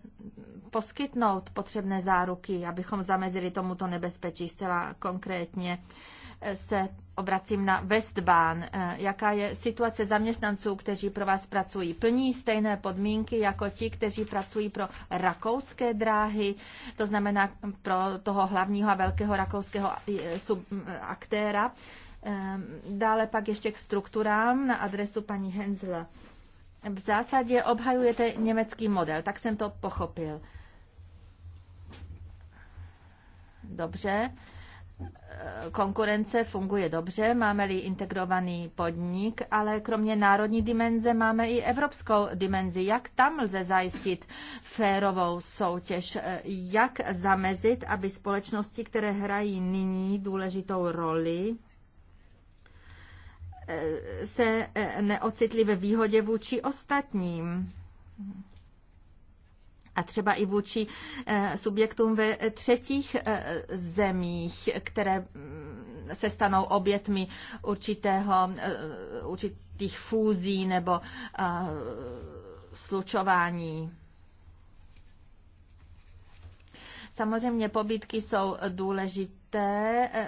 poskytnout potřebné záruky, abychom zamezili tomuto nebezpečí zcela konkrétně se obracím na Westbahn. Eh, jaká je situace zaměstnanců, kteří pro vás pracují? Plní stejné podmínky jako ti, kteří pracují pro rakouské dráhy, to znamená pro toho hlavního a velkého rakouského eh, eh, aktéra. Dále pak ještě k strukturám na adresu paní Hensla. V zásadě obhajujete německý model, tak jsem to pochopil. Dobře konkurence funguje dobře, máme-li integrovaný podnik, ale kromě národní dimenze máme i evropskou dimenzi. Jak tam lze zajistit férovou soutěž? Jak zamezit, aby společnosti, které hrají nyní důležitou roli, se neocitli ve výhodě vůči ostatním? a třeba i vůči eh, subjektům ve třetích eh, zemích, které mm, se stanou obětmi určitého, eh, určitých fúzí nebo slučování. Samozřejmě pobytky jsou důležité.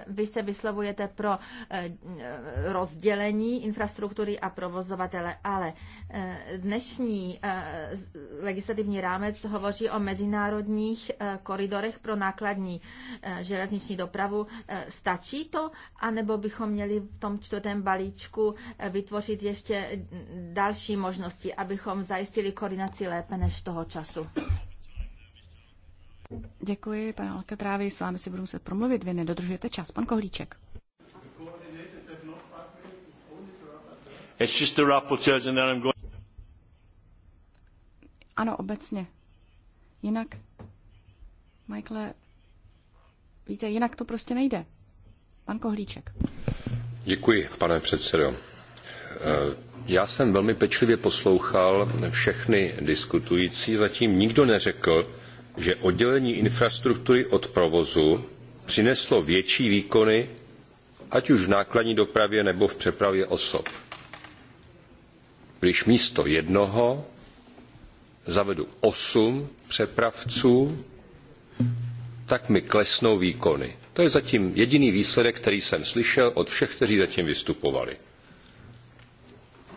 Vy se vyslovujete pro eh, rozdělení infrastruktury a provozovatele, ale eh, dnešní eh, legislativní rámec hovoří o mezinárodních koridorech pro nákladní železniční dopravu. Stačí to, anebo bychom měli v tom čtvrtém balíčku vytvořit ještě mm, další možnosti, abychom zajistili koordinaci lépe než toho času? Děkuji, pane Alcatrávi, s vámi si budu muset promluvit, vy nedodržujete čas. Pan Kohlíček. Ano, obecně. Jinak, Michael, víte, jinak to prostě nejde. Pan Kohlíček. Děkuji, pane předsedo. Eh, já jsem velmi pečlivě poslouchal všechny diskutující, zatím nikdo neřekl, že oddělení infrastruktury od provozu přineslo větší výkony, ať už v nákladní dopravě nebo v přepravě osob. Když místo jednoho zavedu osm přepravců, tak mi klesnou výkony. To je zatím jediný výsledek, který jsem slyšel od všech, kteří zatím vystupovali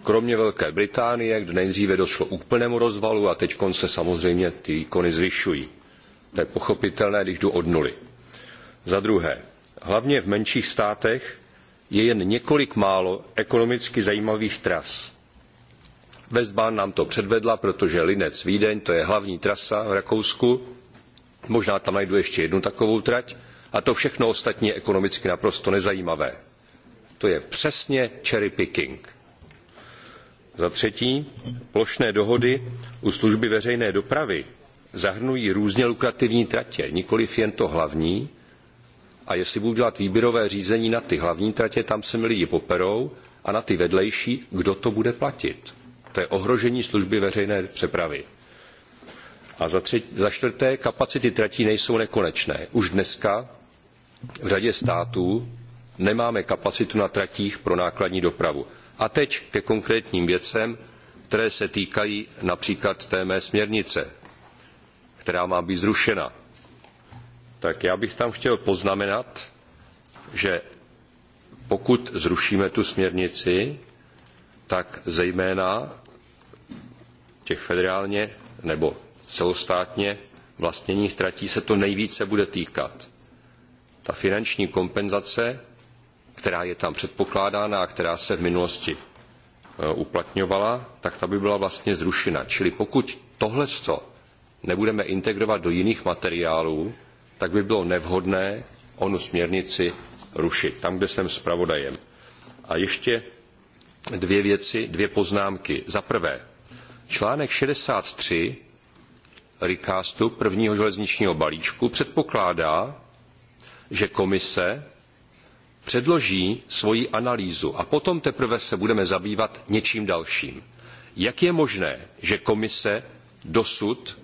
kromě Velké Británie, kde nejdříve došlo k úplnému rozvalu a teď se samozřejmě ty ikony zvyšují. To je pochopitelné, když jdu od nuly. Za druhé, hlavně v menších státech je jen několik málo ekonomicky zajímavých tras. Westbahn nám to předvedla, protože Linec Vídeň, to je hlavní trasa v Rakousku, možná tam najdu ještě jednu takovou trať, a to všechno ostatní je ekonomicky naprosto nezajímavé. To je přesně cherry picking. Za třetí, plošné dohody u služby veřejné dopravy zahrnují různě lukrativní tratě, nikoliv jen to hlavní. A jestli budu dělat výběrové řízení na ty hlavní tratě, tam se mi lidi poperou, a na ty vedlejší, kdo to bude platit. To je ohrožení služby veřejné přepravy. A za, za čtvrté, kapacity tratí nejsou nekonečné. Už dneska v řadě států nemáme kapacitu na tratích pro nákladní dopravu. A teď ke konkrétním věcem, které se týkají například té mé směrnice, která má být zrušena. Tak já bych tam chtěl poznamenat, že pokud zrušíme tu směrnici, tak zejména těch federálně nebo celostátně vlastněních tratí se to nejvíce bude týkat. Ta finanční kompenzace která je tam předpokládána a která se v minulosti eh, uplatňovala, tak ta by byla vlastně zrušena. Čili pokud tohle nebudeme integrovat do jiných materiálů, tak by bylo nevhodné onu směrnici rušit, tam, kde jsem zpravodajem. A ještě dvě věci, dvě poznámky. Za prvé, článek 63 recastu prvního železničního balíčku předpokládá, že komise předloží svoji analýzu a potom teprve se budeme zabývat něčím dalším. Jak je možné, že komise dosud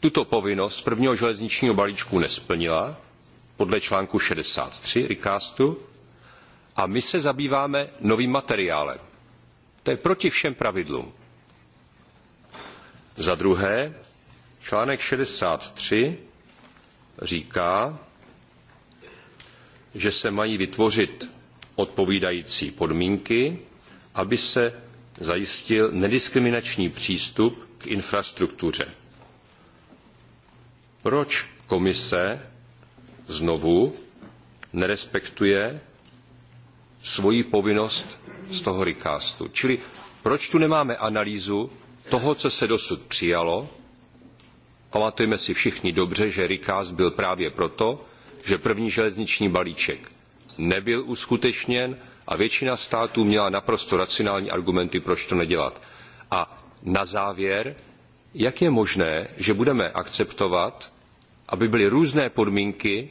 tuto povinnost prvního železničního balíčku nesplnila podle článku 63 Rikástu a my se zabýváme novým materiálem. To je proti všem pravidlům. Za druhé, článek 63 říká, že se mají vytvořit odpovídající podmínky, aby se zajistil nediskriminační přístup k infrastruktuře. Proč komise znovu nerespektuje svoji povinnost z toho recastu? Čili proč tu nemáme analýzu toho, co se dosud přijalo? Pamatujeme si všichni dobře, že recast byl právě proto, že první železniční balíček nebyl uskutečněn a většina států měla naprosto racionální argumenty, proč to nedělat. A na závěr, jak je možné, že budeme akceptovat, aby byly různé podmínky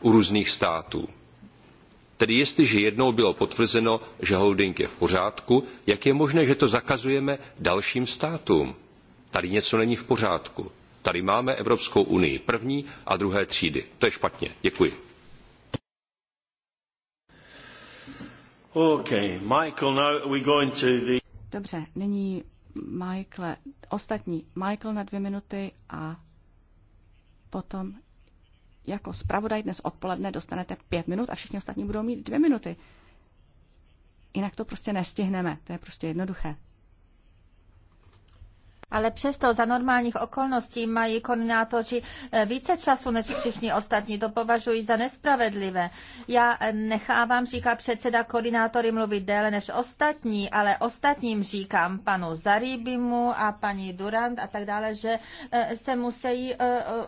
u různých států. Tedy jestliže jednou bylo potvrzeno, že holding je v pořádku, jak je možné, že to zakazujeme dalším státům? Tady něco není v pořádku. Tady máme Evropskou unii první a druhé třídy. To je špatně. Děkuji. Okay, Michael, now we go into the... Dobře, nyní Michael, ostatní Michael na dvě minuty a potom jako zpravodaj dnes odpoledne dostanete pět minut a všichni ostatní budou mít dvě minuty. Jinak to prostě nestihneme, to je prostě jednoduché. Ale přesto za normálních okolností mají koordinátoři eh, více času než všichni ostatní. To považuji za nespravedlivé. Já eh, nechávám, říká předseda koordinátory, mluvit déle než ostatní, ale ostatním říkám panu Zaríbimu a paní Durant a tak dále, že eh, se musí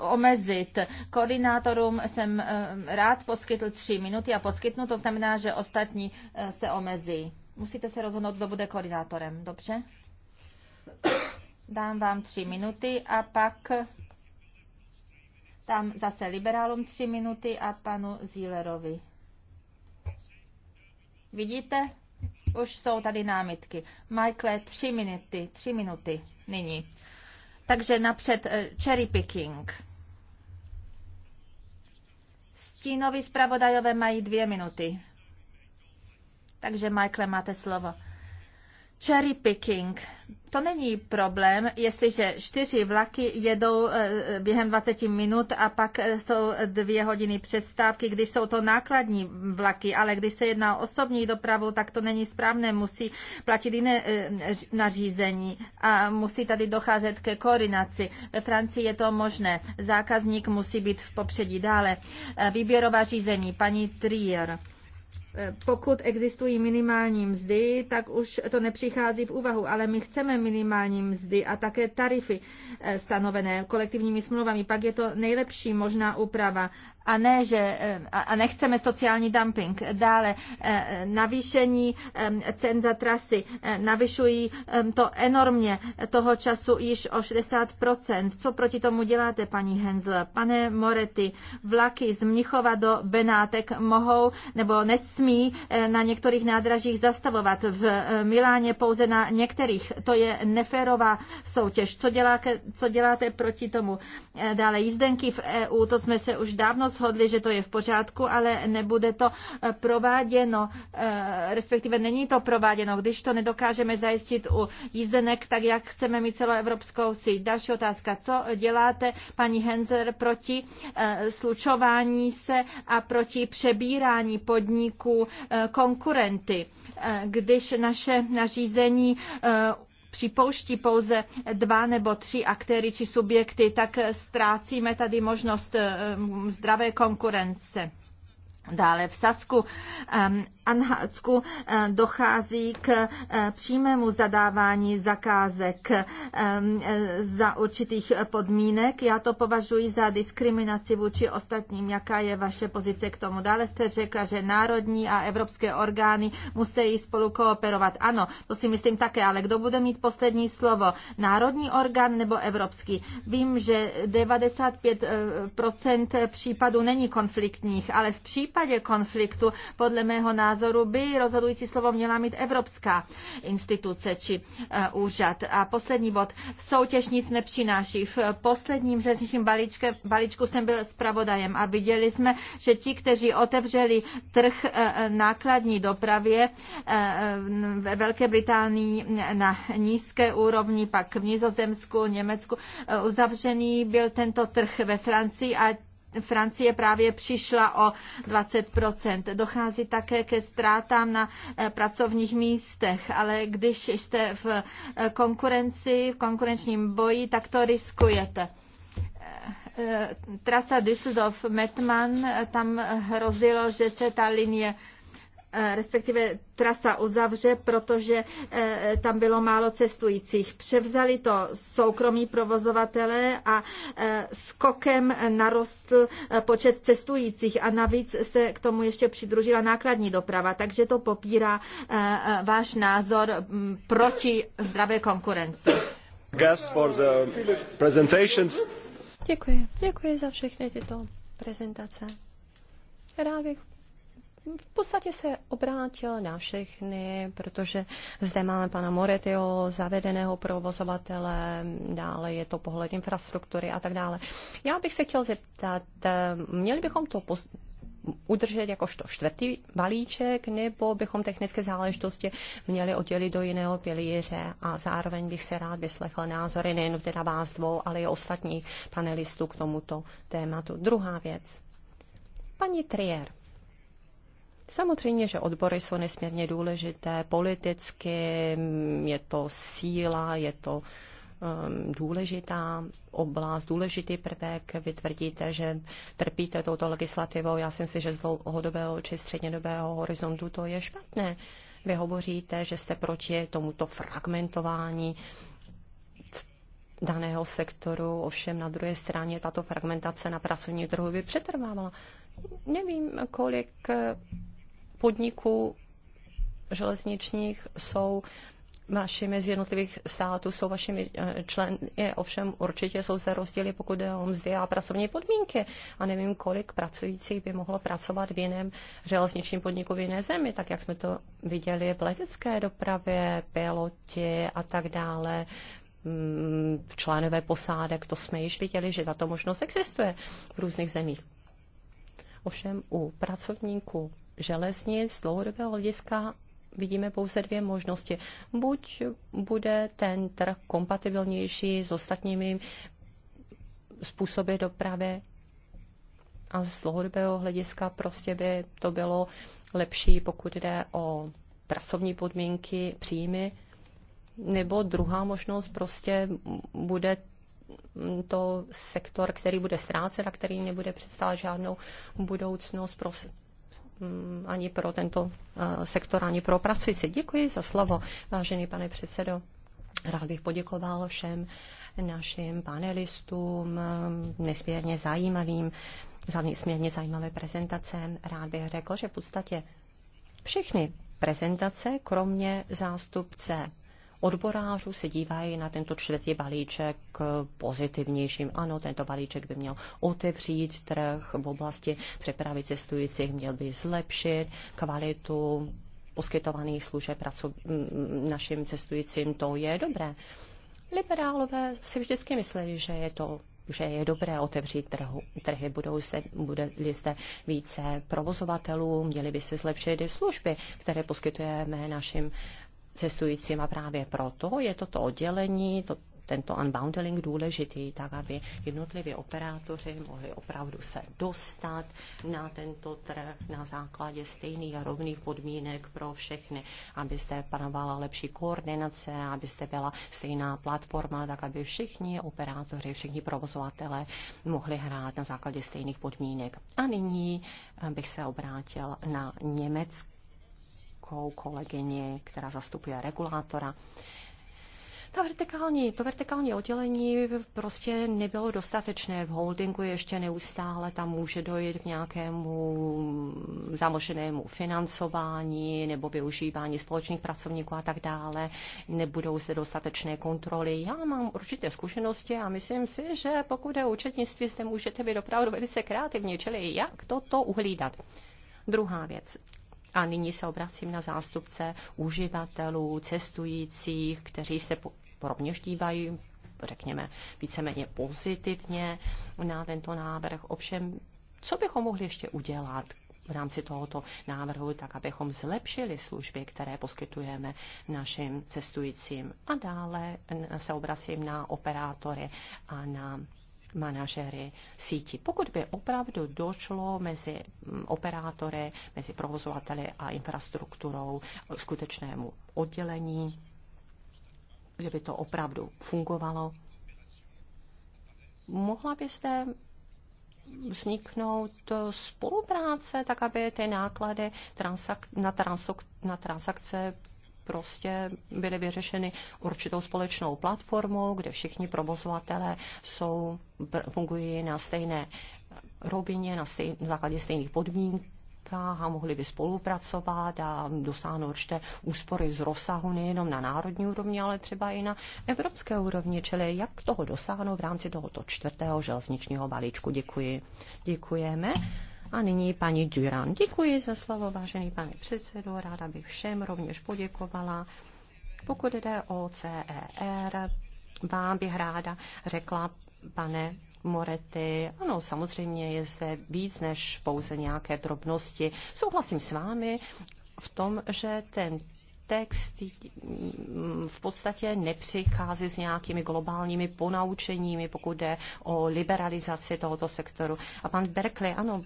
omezit. Koordinátorům jsem rád poskytl tři minuty a poskytnu, to znamená, že ostatní se omezí. Musíte se rozhodnout, kdo bude koordinátorem, dobře? Dám vám tři minuty a pak dám zase liberálům tři minuty a panu Zílerovi. Vidíte? Už jsou tady námitky. Michael, tři minuty, tři minuty nyní. Takže napřed eh, cherry picking. Stínovi zpravodajové mají dvě minuty. Takže Michael, máte slovo cherry picking. To není problém, jestliže čtyři vlaky jedou eh, během 20 minut a pak eh, jsou dvě hodiny přestávky, když jsou to nákladní vlaky, ale když se jedná o osobní dopravu, tak to není správné, musí platit jiné eh, nařízení a musí tady docházet ke koordinaci. Ve Francii je to možné. Zákazník musí být v popředí dále. Výběrová řízení, paní Trier Eh, pokud existují minimální mzdy, tak už to nepřichází v úvahu, ale my chceme minimální mzdy a také tarify eh, stanovené kolektivními smlouvami. Pak je to nejlepší možná úprava a ne, že eh, a nechceme sociální dumping. Dále eh, navýšení eh, cen za trasy. Navyšují to enormně toho času již o 60%. Co proti tomu děláte, paní Hensl? Pane Morety, vlaky z Mnichova do Benátek mohou nebo nesmí na některých nádražích zastavovat. V Miláně pouze na některých. To je neférová soutěž. Co, děláte, co děláte proti tomu? Dále jízdenky v EU, to jsme se už dávno rozhodli, že to je v pořádku, ale nebude to eh, prováděno, eh, respektive není to prováděno. Když to nedokážeme zajistit u jízdenek, tak jak chceme mít celoevropskou síť. Další otázka. Co děláte, paní Henzer, proti eh, slučování se a proti přebírání podniků konkurenty? Když naše nařízení připouští pouze dva nebo tři aktéry či subjekty, tak ztrácíme tady možnost eh, zdravé konkurence. Dále v Sasku Anhaltsku eh, dochází k eh, přímému zadávání zakázek eh, za určitých podmínek. Já to považuji za diskriminaci vůči ostatním. Jaká je vaše pozice k tomu? Dále jste řekla, že národní a evropské orgány musí spolu kooperovat. Ano, to si myslím také, ale kdo bude mít poslední slovo? Národní orgán nebo evropský? Vím, že 95% případů není konfliktních, ale v případě případě konfliktu podle mého názoru by rozhodující slovo měla mít evropská instituce či eh, úřad. A poslední bod. Soutěž nic nepřináší. V posledním řezničním balíčku jsem byl zpravodajem a viděli jsme, že ti, kteří otevřeli trh eh, eh, nákladní dopravě ve Velké Británii na nízké úrovni, pak v Nizozemsku, Německu, uzavřený byl tento trh ve Francii a Francie právě přišla o 20 Dochází také ke ztrátám na eh, pracovních místech, ale když jste v eh, konkurenci, v konkurenčním boji, tak to riskujete eh, trasa Düsseldorf-Metman, tam hrozilo, že se ta linie Eh, respektive trasa uzavře, protože eh, tam bylo málo cestujících. Převzali to soukromí provozovatelé a eh, skokem narostl počet cestujících a navíc se k tomu ještě přidružila nákladní doprava, takže to popírá váš názor mm, proti zdravé konkurenci. Děkuji. Děkuji za všechny tyto prezentace. Rád bych v podstatě se obrátil na všechny, protože zde máme pana Moretio, zavedeného provozovatele, dále je to pohled infrastruktury a tak dále. Já bych se chtěl zeptat, měli bychom to udržet jakožto čtvrtý balíček, nebo bychom technické záležitosti měli oddělit do jiného pilíře a zároveň bych se rád vyslechl názory nejen teda vás dvou, ale i ostatních panelistů k tomuto tématu. Druhá věc. Paní Trier Samozřejmě, že odbory jsou nesmírně důležité politicky, je to síla, je to um, důležitá oblast, důležitý prvek. Vy tvrdíte, že trpíte touto legislativou. Já si myslím, že z dlouhodobého či střednědobého horizontu to je špatné. Vy hovoříte, že jste proti tomuto fragmentování daného sektoru, ovšem na druhé straně tato fragmentace na pracovní trhu by přetrvávala. Nevím, kolik podniků železničních jsou vašimi z jednotlivých států, jsou vašimi eh, členy, ovšem určitě jsou zde rozdíly, pokud jde o mzdy a pracovní podmínky. A nevím, kolik pracujících by mohlo pracovat v jiném železničním podniku v jiné zemi, tak jak jsme to viděli v letecké dopravě, piloti a tak dále mm, členové posádek, to jsme již viděli, že tato možnost existuje v různých zemích. Ovšem u pracovníků železnic z dlouhodobého hlediska vidíme pouze dvě možnosti. Buď bude ten trh kompatibilnější s ostatními způsoby dopravy a z dlouhodobého hlediska prostě by to bylo lepší, pokud jde o pracovní podmínky, příjmy, nebo druhá možnost prostě bude to sektor, který bude ztrácet a který nebude představovat žádnou budoucnost, Mm, ani pro tento eh, sektor, ani pro pracující. Děkuji za slovo, vážený pane předsedo. Rád bych poděkoval všem našim panelistům, eh, nesmírně zajímavým, za nesmírně zajímavé prezentace. Rád bych řekl, že v podstatě všechny prezentace, kromě zástupce odborářů se dívají na tento čtvrtý balíček pozitivnějším. Ano, tento balíček by měl otevřít trh v oblasti přepravy cestujících, měl by zlepšit kvalitu poskytovaných služeb našim cestujícím. To je dobré. Liberálové si vždycky mysleli, že je to že je dobré otevřít trhu, trhy, budou se, bude-li zde více provozovatelů, měly by se zlepšit i služby, které poskytujeme našim cestujícíma právě proto je toto oddělení, to, tento unbundling důležitý, tak aby jednotliví operátoři mohli opravdu se dostat na tento trh na základě stejných a rovných podmínek pro všechny, abyste panovala lepší koordinace, abyste byla stejná platforma, tak aby všichni operátoři, všichni provozovatele mohli hrát na základě stejných podmínek. A nyní eh, bych se obrátil na Německo velkou kolegyně, která zastupuje regulátora. Ta vertikální, to vertikální oddělení prostě nebylo dostatečné. V holdingu ještě neustále tam může dojít k nějakému zamoženému financování nebo využívání společných pracovníků a tak dále. Nebudou se dostatečné kontroly. Já mám určité zkušenosti a myslím si, že pokud je účetnictví, zde můžete být opravdu velice kreativní, čili jak toto uhlídat. Druhá věc. A nyní se obracím na zástupce uživatelů, cestujících, kteří se rovněž dívají, řekněme, víceméně pozitivně na tento návrh. Ovšem, co bychom mohli ještě udělat v rámci tohoto návrhu, tak abychom zlepšili služby, které poskytujeme našim cestujícím. A dále se obracím na operátory a na manažery sítí. Pokud by opravdu došlo mezi mm, operátory, mezi provozovateli a infrastrukturou skutečnému oddělení, kdyby to opravdu fungovalo, mohla byste vzniknout spolupráce, tak aby ty náklady transak- na, transak- na transakce prostě byly vyřešeny určitou společnou platformou, kde všichni provozovatelé jsou, fungují na stejné rovině, na, stej, na základě stejných podmínek a mohli by spolupracovat a dosáhnout určité úspory z rozsahu nejenom na národní úrovni, ale třeba i na evropské úrovni, čili jak toho dosáhnout v rámci tohoto čtvrtého železničního balíčku. Děkuji. Děkujeme. A nyní paní Duran. Děkuji za slovo, vážený pane předsedo. Ráda bych všem rovněž poděkovala. Pokud jde o CER, vám bych ráda řekla, pane Morety, ano, samozřejmě je zde víc než pouze nějaké drobnosti. Souhlasím s vámi v tom, že ten text mm, v podstatě nepřichází s nějakými globálními ponaučeními, pokud jde o liberalizaci tohoto sektoru. A pan Berkeley, ano,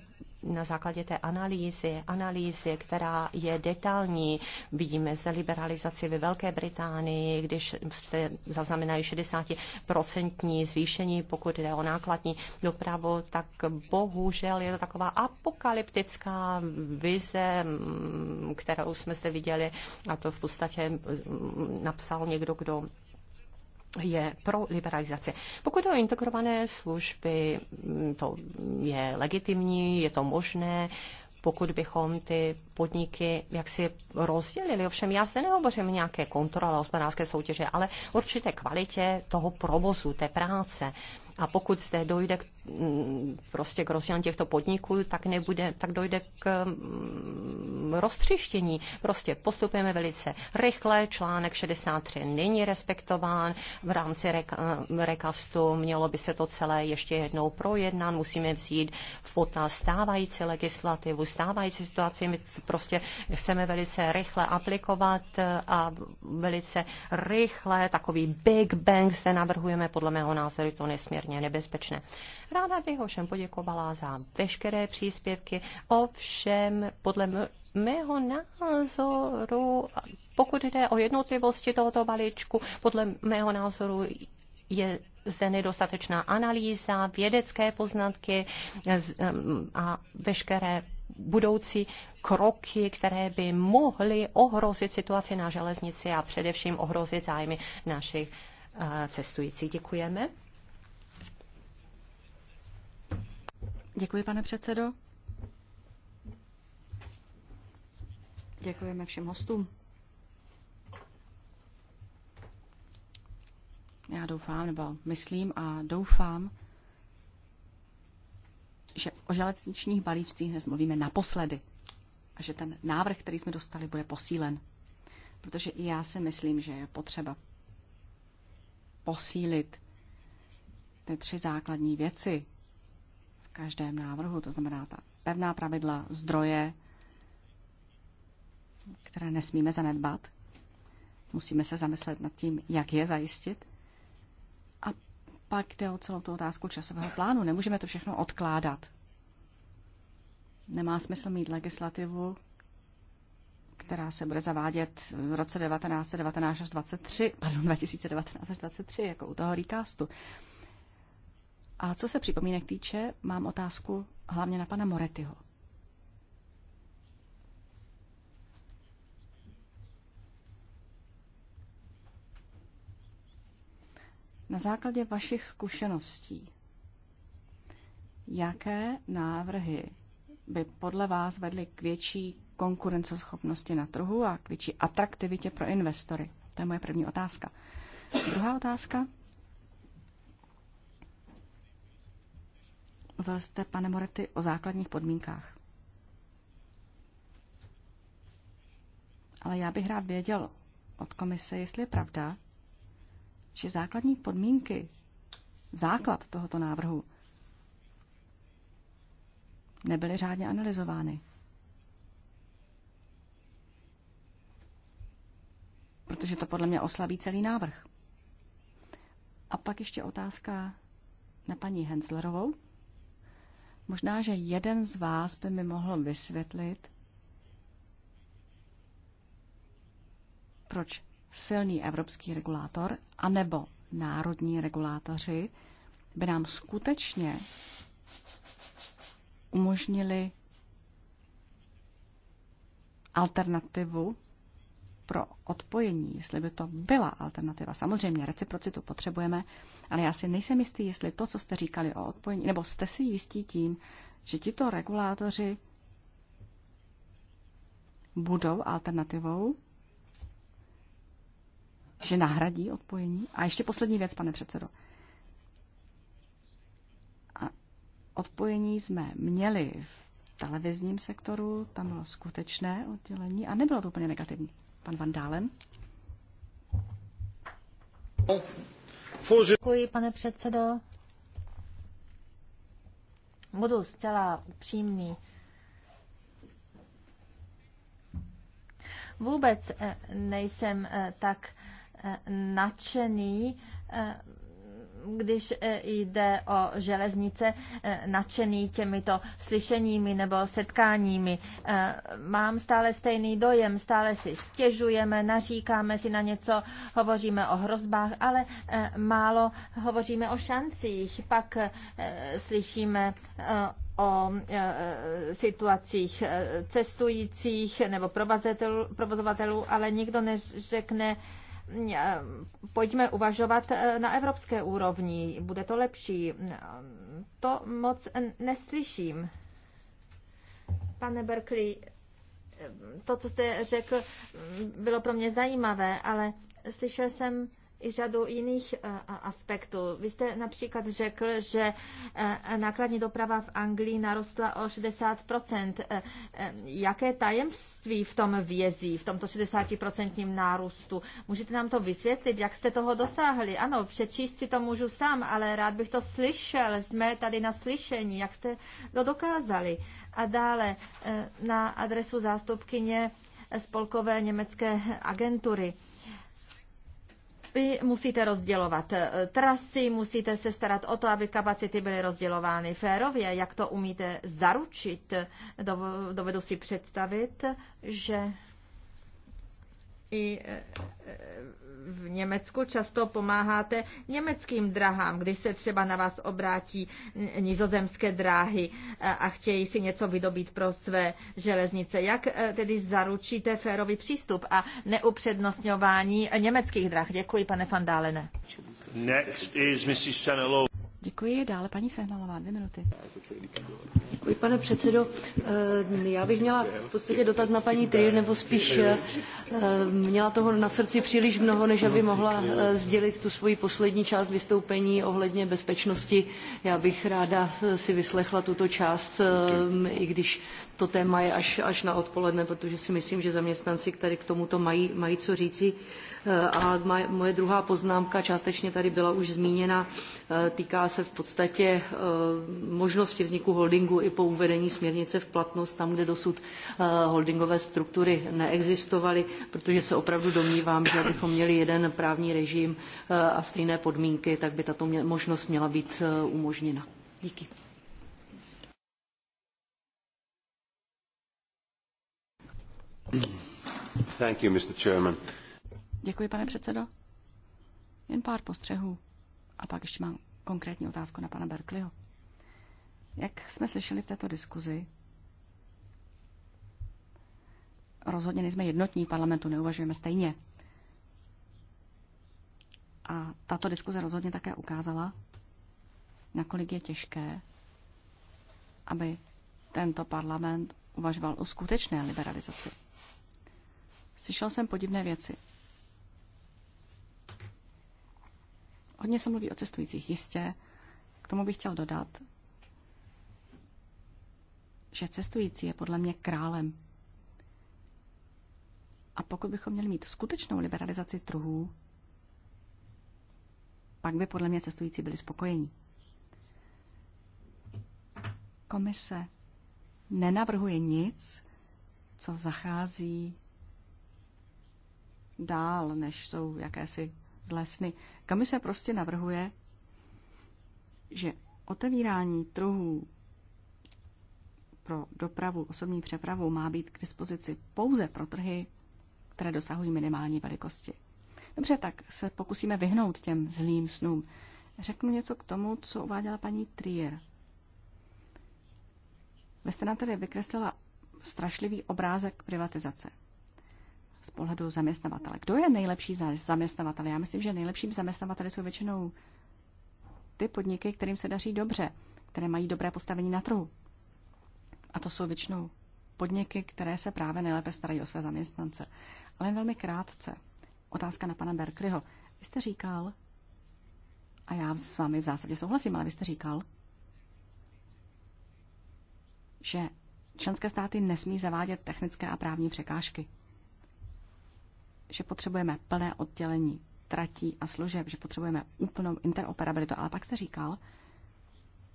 na základě té analýzy, analýzy, která je detailní, vidíme zde liberalizaci ve Velké Británii, když se zaznamenají 60% zvýšení, pokud jde o nákladní dopravu, tak bohužel je to taková apokalyptická vize, kterou jsme zde viděli a to v podstatě mm, napsal někdo, kdo je pro liberalizaci. Pokud jde o integrované služby, mm, to je legitimní, je to možné, pokud bychom ty podniky jaksi rozdělili. Ovšem já zde nehovořím nějaké kontrole hospodářské soutěže, ale určité kvalitě toho provozu, té práce. A pokud zde dojde k, mm, prostě k rozdělení těchto podniků, tak, nebude, tak dojde k mm, roztřištění. Prostě postupujeme velice rychle, článek 63 není respektován, v rámci mm, rekastu mělo by se to celé ještě jednou projednat, musíme vzít v potaz stávající legislativu, stávající situaci, my prostě chceme velice rychle aplikovat eh, a velice rychle, takový Big Bang zde navrhujeme, podle mého názoru to nesmírně poměrně nebezpečné. Ráda bych ovšem poděkovala za veškeré příspěvky, ovšem podle mého názoru, pokud jde o jednotlivosti tohoto balíčku, podle mého názoru je zde nedostatečná analýza, vědecké poznatky a veškeré budoucí kroky, které by mohly ohrozit situaci na železnici a především ohrozit zájmy našich eh, cestujících. Děkujeme. Děkuji, pane předsedo. Děkujeme všem hostům. Já doufám, nebo myslím a doufám, že o železničních balíčcích dnes mluvíme naposledy a že ten návrh, který jsme dostali, bude posílen. Protože i já si myslím, že je potřeba posílit ty tři základní věci, každém návrhu, to znamená ta pevná pravidla, zdroje, které nesmíme zanedbat. Musíme se zamyslet nad tím, jak je zajistit. A pak jde o celou tu otázku časového plánu. Nemůžeme to všechno odkládat. Nemá smysl mít legislativu, která se bude zavádět v roce 1919 až 23, pardon, 2019 až 23, jako u toho recastu. A co se připomínek týče, mám otázku hlavně na pana Moretyho. Na základě vašich zkušeností, jaké návrhy by podle vás vedly k větší konkurenceschopnosti na trhu a k větší atraktivitě pro investory? To je moje první otázka. Druhá otázka Mluvil jste, pane Morety, o základních podmínkách. Ale já bych rád věděl od komise, jestli je pravda, že základní podmínky, základ tohoto návrhu, nebyly řádně analyzovány. Protože to podle mě oslabí celý návrh. A pak ještě otázka na paní Henslerovou. Možná, že jeden z vás by mi mohl vysvětlit, proč silný evropský regulátor anebo národní regulátoři by nám skutečně umožnili alternativu pro odpojení, jestli by to byla alternativa. Samozřejmě reciprocitu potřebujeme, ale já si nejsem jistý, jestli to, co jste říkali o odpojení, nebo jste si jistí tím, že tito regulátoři budou alternativou, že nahradí odpojení. A ještě poslední věc, pane předsedo. A odpojení jsme měli v televizním sektoru, tam bylo skutečné oddělení a nebylo to úplně negativní. Pan Van Dálen? Děkuji, pane předsedo. Budu zcela upřímný. Vůbec eh, nejsem eh, tak eh, nadšený když e, jde o železnice, e, nadšený těmito slyšeními nebo setkáními. E, mám stále stejný dojem, stále si stěžujeme, naříkáme si na něco, hovoříme o hrozbách, ale málo hovoříme o šancích. Pak slyšíme o situacích cestujících nebo provozovatelů, ale nikdo neřekne, pojďme uvažovat eh, na evropské úrovni, bude to lepší. To moc neslyším. Pane Berkeley, eh, to, co jste řekl, mm, bylo pro mě zajímavé, ale slyšel jsem i řadu jiných eh, aspektů. Vy jste například řekl, že eh, nákladní doprava v Anglii narostla o 60 eh, Jaké tajemství v tom vězí, v tomto 60% nárůstu? Můžete nám to vysvětlit, jak jste toho dosáhli? Ano, přečíst si to můžu sám, ale rád bych to slyšel. Jsme tady na slyšení, jak jste to dokázali. A dále na adresu zástupkyně spolkové německé agentury vy musíte rozdělovat eh, trasy, musíte se starat o to, aby kapacity byly rozdělovány férově. Jak to umíte zaručit? Dovedu si představit, že i e, e, v Německu často pomáháte německým drahám, když se třeba na vás obrátí nizozemské dráhy e, a chtějí si něco vydobít pro své železnice. Jak tedy zaručíte férový přístup a neupřednostňování německých drah? Děkuji, pane Fandálene. Next is Mrs. Děkuji. Dále paní Sehnalová, dvě minuty. Děkuji, pane předsedo. Eh, já bych měla v podstatě dotaz na paní Trier, nebo spíš eh, měla toho na srdci příliš mnoho, než aby mohla eh, sdělit tu svoji poslední část vystoupení ohledně bezpečnosti. Já bych ráda si vyslechla tuto část, i když to téma je až, až na odpoledne, protože si myslím, že zaměstnanci, kteří k tomuto mají, mají co říci. A moje druhá poznámka, částečně tady byla už zmíněna, e, týká se v podstatě e, možnosti vzniku holdingu i po uvedení směrnice v platnost tam, kde dosud e, holdingové struktury neexistovaly, protože se opravdu domnívám, že abychom měli jeden právní režim a stejné podmínky, tak by tato možnost měla být umožněna. Díky. Thank you, Mr. Chairman. Děkuji, pane předsedo. Jen pár postřehů. A pak ještě mám konkrétní otázku na pana Berkliho. Jak jsme slyšeli v této diskuzi, rozhodně nejsme jednotní v parlamentu, neuvažujeme stejně. A tato diskuze rozhodně také ukázala, nakolik je těžké, aby tento parlament uvažoval o skutečné liberalizaci. Slyšel jsem podivné věci. Hodně se mluví o cestujících, jistě. K tomu bych chtěl dodat, že cestující je podle mě králem. A pokud bychom měli mít skutečnou liberalizaci trhů, pak by podle mě cestující byli spokojení. Komise nenavrhuje nic, co zachází dál, než jsou jakési z lesny. Komise prostě navrhuje, že otevírání trhů pro dopravu, osobní přepravu má být k dispozici pouze pro trhy, které dosahují minimální velikosti. Dobře, tak se pokusíme vyhnout těm zlým snům. Řeknu něco k tomu, co uváděla paní Trier. Vy jste nám tady vykreslila strašlivý obrázek privatizace z pohledu zaměstnavatele. Kdo je nejlepší zaměstnavatel? Já myslím, že nejlepším zaměstnavateli jsou většinou ty podniky, kterým se daří dobře, které mají dobré postavení na trhu. A to jsou většinou podniky, které se právě nejlépe starají o své zaměstnance. Ale jen velmi krátce. Otázka na pana Berkliho. Vy jste říkal, a já s vámi v zásadě souhlasím, ale vy jste říkal, že členské státy nesmí zavádět technické a právní překážky že potřebujeme plné oddělení tratí a služeb, že potřebujeme úplnou interoperabilitu. Ale pak jste říkal,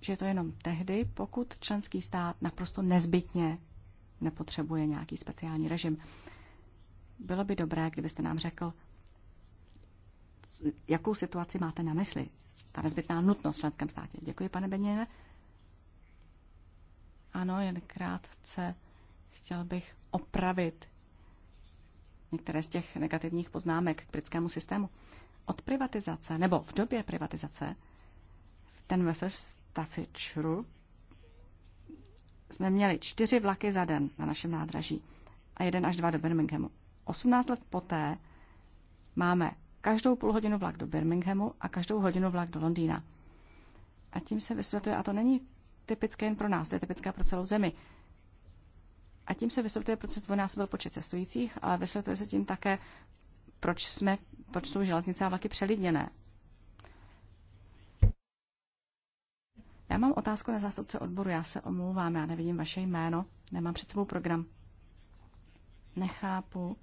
že je to jenom tehdy, pokud členský stát naprosto nezbytně nepotřebuje nějaký speciální režim. Bylo by dobré, kdybyste nám řekl, jakou situaci máte na mysli. Ta nezbytná nutnost v členském státě. Děkuji, pane Beněne. Ano, jen krátce chtěl bych opravit některé z těch negativních poznámek k britskému systému. Od privatizace, nebo v době privatizace, ten ve Staffordshire jsme měli čtyři vlaky za den na našem nádraží a jeden až dva do Birminghamu. 18 let poté máme každou půl hodinu vlak do Birminghamu a každou hodinu vlak do Londýna. A tím se vysvětluje, a to není typické jen pro nás, to je typické pro celou zemi, a tím se vysvětluje, proces dvojnásobil počet cestujících, ale vysvětluje se tím také, proč, jsme, proč jsou železnice a vlaky přelidněné. Já mám otázku na zástupce odboru, já se omlouvám, já nevidím vaše jméno, nemám před sebou program. Nechápu,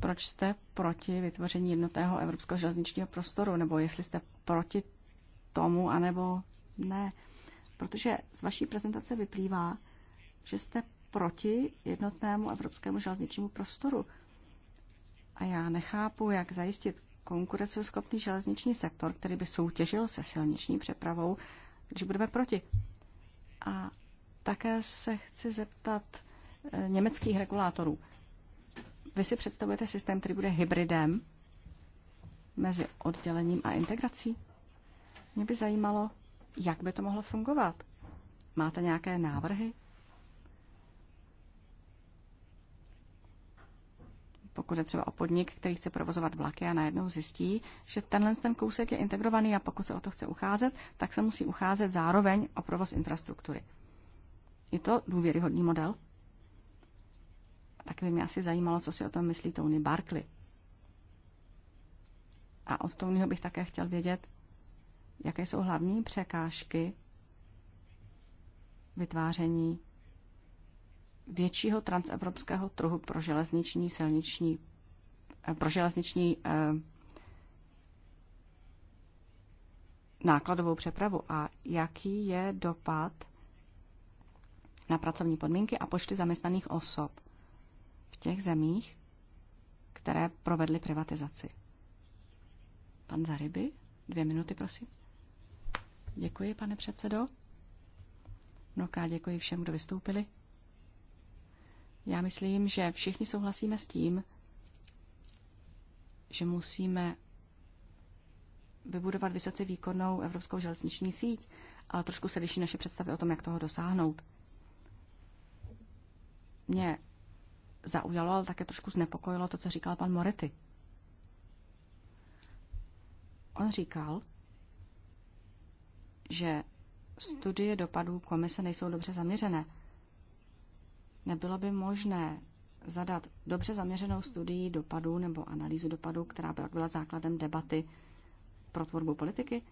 proč jste proti vytvoření jednotného evropského železničního prostoru, nebo jestli jste proti tomu, anebo ne. Protože z vaší prezentace vyplývá, že jste proti jednotnému evropskému železničnímu prostoru. A já nechápu, jak zajistit konkurenceschopný železniční sektor, který by soutěžil se silniční přepravou, když budeme proti. A také se chci zeptat eh, německých regulátorů. Vy si představujete systém, který bude hybridem mezi oddělením a integrací? Mě by zajímalo, jak by to mohlo fungovat? Máte nějaké návrhy? Pokud je třeba o podnik, který chce provozovat vlaky a najednou zjistí, že tenhle ten kousek je integrovaný a pokud se o to chce ucházet, tak se musí ucházet zároveň o provoz infrastruktury. Je to důvěryhodný model? Tak by mě asi zajímalo, co si o tom myslí Tony Barkley. A od Tonyho bych také chtěl vědět, Jaké jsou hlavní překážky vytváření většího transevropského trhu pro železniční silniční eh, pro železniční eh, nákladovou přepravu a jaký je dopad na pracovní podmínky a počty zaměstnaných osob v těch zemích, které provedly privatizaci. Pan Zaryby, dvě minuty, prosím. Děkuji, pane předsedo. Mnohokrát děkuji všem, kdo vystoupili. Já myslím, že všichni souhlasíme s tím, že musíme vybudovat vysoce výkonnou evropskou železniční síť, ale trošku se liší naše představy o tom, jak toho dosáhnout. Mě zaujalo, ale také trošku znepokojilo to, co říkal pan Morety. On říkal, že studie dopadů komise nejsou dobře zaměřené. Nebylo by možné zadat dobře zaměřenou studii dopadů nebo analýzu dopadů, která by byla základem debaty pro tvorbu politiky?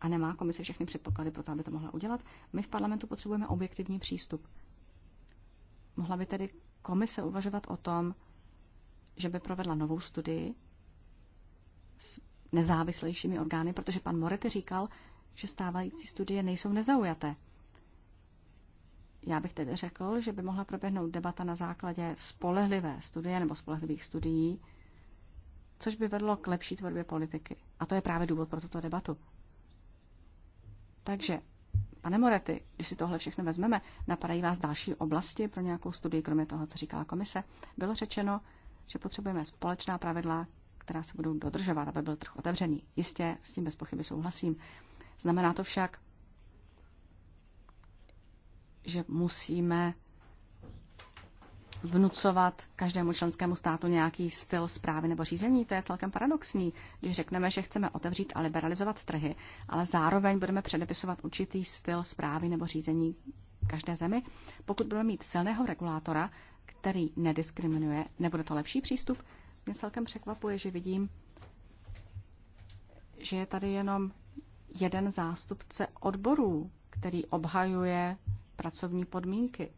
A nemá komise všechny předpoklady pro to, aby to mohla udělat? My v parlamentu potřebujeme objektivní přístup. Mohla by tedy komise uvažovat o tom, že by provedla novou studii s nezávislejšími orgány, protože pan Morety říkal, že stávající studie nejsou nezaujaté. Já bych tedy řekl, že by mohla proběhnout debata na základě spolehlivé studie nebo spolehlivých studií, což by vedlo k lepší tvorbě politiky. A to je právě důvod pro tuto debatu. Takže, pane Morety, když si tohle všechno vezmeme, napadají vás další oblasti pro nějakou studii, kromě toho, co říkala komise. Bylo řečeno, že potřebujeme společná pravidla, která se budou dodržovat, aby byl trh otevřený. Jistě s tím bez pochyby souhlasím, Znamená to však, že musíme vnucovat každému členskému státu nějaký styl zprávy nebo řízení. To je celkem paradoxní, když řekneme, že chceme otevřít a liberalizovat trhy, ale zároveň budeme předepisovat určitý styl zprávy nebo řízení každé zemi. Pokud budeme mít silného regulátora, který nediskriminuje, nebude to lepší přístup? Mě celkem překvapuje, že vidím, že je tady jenom jeden zástupce odborů, který obhajuje pracovní podmínky.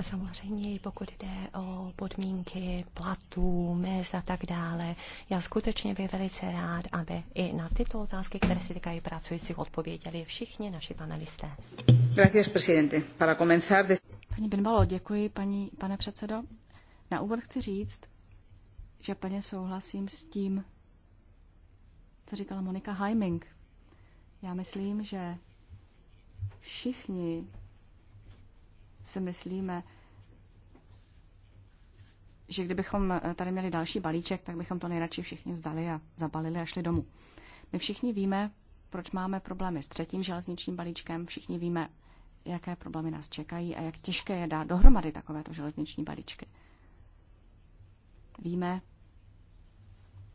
Samozřejmě, pokud jde o podmínky platů, mez a tak dále, já skutečně bych velice rád, aby i na tyto otázky, které se týkají pracujících, odpověděli všichni naši panelisté. Gracias, presidente. Para comenzar de... Paní Binbalo, děkuji, paní, pane předsedo. Na úvod chci říct, že plně souhlasím s tím, co říkala Monika Heiming. Já myslím, že všichni si myslíme, že kdybychom tady měli další balíček, tak bychom to nejradši všichni zdali a zabalili a šli domů. My všichni víme, proč máme problémy s třetím železničním balíčkem, všichni víme, jaké problémy nás čekají a jak těžké je dát dohromady takovéto železniční balíčky. Víme,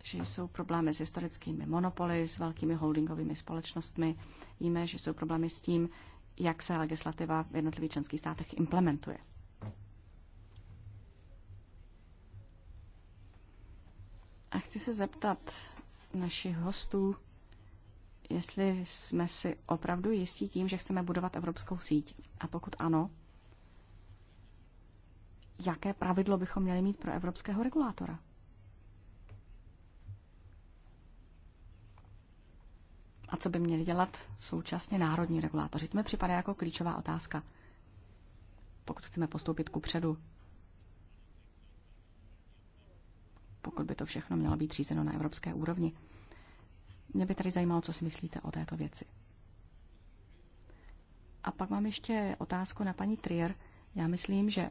že jsou problémy s historickými monopoly, s velkými holdingovými společnostmi. Víme, že jsou problémy s tím, jak se legislativa v jednotlivých členských státech implementuje. A chci se zeptat našich hostů, jestli jsme si opravdu jistí tím, že chceme budovat evropskou síť. A pokud ano, jaké pravidlo bychom měli mít pro evropského regulátora? a co by měli dělat současně národní regulátoři. To mi připadá jako klíčová otázka, pokud chceme postoupit ku předu. Pokud by to všechno mělo být řízeno na evropské úrovni. Mě by tady zajímalo, co si myslíte o této věci. A pak mám ještě otázku na paní Trier. Já myslím, že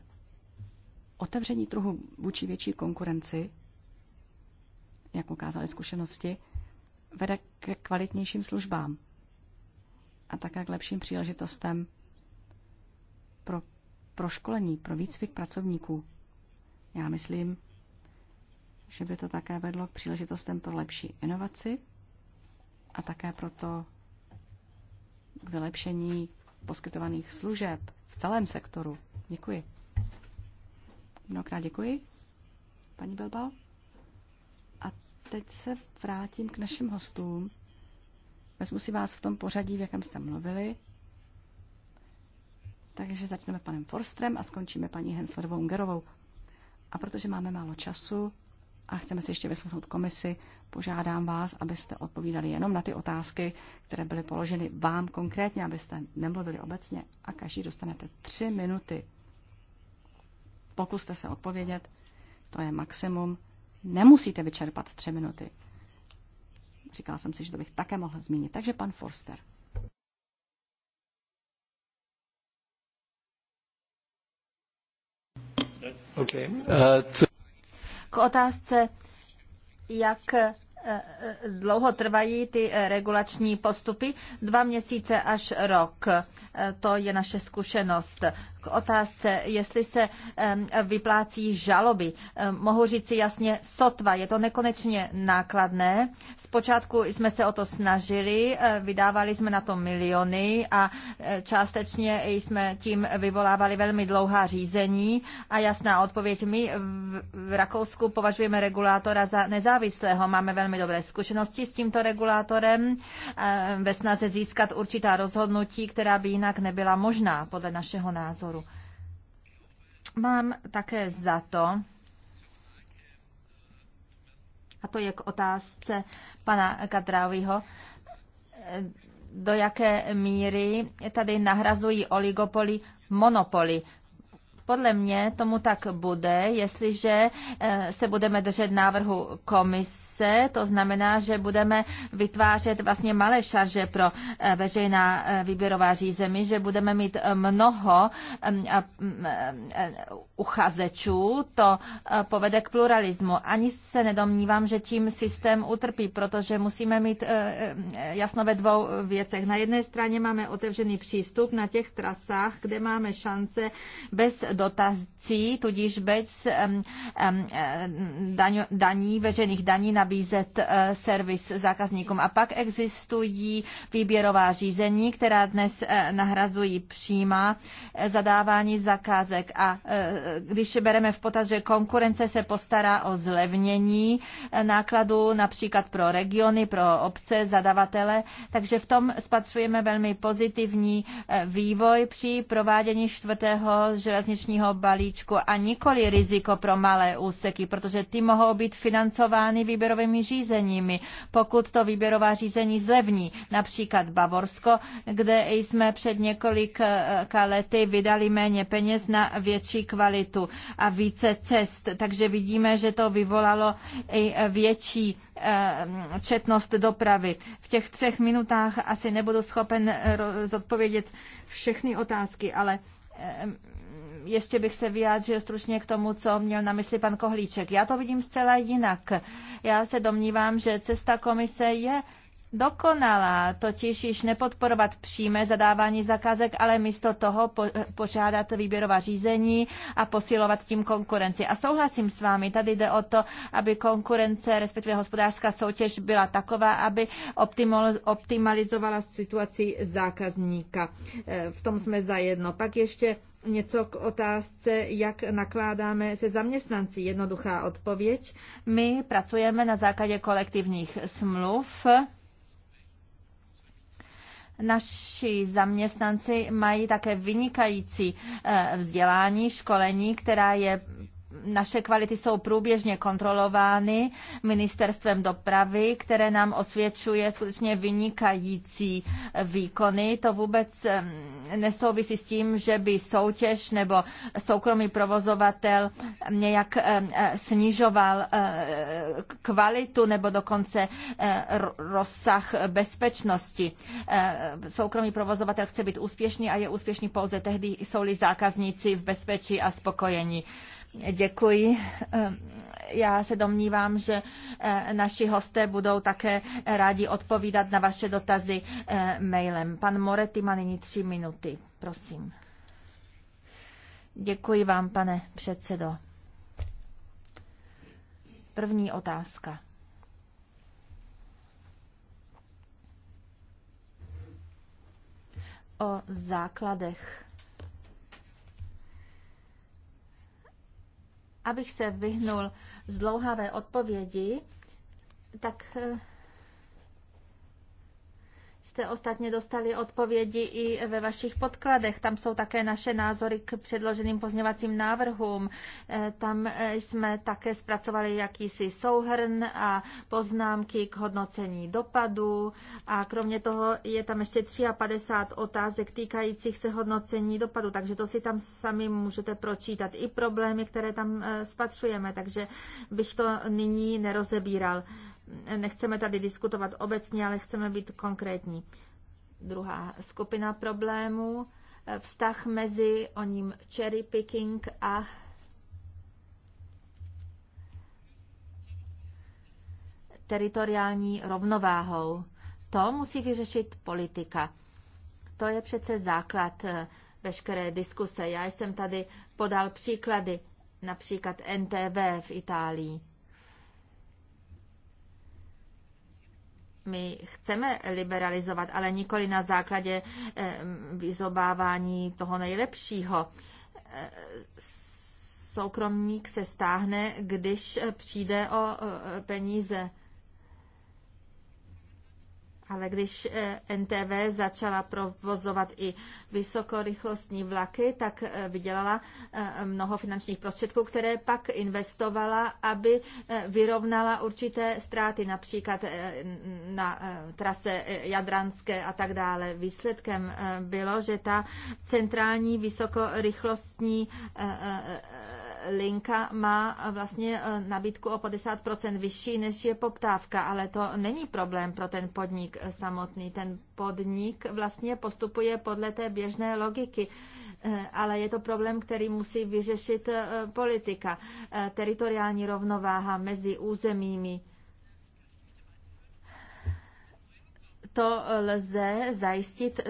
otevření trhu vůči větší konkurenci, jak ukázaly zkušenosti, vede k kvalitnějším službám a také k lepším příležitostem pro, pro školení, pro výcvik pracovníků. Já myslím, že by to také vedlo k příležitostem pro lepší inovaci a také proto k vylepšení poskytovaných služeb v celém sektoru. Děkuji. Mnohokrát děkuji, paní Bilbao. A teď se vrátím k našim hostům. Vezmu si vás v tom pořadí, v jakém jste mluvili. Takže začneme panem Forstrem a skončíme paní Henslerovou Ungerovou. A protože máme málo času a chceme si ještě vyslechnout komisi, požádám vás, abyste odpovídali jenom na ty otázky, které byly položeny vám konkrétně, abyste nemluvili obecně a každý dostanete tři minuty. Pokuste se odpovědět, to je maximum, nemusíte vyčerpat tři minuty. Říkala jsem si, že to bych také mohla zmínit. Takže pan Forster. Okay. Uh, K otázce, jak dlouho trvají ty eh, regulační postupy, dva měsíce až rok. Eh, to je naše zkušenost. K otázce, jestli se vyplácí žaloby. Mohu říct si jasně, sotva, je to nekonečně nákladné. Zpočátku jsme se o to snažili, eh, vydávali jsme na to miliony a částečně jsme tím vyvolávali velmi dlouhá řízení a jasná odpověď. My v Rakousku považujeme regulátora za nezávislého, máme velmi máme dobré zkušenosti s tímto regulátorem eh, ve snaze získat určitá rozhodnutí, která by jinak nebyla možná, podle našeho názoru. Mám také za to, a to je k otázce pana Kadraviho, eh, do jaké míry tady nahrazují oligopoly monopoly. Podle mě tomu tak bude, jestliže eh, se budeme držet návrhu komise, to znamená, že budeme vytvářet vlastně malé šarže pro eh, veřejná eh, výběrová řízení, že budeme mít mnoho mm, mm, uchazečů, to povede k pluralismu. Ani se nedomnívám, že tím systém utrpí, protože musíme mít jasno ve dvou věcech. Na jedné straně máme otevřený přístup na těch trasách, kde máme šance bez dotaz věcí, tudíž bez daní, veřejných daní nabízet eh, servis zákazníkům. A pak existují výběrová řízení, která dnes eh, nahrazují přímá eh, zadávání zakázek. A když bereme v potaz, že konkurence se postará o zlevnění nákladů například pro regiony, pro obce, zadavatele, takže v tom spatřujeme velmi pozitivní vývoj při provádění čtvrtého železničního balíčku špičku a nikoli riziko pro malé úseky, protože ty mohou být financovány výběrovými řízeními, pokud to výběrová řízení zlevní. Například Bavorsko, kde jsme před několika lety vydali méně peněz na větší kvalitu a více cest. Takže vidíme, že to vyvolalo i větší eh, četnost dopravy. V těch třech minutách asi nebudu schopen eh, zodpovědět všechny otázky, ale eh, ještě bych se vyjádřil stručně k tomu, co měl na mysli pan Kohlíček. Já to vidím zcela jinak. Já se domnívám, že cesta komise je dokonalá, totiž již nepodporovat přímé zadávání zakázek, ale místo toho po, požádat výběrová řízení a posilovat tím konkurenci. A souhlasím s vámi, tady jde o to, aby konkurence, respektive hospodářská soutěž byla taková, aby optimalizovala situaci zákazníka. E, v tom jsme zajedno. Pak ještě něco k otázce, jak nakládáme se zaměstnanci. Jednoduchá odpověď. My pracujeme na základě kolektivních smluv. Naši zaměstnanci mají také vynikající eh, vzdělání, školení, která je naše kvality jsou průběžně kontrolovány ministerstvem dopravy, které nám osvědčuje skutečně vynikající výkony. To vůbec nesouvisí s tím, že by soutěž nebo soukromý provozovatel nějak e, snižoval e, kvalitu nebo dokonce e, rozsah bezpečnosti. Soukromý provozovatel chce být úspěšný a je úspěšný pouze tehdy, jsou-li zákazníci v bezpečí a spokojení. Děkuji. Eh, já se domnívám, že eh, naši hosté budou také rádi odpovídat na vaše dotazy eh, mailem. Pan Moretti má nyní tři minuty. Prosím. Děkuji vám, pane předsedo. První otázka. O základech abych se vyhnul zdlouhavé odpovědi, tak eh, jste ostatně dostali odpovědi i ve vašich podkladech. Tam jsou také naše názory k předloženým pozněvacím návrhům. Eh, tam eh, jsme také zpracovali jakýsi souhrn a poznámky k hodnocení dopadu. A kromě toho je tam ještě 53 otázek týkajících se hodnocení dopadu, takže to si tam sami můžete pročítat. I problémy, které tam eh, spatřujeme, takže bych to nyní nerozebíral. Nechceme tady diskutovat obecně, ale chceme být konkrétní. Druhá skupina problémů, eh, vztah mezi o ním cherry picking a teritoriální rovnováhou. To musí vyřešit politika. To je přece základ eh, veškeré diskuse. Já jsem tady podal příklady, například NTV v Itálii. my chceme liberalizovat, ale nikoli na základě eh, vyzobávání toho nejlepšího. Eh, soukromník se stáhne, když eh, přijde o peníze ale když eh, NTV začala provozovat i vysokorychlostní vlaky, tak eh, vydělala eh, mnoho finančních prostředků, které pak investovala, aby vyrovnala určité ztráty, například na trase Jadranské a tak dále. Výsledkem bylo, že ta centrální vysokorychlostní linka má vlastně eh, nabídku o 50% vyšší, než je poptávka, ale to není problém pro ten podnik eh, samotný. Ten podnik vlastně postupuje podle té běžné logiky, eh, ale je to problém, který musí vyřešit politika. Teritoriální rovnováha mezi územími, to lze zajistit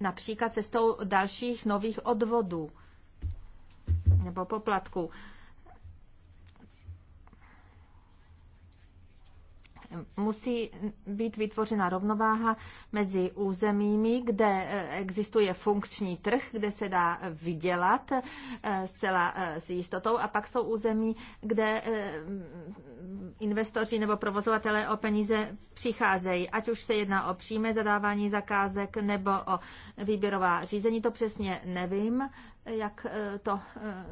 například cestou dalších nových odvodů nebo poplatků. Musí být vytvořena rovnováha mezi územími, kde eh, existuje funkční trh, kde se dá eh, vydělat eh, zcela s jistotou, a pak jsou území, kde mm, investoři nebo provozovatelé o peníze přicházejí, ať už se jedná o přímé zadávání zakázek nebo o výběrová řízení, to přesně nevím, jak to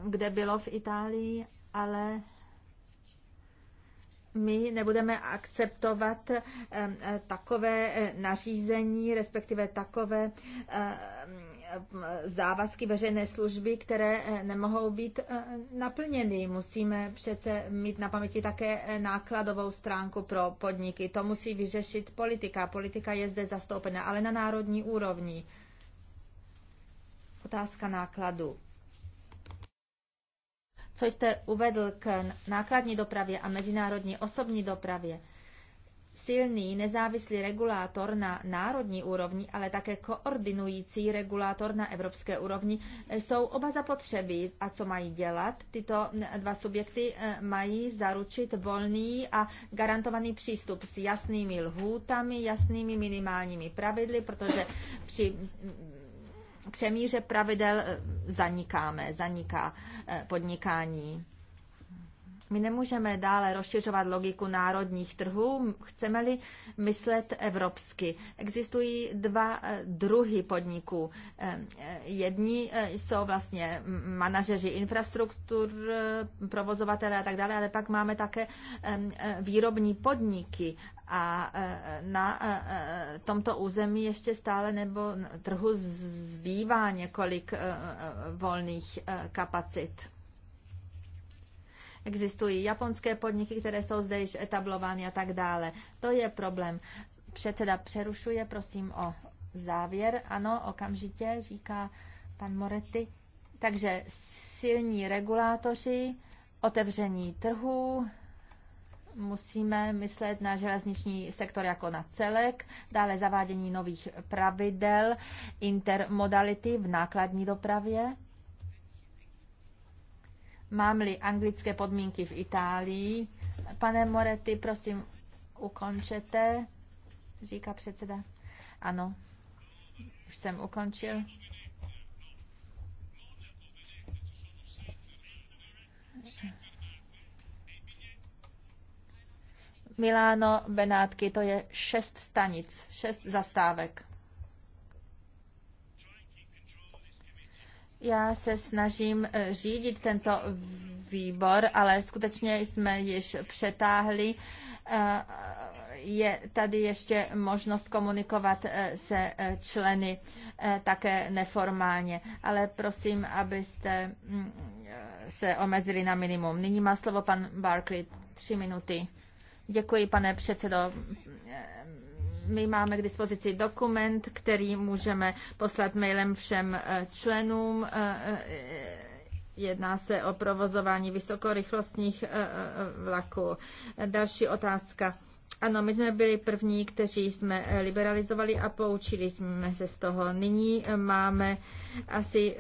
kde bylo v Itálii, ale my nebudeme akceptovat eh, eh, takové eh, nařízení, respektive takové závazky veřejné služby, které nemohou být naplněny. Musíme přece mít na paměti také nákladovou stránku pro podniky. To musí vyřešit politika. Politika je zde zastoupena, ale na národní úrovni. Otázka nákladu co jste uvedl k nákladní dopravě a mezinárodní osobní dopravě. Silný nezávislý regulátor na národní úrovni, ale také koordinující regulátor na evropské úrovni eh, jsou oba zapotřebí. A co mají dělat? Tyto eh, dva subjekty eh, mají zaručit volný a garantovaný přístup s jasnými lhůtami, jasnými minimálními pravidly, protože při přemíře pravidel eh, zanikáme, zaniká eh, podnikání. My nemůžeme dále rozšiřovat logiku národních trhů, chceme-li myslet evropsky. Existují dva eh, druhy podniků. Eh, jedni eh, jsou vlastně manažeři infrastruktur, provozovatele a tak dále, ale pak máme také výrobní podniky a na tomto území ještě stále nebo trhu zbývá několik volných kapacit existují japonské podniky, které jsou zde již etablovány a tak dále. To je problém. Předseda přerušuje, prosím o závěr. Ano, okamžitě, říká pan Moretti. Takže silní regulátoři, otevření trhu, musíme myslet na železniční sektor jako na celek, dále zavádění nových pravidel, intermodality v nákladní dopravě Mám-li anglické podmínky v Itálii, pane Moretti, prosím, ukončete, říká předseda. Ano, už jsem ukončil. Miláno, Benátky, to je šest stanic, šest zastávek. Já se snažím eh, řídit tento výbor, ale skutečně jsme již přetáhli. Eh, je tady ještě možnost komunikovat eh, se členy také neformálně, ale prosím, abyste mm, se omezili na minimum. Nyní má slovo pan Barkley, tři minuty. Děkuji, pane předsedo my máme k dispozici dokument, který můžeme poslat mailem všem eh, členům. Eh, eh, jedná se o provozování vysokorychlostních vlaků. Další otázka ano, my jsme byli první, kteří jsme eh, liberalizovali a poučili jsme se z toho. Nyní eh, máme eh, asi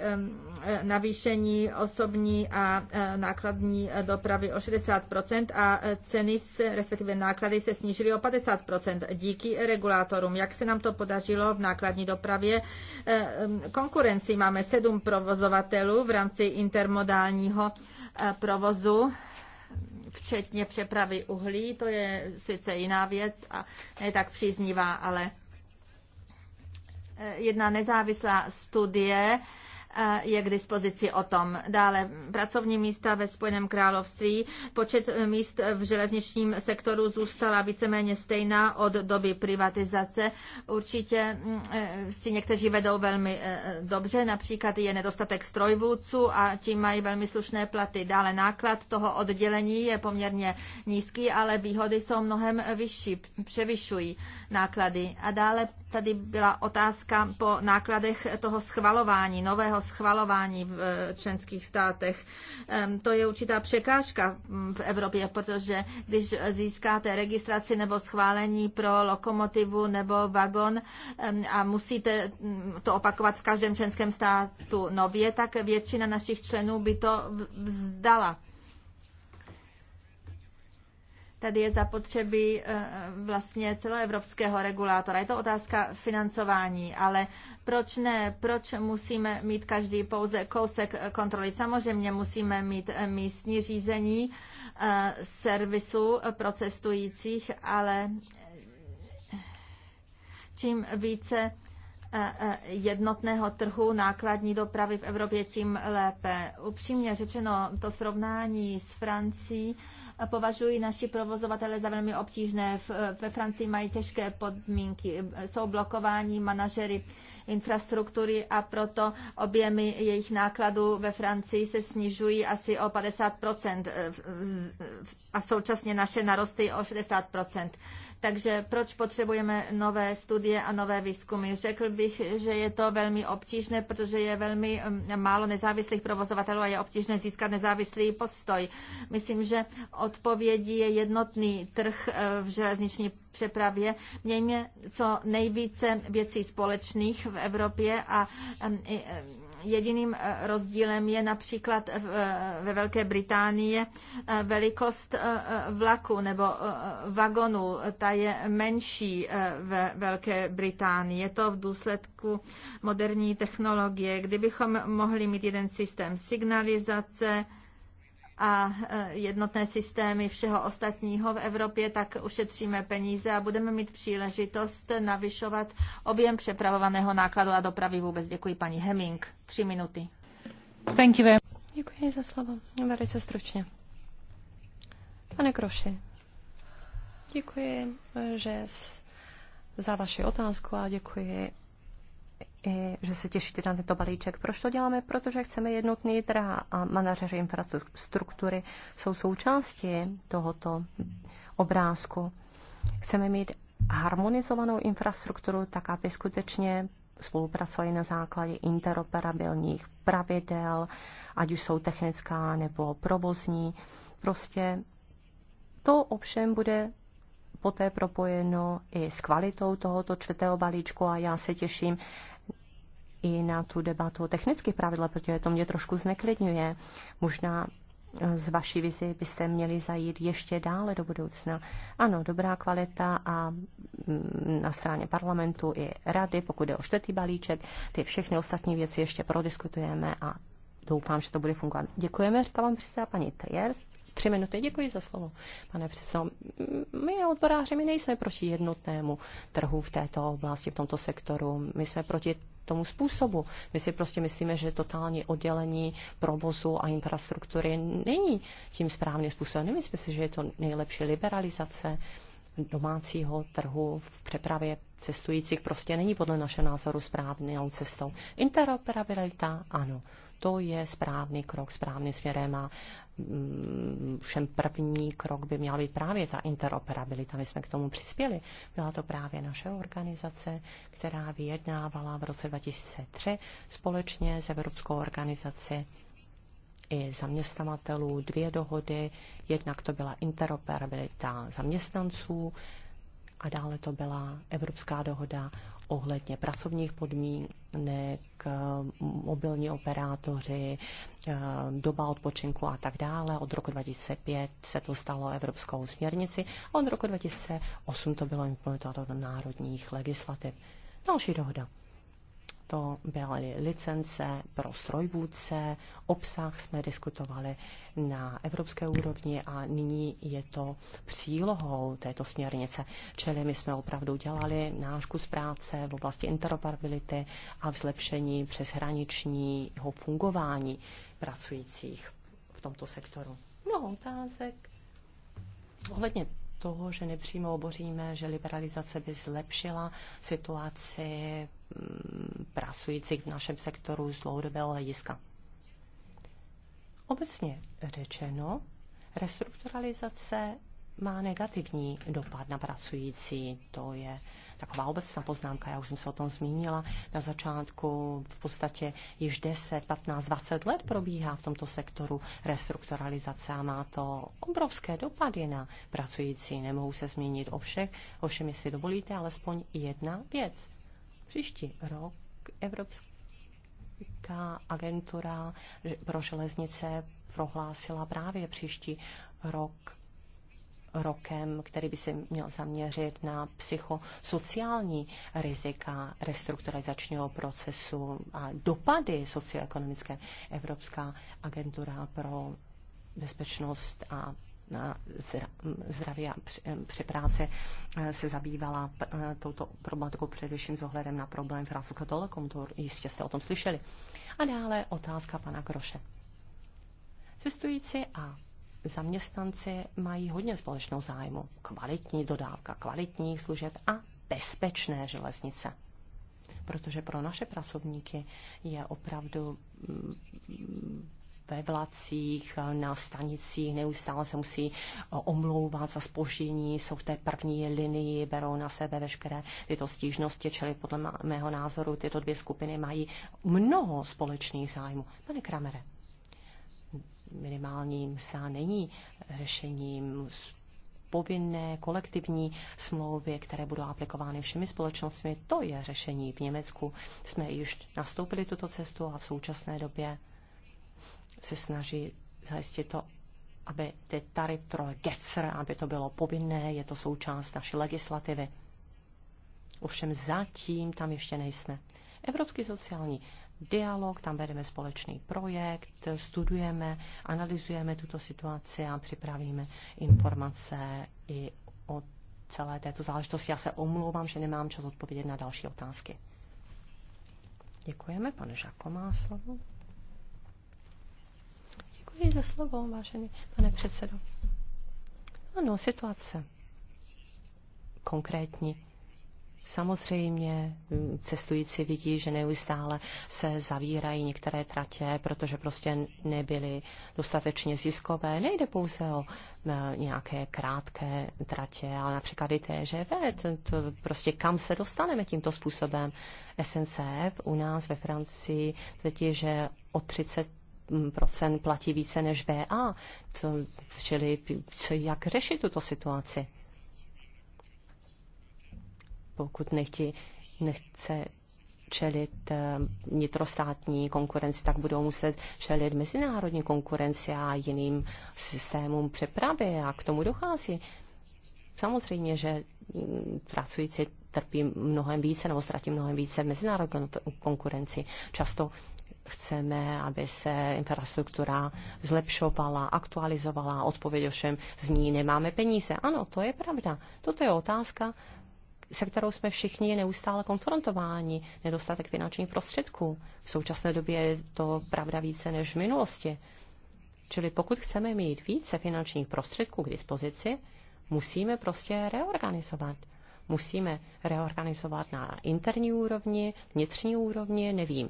navýšení osobní a nákladní dopravy o 60% a ceny, respektive náklady se snížily o 50% díky regulátorům. Jak se nám to podařilo v nákladní dopravě? Konkurenci máme sedm provozovatelů v rámci intermodálního provozu včetně přepravy uhlí, to je sice jiná věc a ne tak příznivá, ale eh, jedna nezávislá studie je k dispozici o tom. Dále pracovní místa ve Spojeném království. Počet míst v železničním sektoru zůstala víceméně stejná od doby privatizace. Určitě mm, e, si někteří vedou velmi e, e, dobře, například je nedostatek strojvůdců a tím mají velmi slušné platy. Dále náklad toho oddělení je poměrně nízký, ale výhody jsou mnohem vyšší, převyšují náklady. A dále Tady byla otázka po nákladech toho schvalování, nového schvalování v eh, členských státech. To je určitá překážka mm, v Evropě, protože když získáte registraci nebo schválení pro lokomotivu nebo vagon a musíte mm, to opakovat v každém členském státu nově, tak většina našich členů by to vzdala. Tady je zapotřebí eh, vlastně celoevropského regulátora. Je to otázka financování, ale proč ne? Proč musíme mít každý pouze kousek kontroly? Samozřejmě musíme mít eh, místní řízení eh, servisu pro cestujících, ale čím více jednotného trhu nákladní dopravy v Evropě, tím lépe. Upřímně řečeno, to srovnání s Francií považují naši provozovatele za velmi obtížné. Ve Francii mají těžké podmínky, jsou blokováni manažery infrastruktury a proto objemy jejich nákladů ve Francii se snižují asi o 50 a současně naše narosty o 60 takže proč potřebujeme nové studie a nové výzkumy? Řekl bych, že je to velmi obtížné, protože je velmi mm, málo nezávislých provozovatelů a je obtížné získat nezávislý postoj. Myslím, že odpovědí je jednotný trh eh, v železniční přepravě. Mějme co nejvíce věcí společných v Evropě a mm, Jediným eh, rozdílem je například eh, eh, ve Velké Británii velikost vlaku nebo vagonu. Ta je menší ve Velké Británii. Je to v důsledku moderní technologie. Kdybychom mohli mít jeden systém signalizace, a e, jednotné systémy všeho ostatního v Evropě, tak ušetříme peníze a budeme mít příležitost navyšovat objem přepravovaného nákladu a dopravy vůbec. Děkuji paní Heming. Tři minuty. Thank you very much. Děkuji za slovo. Velice stručně. Pane Kroši, děkuji, e, že za vaši otázku a děkuji že se těšíte na tento balíček. Proč to děláme? Protože chceme jednotný trh a manažeři infrastruktury jsou součástí tohoto obrázku. Chceme mít harmonizovanou infrastrukturu tak, aby skutečně spolupracovali na základě interoperabilních pravidel, ať už jsou technická nebo provozní. Prostě to ovšem bude poté propojeno i s kvalitou tohoto čtvrtého balíčku a já se těším i na tu debatu o technických pravidlech, protože to mě trošku zneklidňuje. Možná eh, z vaší vizi byste měli zajít ještě dále do budoucna. Ano, dobrá kvalita a mm, na straně parlamentu i rady, pokud je o štetý balíček, ty všechny ostatní věci ještě prodiskutujeme a doufám, že to bude fungovat. Děkujeme, říká vám předseda paní Triers. Tři minuty, děkuji za slovo, pane předsedo. Mm, my odboráři, my nejsme proti jednotnému trhu v této oblasti, v tomto sektoru. My jsme proti tomu způsobu. My si prostě myslíme, že totální oddělení provozu a infrastruktury není tím správným způsobem. Nemyslíme si, že je to nejlepší liberalizace domácího trhu v přepravě cestujících prostě není podle našeho názoru správnou cestou. Interoperabilita, ano, to je správný krok správným směrem a Mm, všem první krok by měla být právě ta interoperabilita. My jsme k tomu přispěli. Byla to právě naše organizace, která vyjednávala v roce 2003 společně s Evropskou organizací i zaměstnavatelů dvě dohody. Jednak to byla interoperabilita zaměstnanců a dále to byla Evropská dohoda ohledně pracovních podmínek, mobilní operátoři, eh, doba odpočinku a tak dále. Od roku 2005 se to stalo evropskou směrnici a od roku 2008 to bylo implementováno do národních legislativ. Další dohoda to byly licence pro strojvůdce, obsah jsme diskutovali na evropské úrovni a nyní je to přílohou této směrnice. Čili my jsme opravdu dělali náš kus práce v oblasti interoperability a v zlepšení přeshraničního fungování pracujících v tomto sektoru. Mnoho otázek ohledně toho, že nepřímo oboříme, že liberalizace by zlepšila situaci mm, pracujících v našem sektoru z dlouhodobého hlediska. Obecně řečeno, restrukturalizace má negativní dopad na pracující. To je taková obecná poznámka, já už jsem se o tom zmínila na začátku. V podstatě již 10, 15, 20 let probíhá v tomto sektoru restrukturalizace a má to obrovské dopady na pracující. Nemohu se zmínit o všech, ovšem, jestli dovolíte, alespoň jedna věc. Příští rok Evropská agentura pro železnice prohlásila právě příští rok rokem, který by se měl zaměřit na psychosociální rizika restrukturalizačního procesu a dopady socioekonomické. Evropská agentura pro bezpečnost a na zdraví a při práci eh, se zabývala eh, touto problematikou především s ohledem na problém francouzského telekomu. To jistě jste o tom slyšeli. A dále otázka pana Kroše. Cestující a zaměstnanci mají hodně společnou zájmu. Kvalitní dodávka kvalitních služeb a bezpečné železnice. Protože pro naše pracovníky je opravdu mm, ve vlacích, na stanicích, neustále se musí eh, omlouvat za spoždění, jsou v té první linii, berou na sebe veškeré tyto stížnosti, čili podle mého názoru tyto dvě skupiny mají mnoho společných zájmů. Pane Kramere, minimální mzda není řešením povinné kolektivní smlouvy, které budou aplikovány všemi společnostmi. To je řešení. V Německu jsme již nastoupili tuto cestu a v současné době se snaží zajistit to, aby ty tary pro GECR, aby to bylo povinné, je to součást naší legislativy. Ovšem zatím tam ještě nejsme. Evropský sociální dialog, tam vedeme společný projekt, studujeme, analyzujeme tuto situaci a připravíme informace i o celé této záležitosti. Já se omlouvám, že nemám čas odpovědět na další otázky. Děkujeme, pane Žako má slovo. Děkuji za slovo, vážený pane předsedo. Ano, situace konkrétní. Samozřejmě hm, cestující vidí, že neustále se zavírají některé tratě, protože prostě nebyly dostatečně ziskové. Nejde pouze o hm, nějaké krátké tratě, ale například i TŽV, to, to prostě kam se dostaneme tímto způsobem. SNCF u nás ve Francii teď je, že o 30 Procent platí více než VA. To, čili co, jak řešit tuto situaci? Pokud nechtí, nechce čelit eh, vnitrostátní konkurenci, tak budou muset čelit mezinárodní konkurenci a jiným systémům přepravy a k tomu dochází. Samozřejmě, že mm, pracující trpí mnohem více nebo ztratí mnohem více mezinárodní konkurenci. Často chceme, aby se infrastruktura zlepšovala, aktualizovala, odpověď ovšem z ní nemáme peníze. Ano, to je pravda. Toto je otázka, se kterou jsme všichni neustále konfrontováni. Nedostatek finančních prostředků. V současné době je to pravda více než v minulosti. Čili pokud chceme mít více finančních prostředků k dispozici, musíme prostě reorganizovat musíme reorganizovat na interní úrovni, vnitřní úrovni, nevím,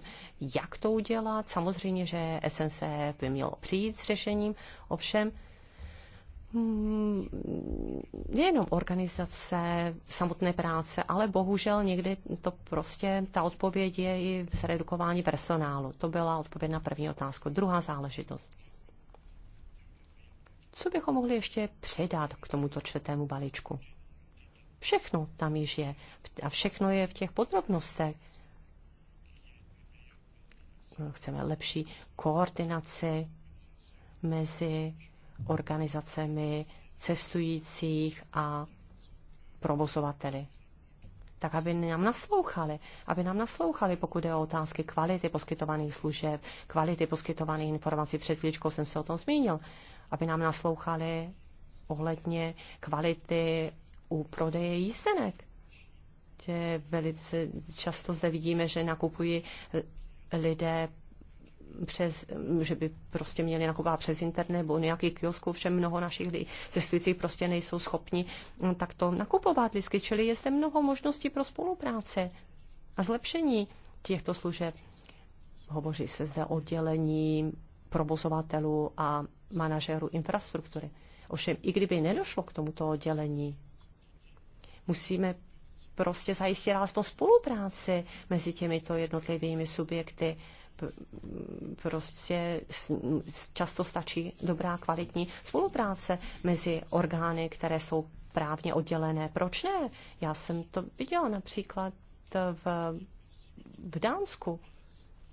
jak to udělat. Samozřejmě, že SNC by mělo přijít s řešením, ovšem mm, nejenom organizace samotné práce, ale bohužel někdy to prostě, ta odpověď je i zredukování personálu. To byla odpověď na první otázku. Druhá záležitost. Co bychom mohli ještě přidat k tomuto čtvrtému balíčku? Všechno tam již je a všechno je v těch podrobnostech. No, chceme lepší koordinaci mezi organizacemi cestujících a provozovateli tak aby nám naslouchali, aby nám naslouchali, pokud je o otázky kvality poskytovaných služeb, kvality poskytovaných informací. Před chvíličkou jsem se o tom zmínil, aby nám naslouchali ohledně kvality u prodeje jízdenek. Že velice často zde vidíme, že nakupují lidé přes, že by prostě měli nakupovat přes internet nebo nějaký kiosk, všem mnoho našich cestujících prostě nejsou schopni mm, takto nakupovat lidsky, čili je zde mnoho možností pro spolupráce a zlepšení těchto služeb. Hovoří se zde o dělení provozovatelů a manažerů infrastruktury. Ovšem, i kdyby nedošlo k tomuto oddělení, musíme prostě zajistit alespoň spolupráci mezi těmito jednotlivými subjekty. Prostě často stačí dobrá kvalitní spolupráce mezi orgány, které jsou právně oddělené. Proč ne? Já jsem to viděla například v, v Dánsku,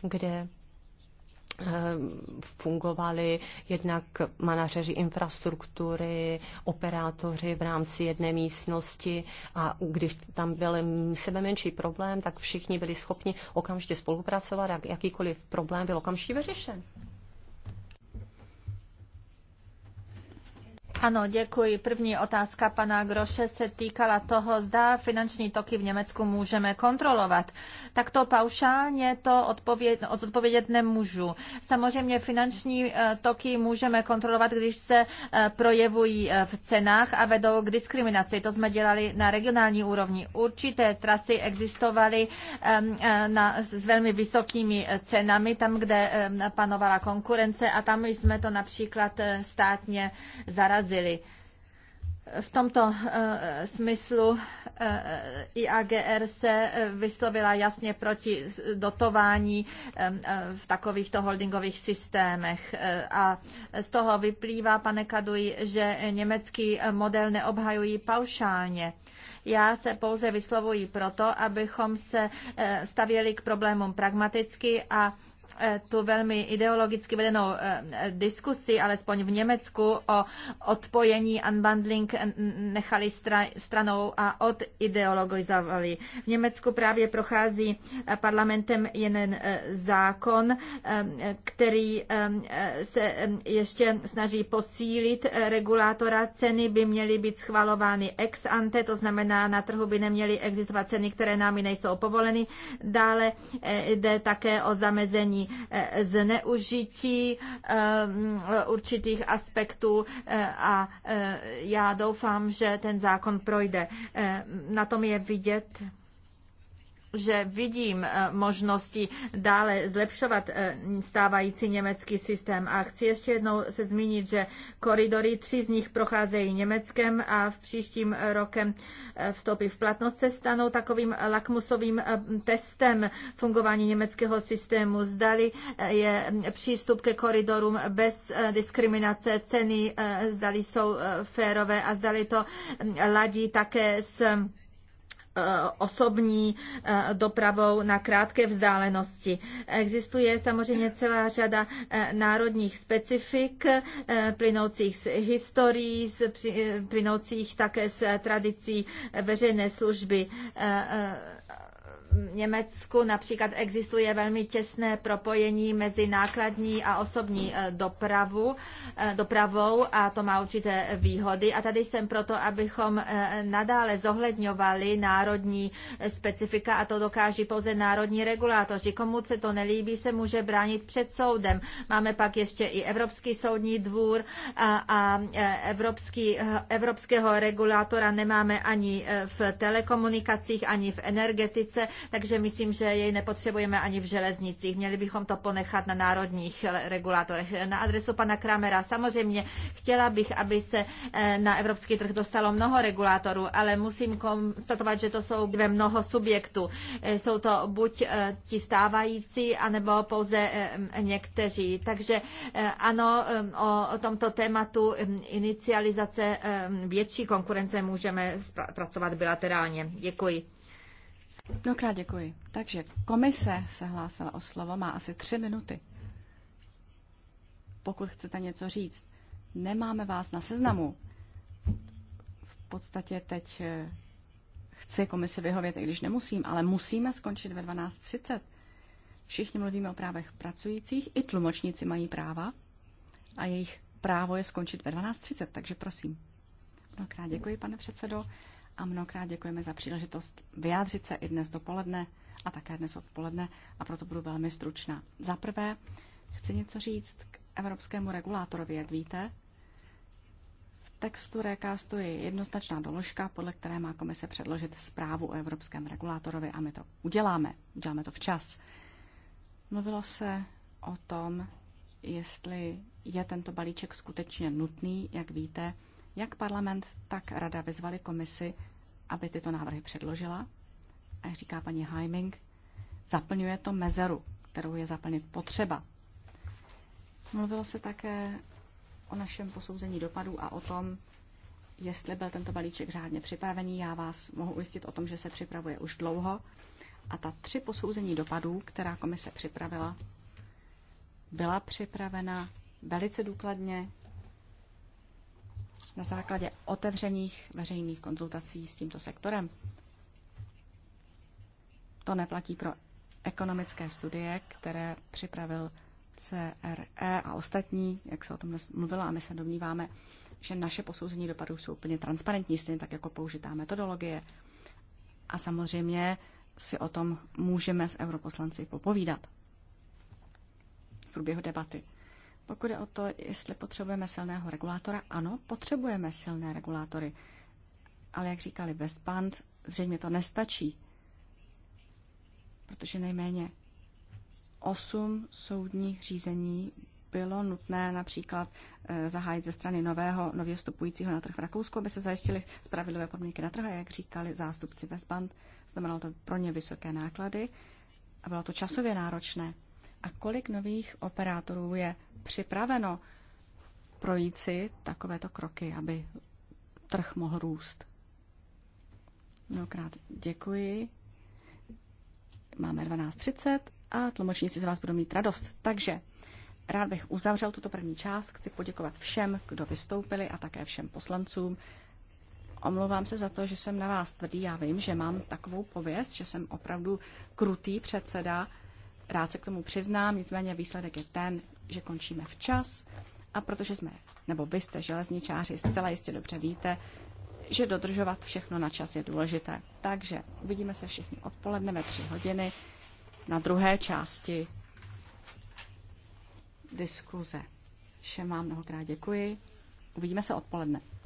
kde fungovali jednak manažeři infrastruktury, operátoři v rámci jedné místnosti a když tam byl sebe menší problém, tak všichni byli schopni okamžitě spolupracovat a jakýkoliv problém byl okamžitě vyřešen. Ano, děkuji. První otázka pana Groše se týkala toho, zda finanční toky v Německu můžeme kontrolovat. Tak to paušálně to odpověd, odpovědět nemůžu. Samozřejmě finanční eh, toky můžeme kontrolovat, když se eh, projevují eh, v cenách a vedou k diskriminaci. To jsme dělali na regionální úrovni. Určité trasy existovaly na, s velmi vysokými cenami, tam, kde panovala konkurence a tam jsme to například státně zarazili rozdíly. V tomto eh, smyslu eh, IAGR se eh, vyslovila jasně proti dotování v takovýchto holdingových systémech. A z toho vyplývá, pane Kaduj, že německý model neobhajují paušálně. Já se pouze vyslovuji proto, abychom se stavěli k problémům pragmaticky a E, tu velmi ideologicky vedenou e, diskusi, alespoň v Německu, o odpojení unbundling nechali stranou a odideologizovali. V Německu právě prochází e, parlamentem jeden zákon, který se ještě snaží posílit regulátora. Ceny by měly být schvalovány ex ante, to znamená, na trhu by neměly existovat ceny, které námi nejsou povoleny. Dále jde také o zamezení zabrání eh, zneužití eh, určitých aspektů eh, a já doufám, že ten zákon projde. Na tom je vidět, že vidím eh, možnosti dále zlepšovat eh, stávající německý systém. A chci ještě jednou se zmínit, že koridory, tři z nich procházejí Německem a v příštím rokem eh, vstoupí v platnost, se stanou takovým lakmusovým testem fungování německého systému. Zdali je přístup ke koridorům bez diskriminace ceny, zdali jsou férové a zdali to hm, ladí také s Eh, osobní eh, dopravou na krátké vzdálenosti. Existuje samozřejmě celá řada eh, národních specifik, plynoucích z historií, plynoucích také z tradicí veřejné služby Německu například existuje velmi těsné propojení mezi nákladní a osobní eh, dopravu, eh, dopravou a to má určité výhody. A tady jsem proto, abychom eh, nadále zohledňovali národní specifika a to dokáží pouze národní regulátoři. Komu se to nelíbí, se může bránit před soudem. Máme pak ještě i Evropský soudní dvůr a, a evropský, evropského regulátora nemáme ani v telekomunikacích, ani v energetice takže myslím, že jej nepotřebujeme ani v železnicích. Měli bychom to ponechat na národních regulátorech. Na adresu pana Kramera samozřejmě chtěla bych, aby se eh, na evropský trh dostalo mnoho regulátorů, ale musím konstatovat, že to jsou ve mnoho subjektů. Eh, jsou to buď eh, ti stávající, anebo pouze někteří. Takže ano, o tomto tématu hm, inicializace větší konkurence můžeme pracovat bilaterálně. Děkuji. Mnohokrát děkuji. Takže komise se hlásila o slovo, má asi tři minuty. Pokud chcete něco říct, nemáme vás na seznamu. V podstatě teď eh, chci komise vyhovět, i když nemusím, ale musíme skončit ve 12.30. Všichni mluvíme o právech pracujících, i tlumočníci mají práva a jejich právo je skončit ve 12.30, takže prosím. Mnohokrát děkuji, pane předsedo a mnohokrát děkujeme za příležitost vyjádřit se i dnes dopoledne a také dnes odpoledne a proto budu velmi stručná. Za prvé chci něco říct k evropskému regulátorovi, jak víte. V textu recastu je jednoznačná doložka, podle které má komise předložit zprávu o evropském regulátorovi a my to uděláme. Uděláme to včas. Mluvilo se o tom, jestli je tento balíček skutečně nutný, jak víte, jak parlament, tak rada vyzvali komisi, aby tyto návrhy předložila. A jak říká paní Heiming, zaplňuje to mezeru, kterou je zaplnit potřeba. Mluvilo se také o našem posouzení dopadů a o tom, jestli byl tento balíček řádně připravený. Já vás mohu ujistit o tom, že se připravuje už dlouho. A ta tři posouzení dopadů, která komise připravila, byla připravena velice důkladně, na základě otevřených veřejných konzultací s tímto sektorem. To neplatí pro ekonomické studie, které připravil CRE a ostatní, jak se o tom mluvila, a my se domníváme, že naše posouzení dopadů jsou úplně transparentní, stejně tak jako použitá metodologie. A samozřejmě si o tom můžeme s europoslanci popovídat v průběhu debaty. Pokud je o to, jestli potřebujeme silného regulátora, ano, potřebujeme silné regulátory. Ale jak říkali Westband, zřejmě to nestačí, protože nejméně osm soudních řízení bylo nutné například eh, zahájit ze strany nového, nově vstupujícího na trh v Rakousku, aby se zajistili spravedlivé podmínky na trhu, jak říkali zástupci Westband. Znamenalo to pro ně vysoké náklady a bylo to časově náročné. A kolik nových operátorů je připraveno projít si takovéto kroky, aby trh mohl růst. Mnohokrát děkuji. Máme 12.30 a tlumočníci z vás budou mít radost. Takže rád bych uzavřel tuto první část. Chci poděkovat všem, kdo vystoupili a také všem poslancům. Omlouvám se za to, že jsem na vás tvrdý. Já vím, že mám takovou pověst, že jsem opravdu krutý předseda. Rád se k tomu přiznám, nicméně výsledek je ten, že končíme včas a protože jsme, nebo vy jste železničáři, zcela jistě dobře víte, že dodržovat všechno na čas je důležité. Takže uvidíme se všichni odpoledne ve tři hodiny na druhé části diskuze. Všem vám mnohokrát děkuji. Uvidíme se odpoledne.